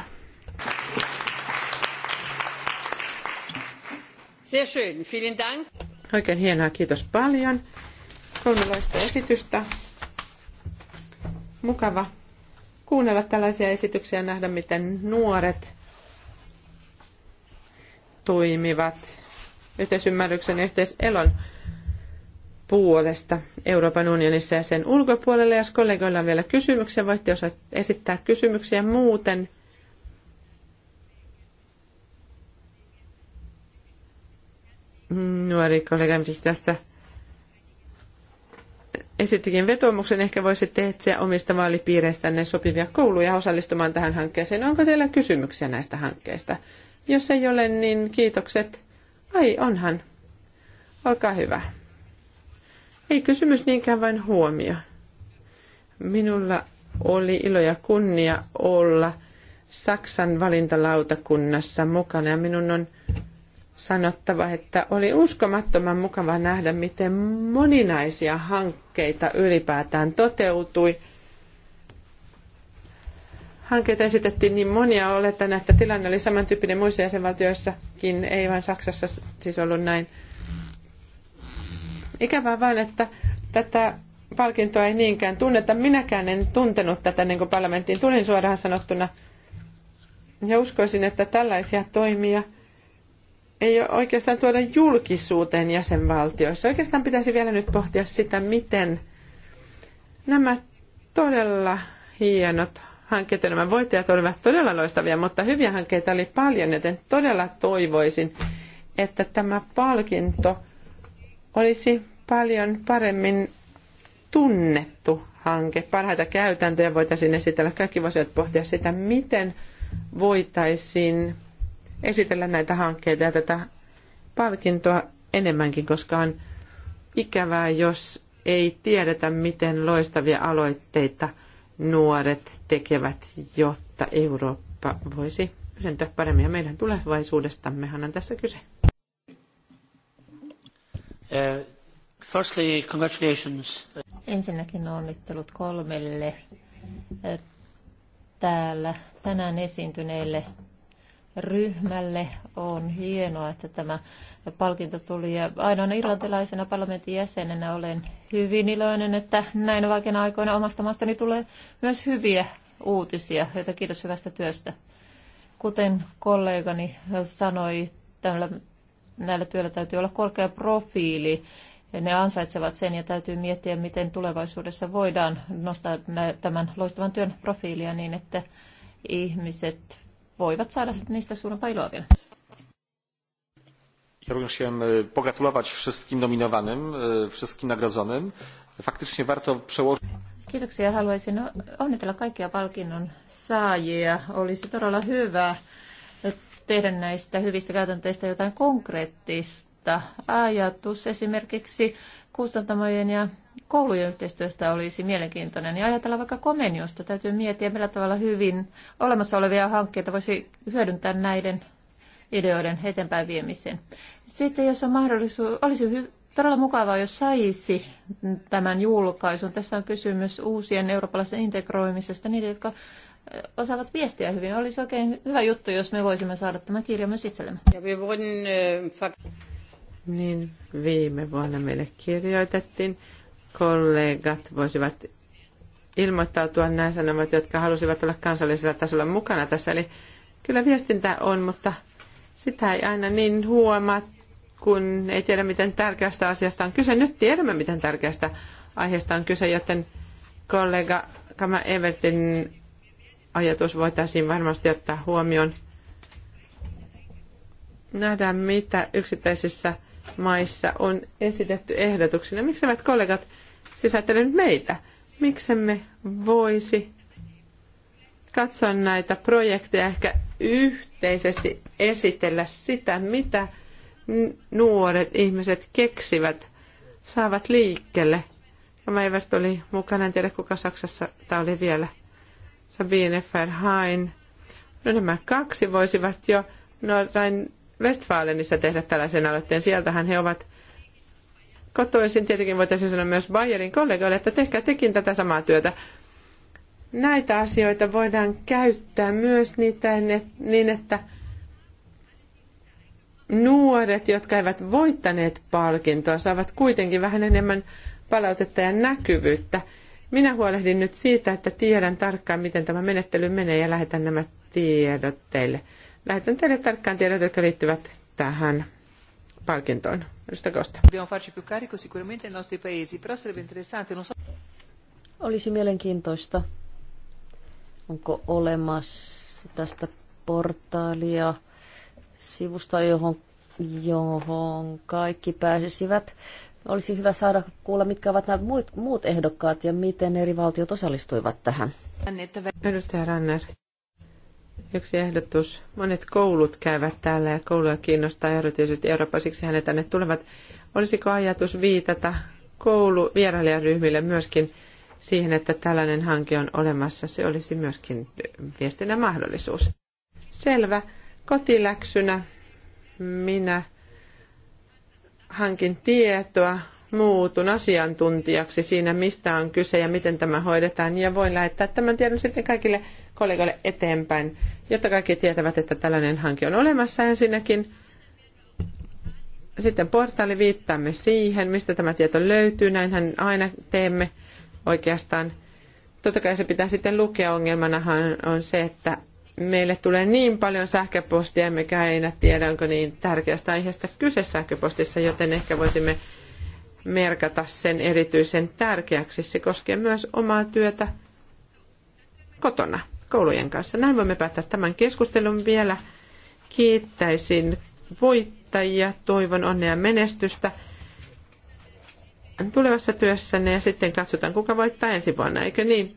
Sehr schön, vielen Dank. Oikein hienoa, kiitos paljon. Kolme loista esitystä. Mukava kuunnella tällaisia esityksiä ja nähdä, miten nuoret toimivat yhteisymmärryksen yhteiselon puolesta Euroopan unionissa ja sen ulkopuolella. Jos kollegoilla on vielä kysymyksiä, voitte esittää kysymyksiä muuten. nuori kollegani tässä esittikin vetoomuksen, ehkä voisitte etsiä omista vaalipiireistänne sopivia kouluja osallistumaan tähän hankkeeseen. Onko teillä kysymyksiä näistä hankkeista? Jos ei ole, niin kiitokset. Ai, onhan. Olkaa hyvä. Ei kysymys niinkään vain huomio. Minulla oli ilo ja kunnia olla Saksan valintalautakunnassa mukana ja minun on sanottava, että oli uskomattoman mukava nähdä, miten moninaisia hankkeita ylipäätään toteutui. Hankkeita esitettiin niin monia, oletan, että tilanne oli samantyyppinen muissa jäsenvaltioissakin, ei vain Saksassa siis ollut näin. Ikävää vain, että tätä palkintoa ei niinkään tunneta. Minäkään en tuntenut tätä niin kuin parlamenttiin tulin suoraan sanottuna. Ja uskoisin, että tällaisia toimia – ei ole oikeastaan tuoda julkisuuteen jäsenvaltioissa. Oikeastaan pitäisi vielä nyt pohtia sitä, miten nämä todella hienot hankkeet ja nämä voittajat olivat todella loistavia, mutta hyviä hankkeita oli paljon, joten todella toivoisin, että tämä palkinto olisi paljon paremmin tunnettu hanke. Parhaita käytäntöjä voitaisiin esitellä. Kaikki voisivat pohtia sitä, miten voitaisiin esitellä näitä hankkeita ja tätä palkintoa enemmänkin, koska on ikävää, jos ei tiedetä, miten loistavia aloitteita nuoret tekevät, jotta Eurooppa voisi hyödyntää paremmin ja meidän tulevaisuudestammehan on tässä kyse. Uh, firstly, congratulations. Ensinnäkin onnittelut kolmelle uh, täällä tänään esiintyneille ryhmälle. On hienoa, että tämä palkinto tuli. Ja ainoana irlantilaisena parlamentin jäsenenä olen hyvin iloinen, että näin vaikeina aikoina omasta maastani tulee myös hyviä uutisia, joita kiitos hyvästä työstä. Kuten kollegani sanoi, tällä, näillä työllä täytyy olla korkea profiili. Ja ne ansaitsevat sen ja täytyy miettiä, miten tulevaisuudessa voidaan nostaa tämän loistavan työn profiilia niin, että ihmiset voivat saada sitten niistä suurempaa iloa vielä. Ja również chciałem e, pogratulować wszystkim nominowanym, e, wszystkim nagrodzonym. Faktycznie warto przełożyć... Kiitoksia. Haluaisin onnitella kaikkia palkinnon saajia. Olisi todella hyvä tehdä näistä hyvistä käytänteistä jotain konkreettista. Ajatus esimerkiksi kustantamojen ja koulujen yhteistyöstä olisi mielenkiintoinen. Ja ajatellaan vaikka Komeniosta. Täytyy miettiä, millä tavalla hyvin olemassa olevia hankkeita voisi hyödyntää näiden ideoiden eteenpäin viemiseen. Sitten jos on mahdollisuus, olisi hy- todella mukavaa, jos saisi tämän julkaisun. Tässä on kysymys uusien eurooppalaisten integroimisesta, niitä, jotka osaavat viestiä hyvin. Olisi oikein hyvä juttu, jos me voisimme saada tämän kirjan myös itsellemme. Ja me voin, äh, niin, viime vuonna meille kirjoitettiin kollegat voisivat ilmoittautua, näin sanovat, jotka halusivat olla kansallisella tasolla mukana tässä. Eli kyllä viestintää on, mutta sitä ei aina niin huomaa, kun ei tiedä, miten tärkeästä asiasta on kyse. Nyt tiedämme, miten tärkeästä aiheesta on kyse, joten kollega Kama Evertin ajatus voitaisiin varmasti ottaa huomioon. Nähdään, mitä yksittäisissä maissa on esitetty ehdotuksina. Miksi kollegat siis ajattelen meitä, miksemme voisi katsoa näitä projekteja ehkä yhteisesti esitellä sitä, mitä nuoret ihmiset keksivät, saavat liikkeelle. mä eivät oli mukana, en tiedä kuka Saksassa tämä oli vielä. Sabine Ferhain. No nämä kaksi voisivat jo Nordrhein Westfalenissa tehdä tällaisen aloitteen. Sieltähän he ovat kotoisin. Tietenkin voitaisiin sanoa myös Bayerin kollegoille, että tehkää tekin tätä samaa työtä. Näitä asioita voidaan käyttää myös niitä, niin, että nuoret, jotka eivät voittaneet palkintoa, saavat kuitenkin vähän enemmän palautetta ja näkyvyyttä. Minä huolehdin nyt siitä, että tiedän tarkkaan, miten tämä menettely menee ja lähetän nämä tiedot teille. Lähetän teille tarkkaan tiedot, jotka liittyvät tähän palkintoon. Olisi mielenkiintoista, onko olemassa tästä portaalia, sivusta, johon, johon kaikki pääsisivät. Olisi hyvä saada kuulla, mitkä ovat nämä muut, muut ehdokkaat ja miten eri valtiot osallistuivat tähän. Edustaja Ranner. Yksi ehdotus. Monet koulut käyvät täällä ja kouluja kiinnostaa erityisesti Eurooppa, siksi hänet tänne tulevat. Olisiko ajatus viitata koulu vierailijaryhmille myöskin siihen, että tällainen hanke on olemassa? Se olisi myöskin viestinnän mahdollisuus. Selvä. Kotiläksynä minä hankin tietoa, muutun asiantuntijaksi siinä, mistä on kyse ja miten tämä hoidetaan, ja voin lähettää tämän tiedon sitten kaikille kollegoille eteenpäin, jotta kaikki tietävät, että tällainen hanke on olemassa ensinnäkin. Sitten portaali viittaamme siihen, mistä tämä tieto löytyy. Näinhän aina teemme oikeastaan. Totta kai se pitää sitten lukea. Ongelmanahan on se, että meille tulee niin paljon sähköpostia, mikä ei enää tiedä, onko niin tärkeästä aiheesta kyse sähköpostissa, joten ehkä voisimme merkata sen erityisen tärkeäksi. Se koskee myös omaa työtä kotona koulujen kanssa. Näin voimme päättää tämän keskustelun vielä. Kiittäisin voittajia, toivon onnea menestystä tulevassa työssänne ja sitten katsotaan, kuka voittaa ensi vuonna, eikö niin?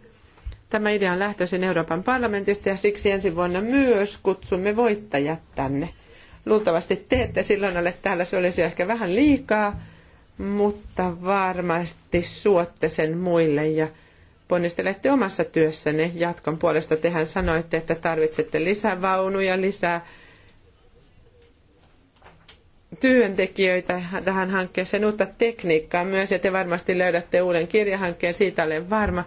Tämä idea on lähtöisin Euroopan parlamentista ja siksi ensi vuonna myös kutsumme voittajat tänne. Luultavasti te ette silloin ole täällä, se olisi ehkä vähän liikaa, mutta varmasti suotte sen muille ja ponnistelette omassa työssänne jatkon puolesta. Tehän sanoitte, että tarvitsette lisää vaunuja, lisää työntekijöitä tähän hankkeeseen, uutta tekniikkaa myös, ja te varmasti löydätte uuden kirjahankkeen, siitä olen varma.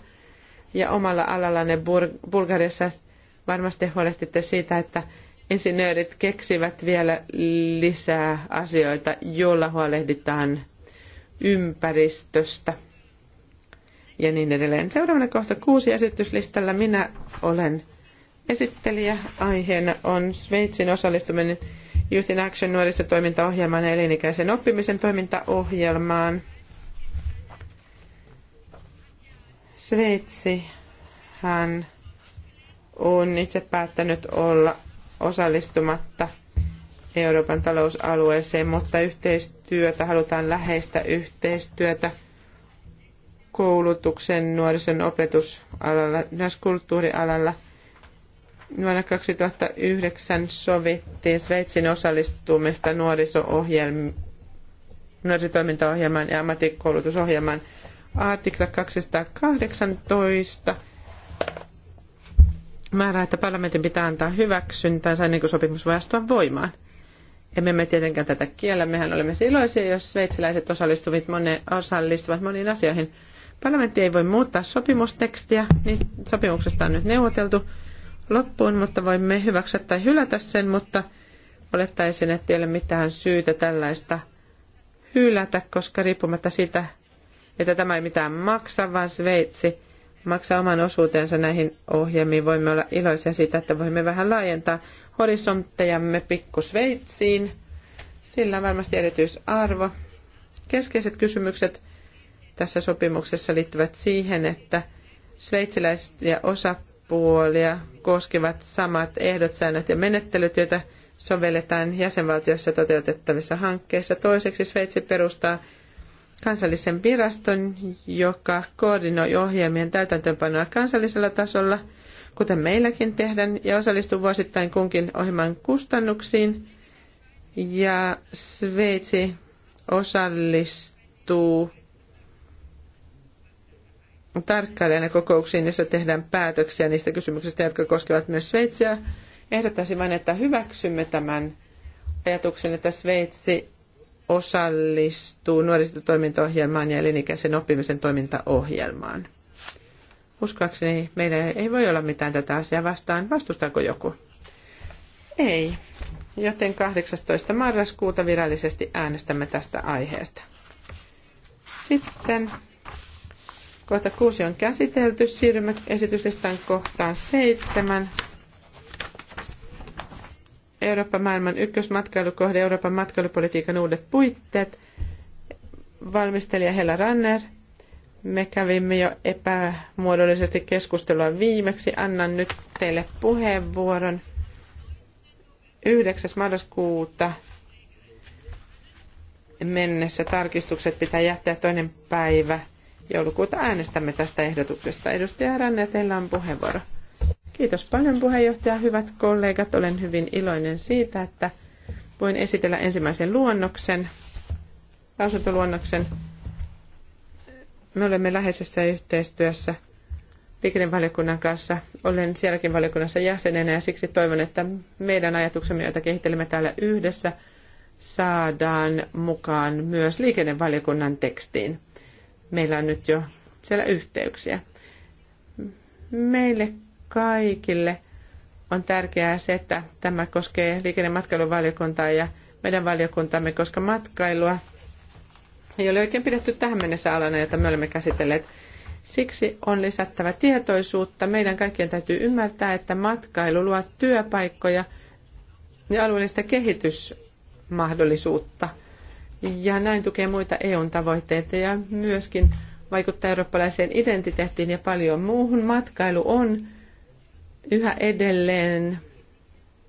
Ja omalla alallanne Bulgariassa varmasti huolehtitte siitä, että insinöörit keksivät vielä lisää asioita, joilla huolehditaan ympäristöstä ja niin edelleen. Seuraavana kohta kuusi esityslistalla minä olen esittelijä. Aiheena on Sveitsin osallistuminen Youth in Action nuorisotoimintaohjelmaan ja elinikäisen oppimisen toimintaohjelmaan. Sveitsi hän on itse päättänyt olla osallistumatta Euroopan talousalueeseen, mutta yhteistyötä, halutaan läheistä yhteistyötä – koulutuksen, nuorison opetusalalla, myös kulttuurialalla. Vuonna 2009 sovittiin Sveitsin osallistumista nuoriso nuorisotoimintaohjelman ja ammattikoulutusohjelman artikla 218 määrää, että parlamentin pitää antaa hyväksyntänsä ennen kuin sopimus voi astua voimaan. Emme me tietenkään tätä kiellä, mehän olemme iloisia, jos sveitsiläiset osallistuvat, osallistuvat moniin asioihin. Parlamentti ei voi muuttaa sopimustekstiä, niin sopimuksesta on nyt neuvoteltu loppuun, mutta voimme hyväksyä tai hylätä sen, mutta olettaisin, että ei ole mitään syytä tällaista hylätä, koska riippumatta siitä, että tämä ei mitään maksa, vaan Sveitsi maksaa oman osuutensa näihin ohjelmiin. Voimme olla iloisia siitä, että voimme vähän laajentaa horisonttejamme pikku Sveitsiin. Sillä on varmasti erityisarvo. Keskeiset kysymykset tässä sopimuksessa liittyvät siihen, että sveitsiläisiä osapuolia koskevat samat ehdot, säännöt ja menettelyt, joita sovelletaan jäsenvaltiossa toteutettavissa hankkeissa. Toiseksi Sveitsi perustaa kansallisen viraston, joka koordinoi ohjelmien täytäntöönpanoa kansallisella tasolla, kuten meilläkin tehdään, ja osallistuu vuosittain kunkin ohjelman kustannuksiin. Ja Sveitsi osallistuu tarkkailijana kokouksiin, joissa tehdään päätöksiä niistä kysymyksistä, jotka koskevat myös Sveitsiä. Ehdottaisin vain, että hyväksymme tämän ajatuksen, että Sveitsi osallistuu nuorisotoimintaohjelmaan ja elinikäisen oppimisen toimintaohjelmaan. Uskoakseni meillä ei voi olla mitään tätä asiaa vastaan. Vastustaako joku? Ei. Joten 18. marraskuuta virallisesti äänestämme tästä aiheesta. Sitten Kohta kuusi on käsitelty. Siirrymme esityslistan kohtaan seitsemän. Euroopan maailman ykkösmatkailukohde, Euroopan matkailupolitiikan uudet puitteet. Valmistelija Hella Ranner. Me kävimme jo epämuodollisesti keskustelua viimeksi. Annan nyt teille puheenvuoron. 9. marraskuuta mennessä tarkistukset pitää jättää toinen päivä joulukuuta äänestämme tästä ehdotuksesta. Edustaja Ranne, teillä on puheenvuoro. Kiitos paljon puheenjohtaja, hyvät kollegat. Olen hyvin iloinen siitä, että voin esitellä ensimmäisen luonnoksen, lausuntoluonnoksen. Me olemme läheisessä yhteistyössä liikennevaliokunnan kanssa. Olen sielläkin valiokunnassa jäsenenä ja siksi toivon, että meidän ajatuksemme, joita kehittelemme täällä yhdessä, saadaan mukaan myös liikennevaliokunnan tekstiin meillä on nyt jo siellä yhteyksiä. Meille kaikille on tärkeää se, että tämä koskee liikennematkailuvaliokuntaa ja meidän valiokuntamme, koska matkailua ei ole oikein pidetty tähän mennessä alana, jota me olemme käsitelleet. Siksi on lisättävä tietoisuutta. Meidän kaikkien täytyy ymmärtää, että matkailu luo työpaikkoja ja alueellista kehitysmahdollisuutta – ja näin tukee muita EUn tavoitteita ja myöskin vaikuttaa eurooppalaiseen identiteettiin ja paljon muuhun. Matkailu on yhä edelleen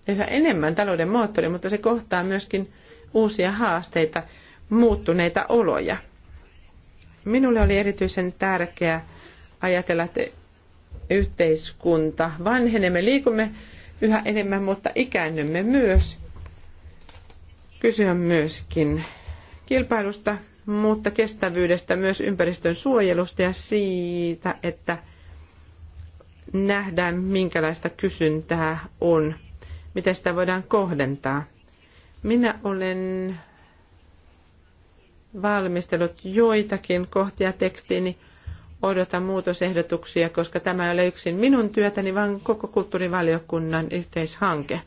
yhä enemmän talouden moottori, mutta se kohtaa myöskin uusia haasteita, muuttuneita oloja. Minulle oli erityisen tärkeää ajatella, että yhteiskunta vanhenemme, liikumme yhä enemmän, mutta ikäännymme myös. Kyse on myöskin kilpailusta, mutta kestävyydestä myös ympäristön suojelusta ja siitä, että nähdään minkälaista kysyntää on, miten sitä voidaan kohdentaa. Minä olen valmistellut joitakin kohtia tekstiini. Odotan muutosehdotuksia, koska tämä ei ole yksin minun työtäni, vaan koko kulttuurivaliokunnan yhteishanke.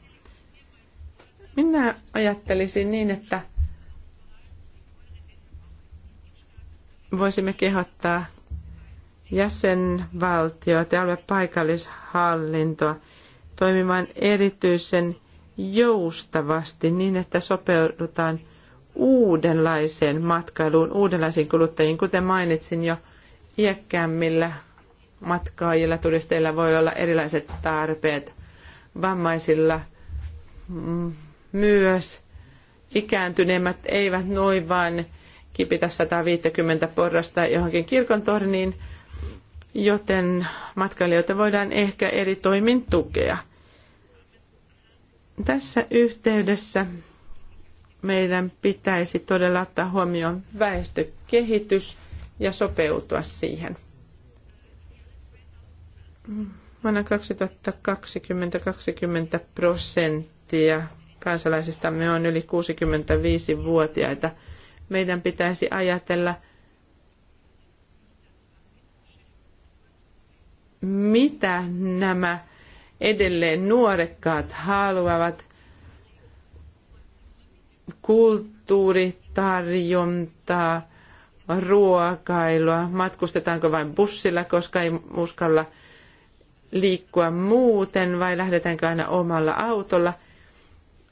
Minä ajattelisin niin, että voisimme kehottaa jäsenvaltioita ja paikallishallintoa toimimaan erityisen joustavasti niin, että sopeudutaan uudenlaiseen matkailuun, uudenlaisiin kuluttajiin. Kuten mainitsin jo, iäkkäämmillä matkaajilla, turisteilla voi olla erilaiset tarpeet, vammaisilla mm, myös. Ikääntyneemmät eivät noin vaan kipitä 150 porrasta johonkin kirkon torniin, joten matkailijoita voidaan ehkä eri toimin tukea. Tässä yhteydessä meidän pitäisi todella ottaa huomioon väestökehitys ja sopeutua siihen. Vuonna 2020 20 prosenttia kansalaisistamme on yli 65-vuotiaita – meidän pitäisi ajatella, mitä nämä edelleen nuorekkaat haluavat. Kulttuuritarjontaa, ruokailua, matkustetaanko vain bussilla, koska ei uskalla liikkua muuten vai lähdetäänkö aina omalla autolla.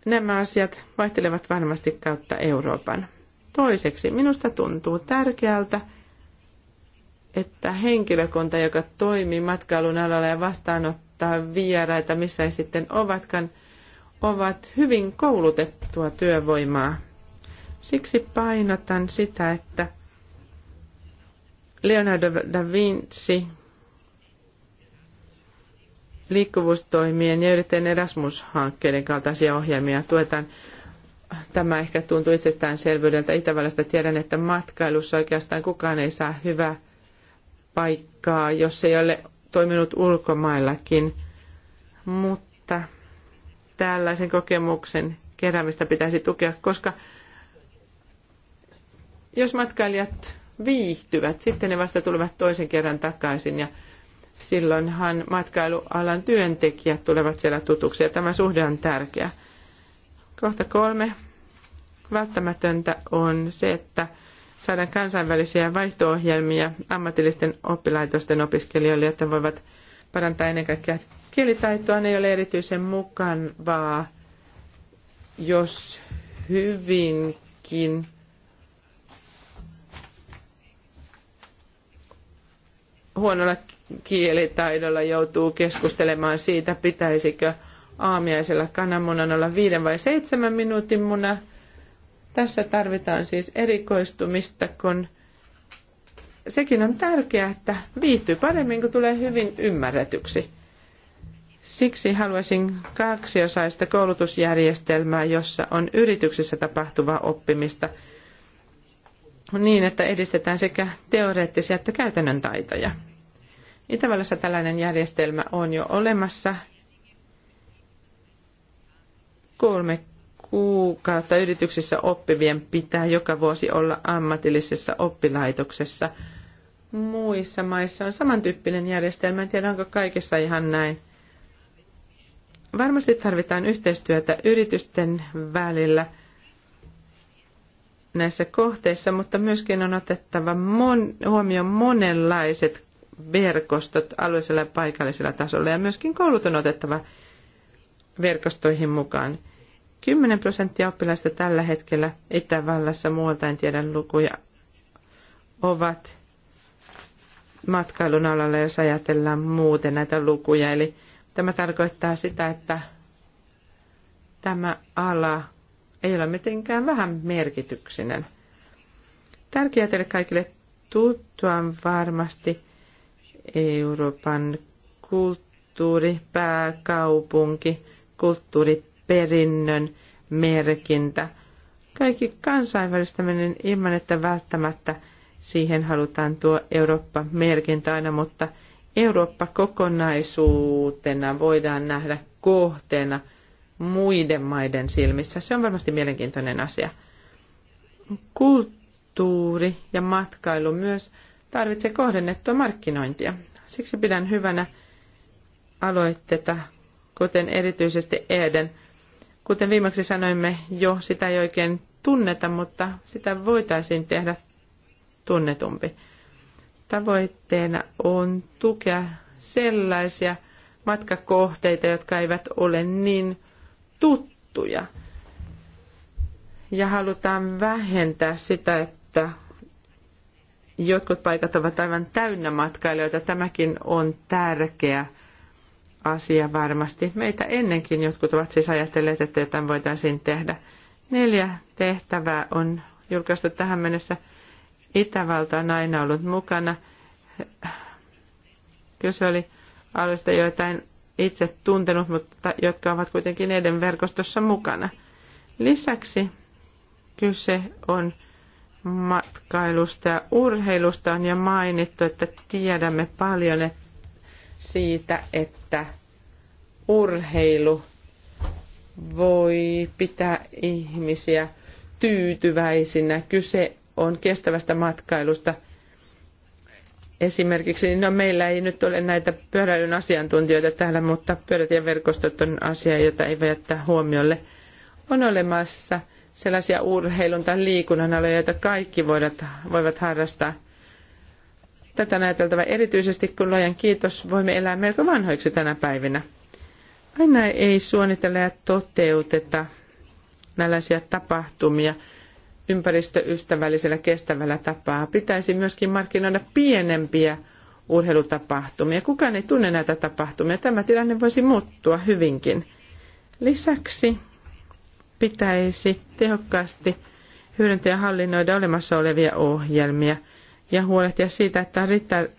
Nämä asiat vaihtelevat varmasti kautta Euroopan. Toiseksi minusta tuntuu tärkeältä, että henkilökunta, joka toimii matkailun alalla ja vastaanottaa vieraita, missä he sitten ovatkaan, ovat hyvin koulutettua työvoimaa. Siksi painotan sitä, että Leonardo da Vinci liikkuvuustoimien ja yrittäjien Erasmus-hankkeiden kaltaisia ohjelmia tuetaan – tämä ehkä tuntuu itsestäänselvyydeltä Itävallasta. Tiedän, että matkailussa oikeastaan kukaan ei saa hyvää paikkaa, jos ei ole toiminut ulkomaillakin. Mutta tällaisen kokemuksen keräämistä pitäisi tukea, koska jos matkailijat viihtyvät, sitten ne vasta tulevat toisen kerran takaisin ja silloinhan matkailualan työntekijät tulevat siellä tutuksi ja tämä suhde on tärkeä. Kohta kolme. Välttämätöntä on se, että saadaan kansainvälisiä vaihtoohjelmia ammatillisten oppilaitosten opiskelijoille, jotta voivat parantaa ennen kaikkea kielitaitoa. Ne ei ole erityisen mukavaa, jos hyvinkin huonolla kielitaidolla joutuu keskustelemaan siitä, pitäisikö aamiaisella kananmunan olla viiden vai seitsemän minuutin muna. Tässä tarvitaan siis erikoistumista, kun sekin on tärkeää, että viihtyy paremmin, kun tulee hyvin ymmärretyksi. Siksi haluaisin kaksiosaista koulutusjärjestelmää, jossa on yrityksessä tapahtuvaa oppimista niin, että edistetään sekä teoreettisia että käytännön taitoja. Itävallassa tällainen järjestelmä on jo olemassa Kolme kuukautta yrityksissä oppivien pitää joka vuosi olla ammatillisessa oppilaitoksessa. Muissa maissa on samantyyppinen järjestelmä, en tiedä onko kaikessa ihan näin. Varmasti tarvitaan yhteistyötä yritysten välillä näissä kohteissa, mutta myöskin on otettava mon, huomioon monenlaiset verkostot alueellisella ja paikallisella tasolla ja myöskin koulut on otettava verkostoihin mukaan. 10 prosenttia oppilaista tällä hetkellä Itävallassa, muualta en tiedä lukuja, ovat matkailun alalla, jos ajatellaan muuten näitä lukuja. Eli tämä tarkoittaa sitä, että tämä ala ei ole mitenkään vähän merkityksinen. Tärkeää teille kaikille tuttua on varmasti Euroopan kulttuuri, pääkaupunki, kulttuuriperinnön merkintä. Kaikki kansainvälistäminen ilman, että välttämättä siihen halutaan tuo Eurooppa-merkintä aina, mutta Eurooppa kokonaisuutena voidaan nähdä kohteena muiden maiden silmissä. Se on varmasti mielenkiintoinen asia. Kulttuuri ja matkailu myös tarvitsee kohdennettua markkinointia. Siksi pidän hyvänä aloitteita kuten erityisesti Eden. Kuten viimeksi sanoimme jo, sitä ei oikein tunneta, mutta sitä voitaisiin tehdä tunnetumpi. Tavoitteena on tukea sellaisia matkakohteita, jotka eivät ole niin tuttuja. Ja halutaan vähentää sitä, että jotkut paikat ovat aivan täynnä matkailijoita. Tämäkin on tärkeä asia varmasti. Meitä ennenkin jotkut ovat siis ajatelleet, että jotain voitaisiin tehdä. Neljä tehtävää on julkaistu tähän mennessä. Itävalta on aina ollut mukana. Kyse oli alusta joitain itse tuntenut, mutta jotka ovat kuitenkin eden verkostossa mukana. Lisäksi kyse on matkailusta ja urheilusta on jo mainittu, että tiedämme paljon, että siitä, että urheilu voi pitää ihmisiä tyytyväisinä. Kyse on kestävästä matkailusta. Esimerkiksi, no meillä ei nyt ole näitä pyöräilyn asiantuntijoita täällä, mutta verkostot on asia, jota ei voi jättää huomiolle. On olemassa sellaisia urheilun tai liikunnan aloja, joita kaikki voivat, voivat harrastaa – Tätä on ajateltava erityisesti, kun lojan kiitos voimme elää melko vanhoiksi tänä päivinä. Aina ei suunnitella ja toteuteta nällaisia tapahtumia ympäristöystävällisellä kestävällä tapaa. Pitäisi myöskin markkinoida pienempiä urheilutapahtumia. Kukaan ei tunne näitä tapahtumia. Tämä tilanne voisi muuttua hyvinkin. Lisäksi pitäisi tehokkaasti hyödyntää ja hallinnoida olemassa olevia ohjelmia – ja huolehtia siitä, että on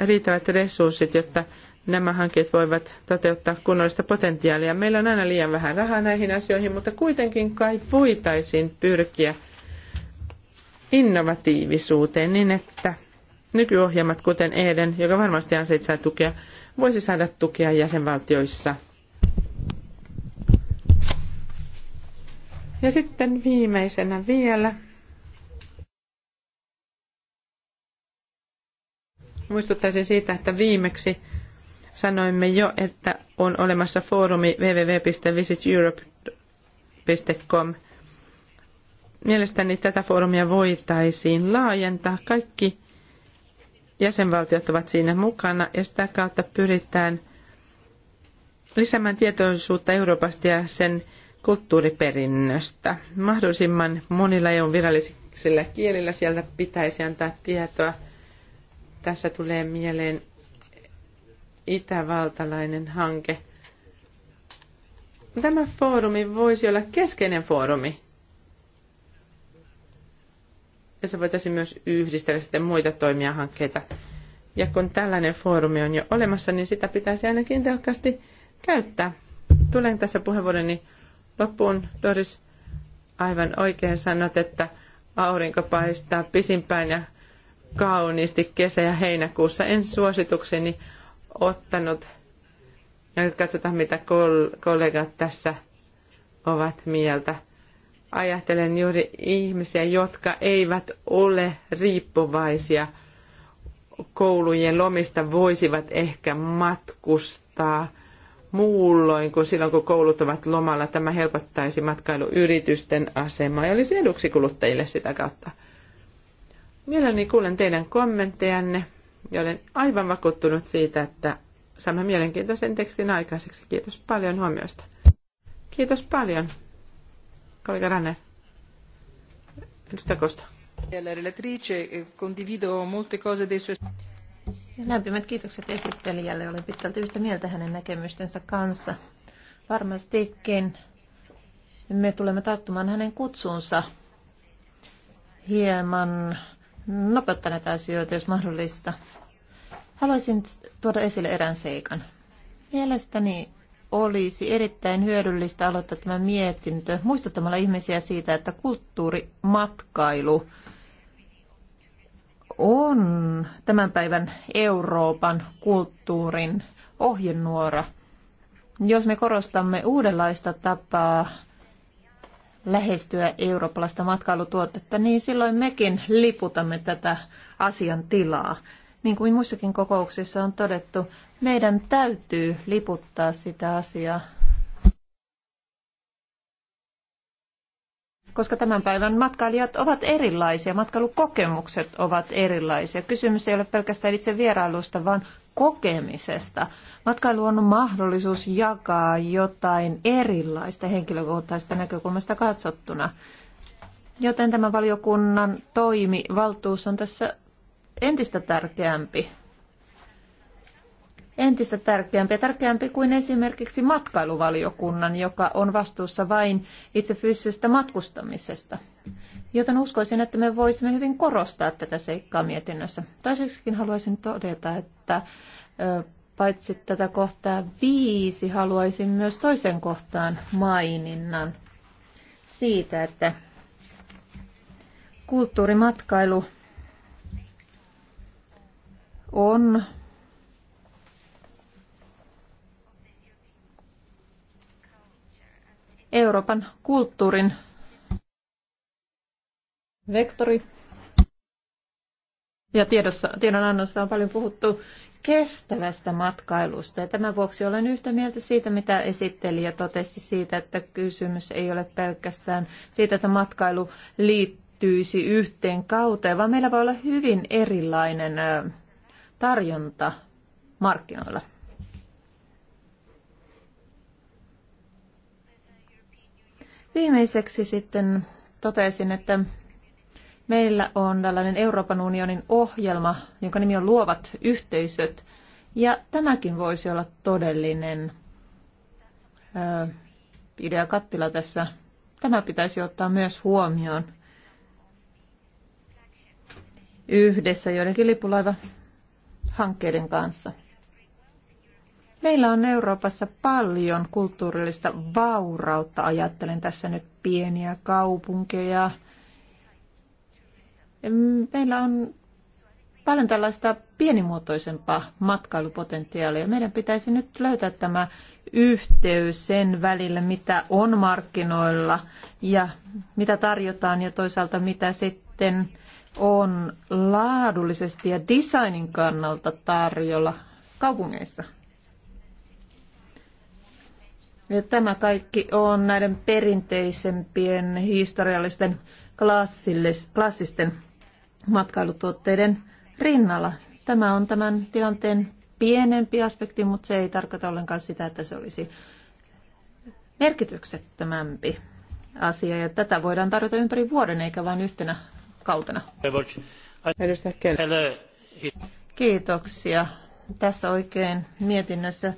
riittävät resurssit, jotta nämä hankkeet voivat toteuttaa kunnollista potentiaalia. Meillä on aina liian vähän rahaa näihin asioihin, mutta kuitenkin kai voitaisiin pyrkiä innovatiivisuuteen niin, että nykyohjelmat, kuten Eden, joka varmasti ansaitsee tukea, voisi saada tukea jäsenvaltioissa. Ja sitten viimeisenä vielä Muistuttaisin siitä, että viimeksi sanoimme jo, että on olemassa foorumi www.visiteurope.com. Mielestäni tätä foorumia voitaisiin laajentaa. Kaikki jäsenvaltiot ovat siinä mukana ja sitä kautta pyritään lisäämään tietoisuutta Euroopasta ja sen kulttuuriperinnöstä. Mahdollisimman monilla EUn virallisilla kielillä sieltä pitäisi antaa tietoa tässä tulee mieleen itävaltalainen hanke. Tämä foorumi voisi olla keskeinen foorumi. Ja se voitaisiin myös yhdistellä sitten muita toimijahankkeita. Ja kun tällainen foorumi on jo olemassa, niin sitä pitäisi ainakin tehokkaasti käyttää. Tulen tässä puheenvuoroni loppuun. Doris, aivan oikein sanot, että aurinko paistaa pisimpään ja kauniisti kesä- ja heinäkuussa. En suositukseni ottanut, ja nyt katsotaan mitä kollegat tässä ovat mieltä. Ajattelen juuri ihmisiä, jotka eivät ole riippuvaisia koulujen lomista, voisivat ehkä matkustaa muulloin kuin silloin, kun koulut ovat lomalla. Tämä helpottaisi matkailuyritysten asemaa ja olisi eduksi kuluttajille sitä kautta. Mielelläni kuulen teidän kommenttejanne ja olen aivan vakuuttunut siitä, että saamme mielenkiintoisen tekstin aikaiseksi. Kiitos paljon huomioista. Kiitos paljon, kollega Ranner. Edustaja Kosta. Eh, lämpimät kiitokset esittelijälle. Olen pitkälti yhtä mieltä hänen näkemystensä kanssa. Varmastikin me tulemme tarttumaan hänen kutsuunsa hieman nopeuttaa näitä asioita, jos mahdollista. Haluaisin tuoda esille erään seikan. Mielestäni olisi erittäin hyödyllistä aloittaa tämä mietintö muistuttamalla ihmisiä siitä, että kulttuurimatkailu on tämän päivän Euroopan kulttuurin ohjenuora. Jos me korostamme uudenlaista tapaa lähestyä eurooppalaista matkailutuotetta, niin silloin mekin liputamme tätä asian tilaa. Niin kuin muissakin kokouksissa on todettu, meidän täytyy liputtaa sitä asiaa koska tämän päivän matkailijat ovat erilaisia, matkailukokemukset ovat erilaisia. Kysymys ei ole pelkästään itse vierailusta, vaan kokemisesta. Matkailu on mahdollisuus jakaa jotain erilaista henkilökohtaisesta näkökulmasta katsottuna. Joten tämä valiokunnan toimi, valtuus on tässä entistä tärkeämpi entistä tärkeämpi ja tärkeämpi kuin esimerkiksi matkailuvaliokunnan, joka on vastuussa vain itse fyysisestä matkustamisesta. Joten uskoisin, että me voisimme hyvin korostaa tätä seikkaa mietinnössä. Toiseksikin haluaisin todeta, että paitsi tätä kohtaa viisi, haluaisin myös toisen kohtaan maininnan siitä, että kulttuurimatkailu on Euroopan kulttuurin vektori. Ja tiedossa, tiedonannossa on paljon puhuttu kestävästä matkailusta. Ja tämän vuoksi olen yhtä mieltä siitä, mitä ja totesi siitä, että kysymys ei ole pelkästään siitä, että matkailu liittyisi yhteen kauteen, vaan meillä voi olla hyvin erilainen tarjonta markkinoilla. Viimeiseksi sitten totesin, että meillä on tällainen Euroopan unionin ohjelma, jonka nimi on Luovat yhteisöt. Ja tämäkin voisi olla todellinen äh, idea kattila tässä. Tämä pitäisi ottaa myös huomioon yhdessä joidenkin lipulaiva hankkeiden kanssa. Meillä on Euroopassa paljon kulttuurillista vaurautta. Ajattelen tässä nyt pieniä kaupunkeja. Meillä on paljon tällaista pienimuotoisempaa matkailupotentiaalia. Meidän pitäisi nyt löytää tämä yhteys sen välillä, mitä on markkinoilla ja mitä tarjotaan ja toisaalta mitä sitten on laadullisesti ja designin kannalta tarjolla kaupungeissa. Tämä kaikki on näiden perinteisempien historiallisten klassisten matkailutuotteiden rinnalla. Tämä on tämän tilanteen pienempi aspekti, mutta se ei tarkoita ollenkaan sitä, että se olisi merkityksettömämpi asia. Ja tätä voidaan tarjota ympäri vuoden, eikä vain yhtenä kautena. Kiitoksia. Tässä oikein mietinnössä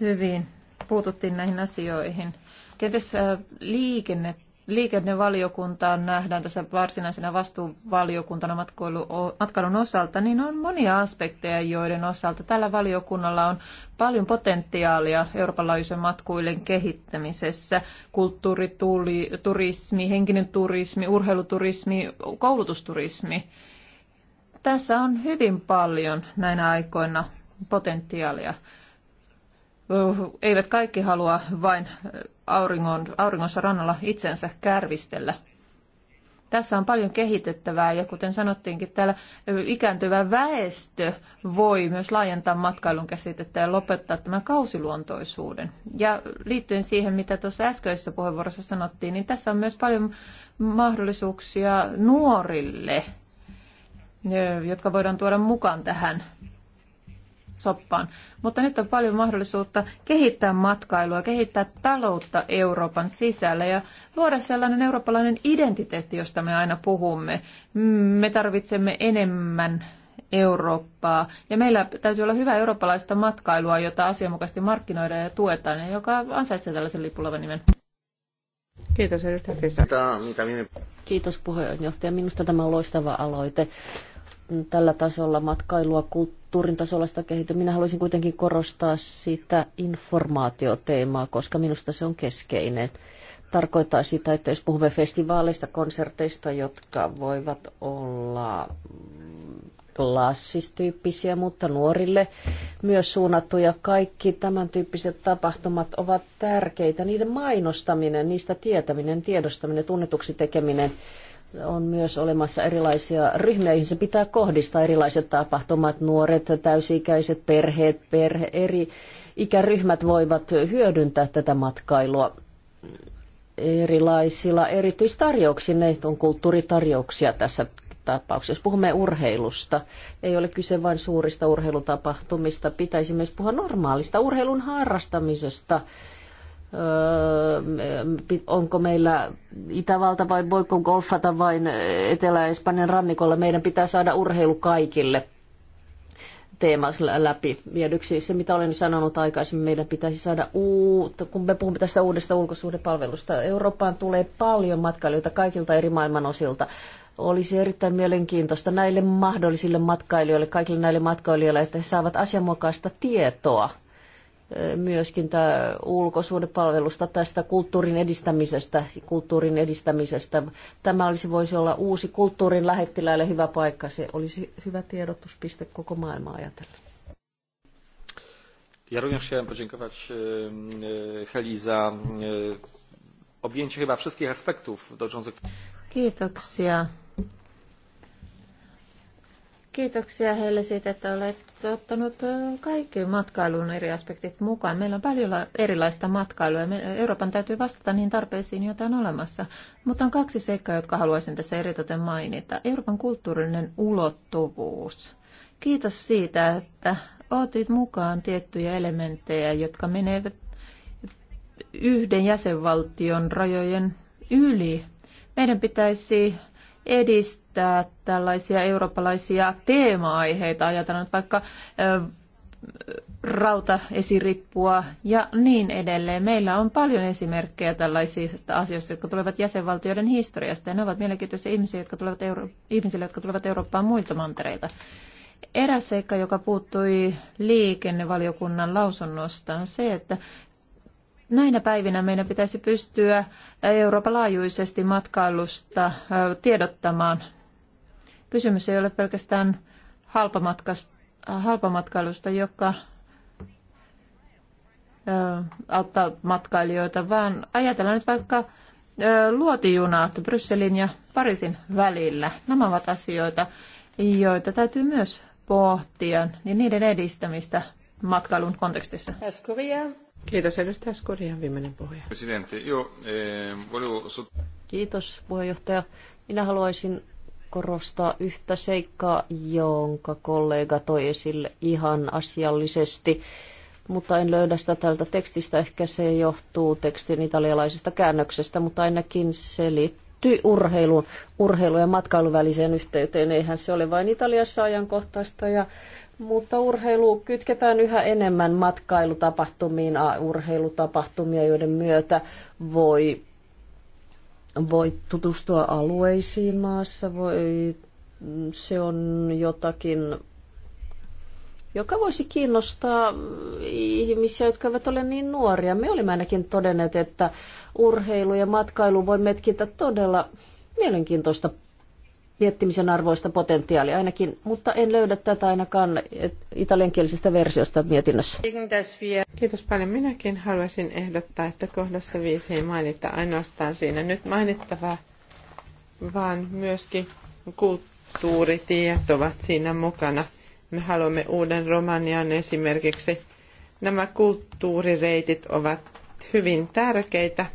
hyvin puututtiin näihin asioihin. Kenties äh, liikenne, liikennevaliokuntaan nähdään tässä varsinaisena vastuuvaliokuntana matkailu, matkailun osalta, niin on monia aspekteja, joiden osalta tällä valiokunnalla on paljon potentiaalia Euroopan laajuisen matkuilen kehittämisessä. Kulttuuri, tuli, turismi, henkinen turismi, urheiluturismi, koulutusturismi. Tässä on hyvin paljon näinä aikoina potentiaalia eivät kaikki halua vain auringon, auringossa rannalla itsensä kärvistellä. Tässä on paljon kehitettävää ja kuten sanottiinkin täällä, ikääntyvä väestö voi myös laajentaa matkailun käsitettä ja lopettaa tämän kausiluontoisuuden. Ja liittyen siihen, mitä tuossa äskeisessä puheenvuorossa sanottiin, niin tässä on myös paljon mahdollisuuksia nuorille, jotka voidaan tuoda mukaan tähän soppaan. Mutta nyt on paljon mahdollisuutta kehittää matkailua, kehittää taloutta Euroopan sisällä ja luoda sellainen eurooppalainen identiteetti, josta me aina puhumme. Me tarvitsemme enemmän Eurooppaa. Ja meillä täytyy olla hyvä eurooppalaista matkailua, jota asianmukaisesti markkinoidaan ja tuetaan, ja joka ansaitsee tällaisen lipulavan nimen. Kiitos edustaja Kiitos puheenjohtaja. Minusta tämä on loistava aloite tällä tasolla, matkailua, kulttuurin tasolla sitä kehityä. Minä haluaisin kuitenkin korostaa sitä informaatioteemaa, koska minusta se on keskeinen. Tarkoittaa sitä, että jos puhumme festivaaleista, konserteista, jotka voivat olla klassistyyppisiä, mutta nuorille myös suunnattuja. Kaikki tämän tyyppiset tapahtumat ovat tärkeitä. Niiden mainostaminen, niistä tietäminen, tiedostaminen, tunnetuksi tekeminen – on myös olemassa erilaisia ryhmiä, joihin se pitää kohdistaa erilaiset tapahtumat, nuoret, täysi-ikäiset, perheet, perhe, eri ikäryhmät voivat hyödyntää tätä matkailua erilaisilla erityistarjouksilla. Ne on kulttuuritarjouksia tässä tapauksessa. Jos puhumme urheilusta, ei ole kyse vain suurista urheilutapahtumista, pitäisi myös puhua normaalista urheilun harrastamisesta – onko meillä Itävalta vai voiko golfata vain Etelä-Espanjan rannikolla. Meidän pitää saada urheilu kaikille teemas läpi viedyksi. Se, mitä olen sanonut aikaisemmin, meidän pitäisi saada uutta, kun me puhumme tästä uudesta ulkosuhdepalvelusta. Eurooppaan tulee paljon matkailijoita kaikilta eri maailman osilta. olisi erittäin mielenkiintoista näille mahdollisille matkailijoille, kaikille näille matkailijoille, että he saavat asianmukaista tietoa myöskin tämä ulkosuhdepalvelusta tästä kulttuurin edistämisestä, kulttuurin edistämisestä. Tämä olisi, voisi olla uusi kulttuurin lähettiläille hyvä paikka. Se olisi hyvä tiedotuspiste koko maailmaa ajatellen. Ja również chciałem podziękować e, e, Heli za e, objęcie chyba wszystkich aspektów dotyczących... Kiitoksia Kiitoksia heille siitä, että olet ottanut kaikki matkailun eri aspektit mukaan. Meillä on paljon erilaista matkailua ja Euroopan täytyy vastata niihin tarpeisiin, joita on olemassa. Mutta on kaksi seikkaa, jotka haluaisin tässä eritoten mainita. Euroopan kulttuurinen ulottuvuus. Kiitos siitä, että otit mukaan tiettyjä elementtejä, jotka menevät yhden jäsenvaltion rajojen yli. Meidän pitäisi edistää kehittää tällaisia eurooppalaisia teema-aiheita, ajatellaan että vaikka rautaesirippua ja niin edelleen. Meillä on paljon esimerkkejä tällaisista asioista, jotka tulevat jäsenvaltioiden historiasta, ja ne ovat mielenkiintoisia ihmisiä, jotka tulevat Euro- ihmisille, jotka tulevat Eurooppaan muilta mantereilta. Eräs seikka, joka puuttui liikennevaliokunnan lausunnosta, on se, että näinä päivinä meidän pitäisi pystyä Euroopan laajuisesti matkailusta tiedottamaan Kysymys ei ole pelkästään halpamatkailusta, joka auttaa matkailijoita, vaan ajatellaan nyt vaikka luotijunat Brysselin ja Pariisin välillä. Nämä ovat asioita, joita täytyy myös pohtia ja niin niiden edistämistä matkailun kontekstissa. Kiitos edustaja Skurian viimeinen puhuja. Eh, Kiitos puheenjohtaja. Minä haluaisin korostaa yhtä seikkaa, jonka kollega toi esille ihan asiallisesti, mutta en löydä sitä tältä tekstistä. Ehkä se johtuu tekstin italialaisesta käännöksestä, mutta ainakin se liittyy urheiluun, urheilu- ja matkailuväliseen yhteyteen. Eihän se ole vain Italiassa ajankohtaista, ja, mutta urheilu kytketään yhä enemmän matkailutapahtumiin, urheilutapahtumia, joiden myötä voi voi tutustua alueisiin maassa, voi, se on jotakin, joka voisi kiinnostaa ihmisiä, jotka eivät ole niin nuoria. Me olimme ainakin todenneet, että urheilu ja matkailu voi metkintä todella mielenkiintoista miettimisen arvoista potentiaalia ainakin, mutta en löydä tätä ainakaan italiankielisestä versiosta mietinnössä. Kiitos paljon. Minäkin haluaisin ehdottaa, että kohdassa viisi ei mainita ainoastaan siinä nyt mainittavaa, vaan myöskin kulttuuritiet ovat siinä mukana. Me haluamme uuden Romanian esimerkiksi. Nämä kulttuurireitit ovat hyvin tärkeitä.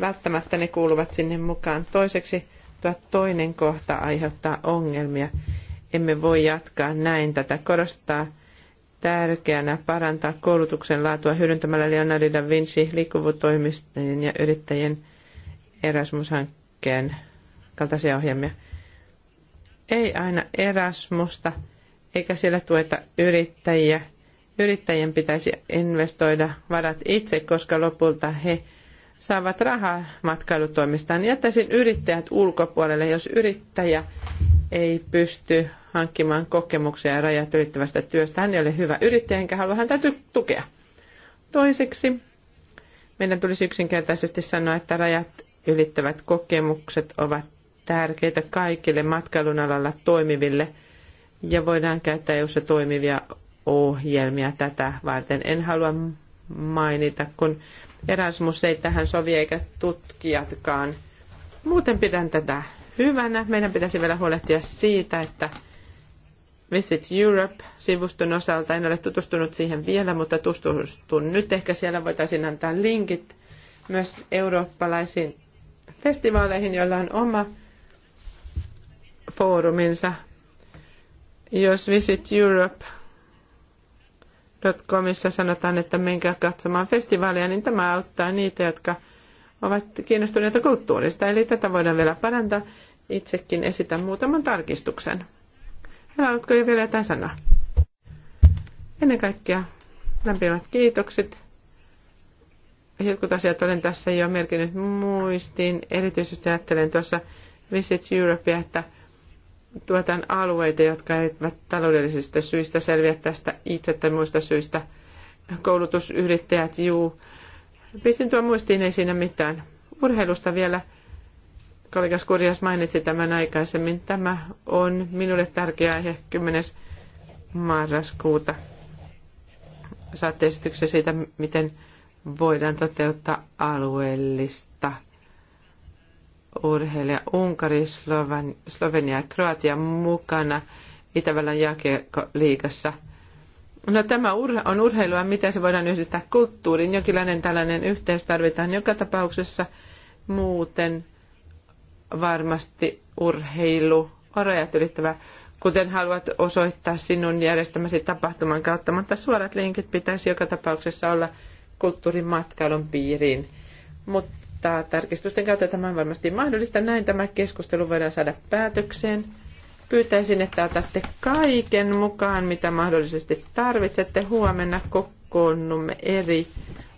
Välttämättä ne kuuluvat sinne mukaan. Toiseksi tuo toinen kohta aiheuttaa ongelmia. Emme voi jatkaa näin tätä. Korostaa tärkeänä parantaa koulutuksen laatua hyödyntämällä Leonardo da Vinci liikkuvuustoimistajien ja yrittäjien Erasmus-hankkeen kaltaisia ohjelmia. Ei aina Erasmusta, eikä siellä tueta yrittäjiä. Yrittäjien pitäisi investoida varat itse, koska lopulta he saavat rahaa matkailutoimistaan. Jättäisin yrittäjät ulkopuolelle, jos yrittäjä ei pysty hankkimaan kokemuksia rajat ylittävästä työstä. Hän ei ole hyvä yrittäjä, enkä halua häntä tukea. Toiseksi meidän tulisi yksinkertaisesti sanoa, että rajat ylittävät kokemukset ovat tärkeitä kaikille matkailun alalla toimiville ja voidaan käyttää EU-ssa toimivia ohjelmia tätä varten. En halua mainita, kun Erasmus ei tähän sovi eikä tutkijatkaan. Muuten pidän tätä hyvänä. Meidän pitäisi vielä huolehtia siitä, että Visit Europe-sivuston osalta, en ole tutustunut siihen vielä, mutta tutustun nyt. Ehkä siellä voitaisiin antaa linkit myös eurooppalaisiin festivaaleihin, joilla on oma foorumiinsa. Jos Visit Europe Dotcomissa sanotaan, että menkää katsomaan festivaalia, niin tämä auttaa niitä, jotka ovat kiinnostuneita kulttuurista. Eli tätä voidaan vielä parantaa. Itsekin esitän muutaman tarkistuksen. Haluatko jo vielä jotain sanoa? Ennen kaikkea lämpimät kiitokset. Jotkut asiat olen tässä jo merkinnyt muistiin. Erityisesti ajattelen tuossa Visit Europea, että – tuotan alueita, jotka eivät taloudellisista syistä selviä tästä itse tai muista syistä. Koulutusyrittäjät, juu. Pistin tuon muistiin, ei siinä mitään. Urheilusta vielä. Kollegas Kurjas mainitsi tämän aikaisemmin. Tämä on minulle tärkeä aihe 10. marraskuuta. Saatte esityksen siitä, miten voidaan toteuttaa alueellista urheilija Unkari, Sloven, Slovenia ja Kroatia mukana Itävallan jääkiekko No tämä on urheilua, miten se voidaan yhdistää kulttuuriin. Jokinlainen tällainen yhteys tarvitaan joka tapauksessa. Muuten varmasti urheilu on rajat ylittävä, kuten haluat osoittaa sinun järjestämäsi tapahtuman kautta, mutta suorat linkit pitäisi joka tapauksessa olla kulttuurimatkailun piiriin. Mutta mutta tarkistusten kautta tämä on varmasti mahdollista. Näin tämä keskustelu voidaan saada päätökseen. Pyytäisin, että otatte kaiken mukaan, mitä mahdollisesti tarvitsette. Huomenna kokoonnumme eri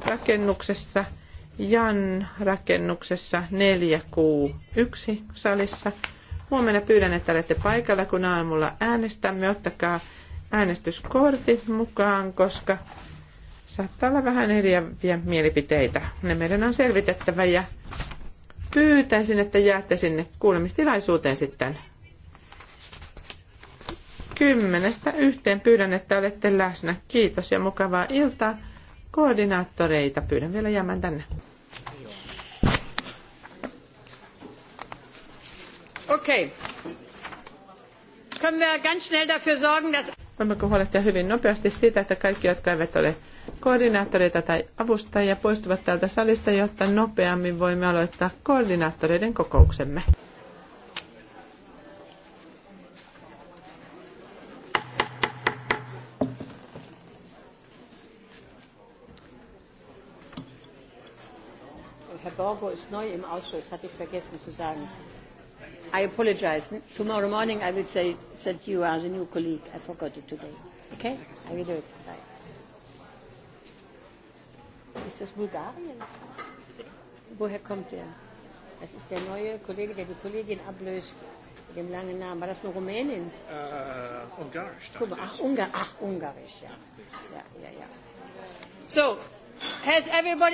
rakennuksessa. Jan rakennuksessa 4Q1 salissa. Huomenna pyydän, että olette paikalla, kun aamulla äänestämme. Ottakaa äänestyskortit mukaan, koska saattaa olla vähän eriäviä mielipiteitä. Ne meidän on selvitettävä ja pyytäisin, että jäätte sinne kuulemistilaisuuteen sitten. Kymmenestä yhteen pyydän, että olette läsnä. Kiitos ja mukavaa iltaa. Koordinaattoreita pyydän vielä jäämään tänne. Okei. Okay. Können wir ganz schnell dafür sorgen, dass... Voimmeko huolehtia hyvin nopeasti siitä, että kaikki, jotka eivät ole koordinaattoreita tai avustajia poistuvat täältä salista, jotta nopeammin voimme aloittaa koordinaattoreiden kokouksemme. Herr Borgo ist neu im Ausschuss, hatte ich vergessen zu sagen. I apologize. Tomorrow morning I will say that you are the new colleague. I forgot it today. Okay? I will do it. Bye. Ist das Bulgarien? Woher kommt der? Das ist der neue Kollege, der die Kollegin ablöst, mit dem langen Namen. War das nur Rumänin? Äh, Ungarisch. Guck mal, ach, Ungar, ach, Ungarisch, ja. ja, ja, ja. So, has everybody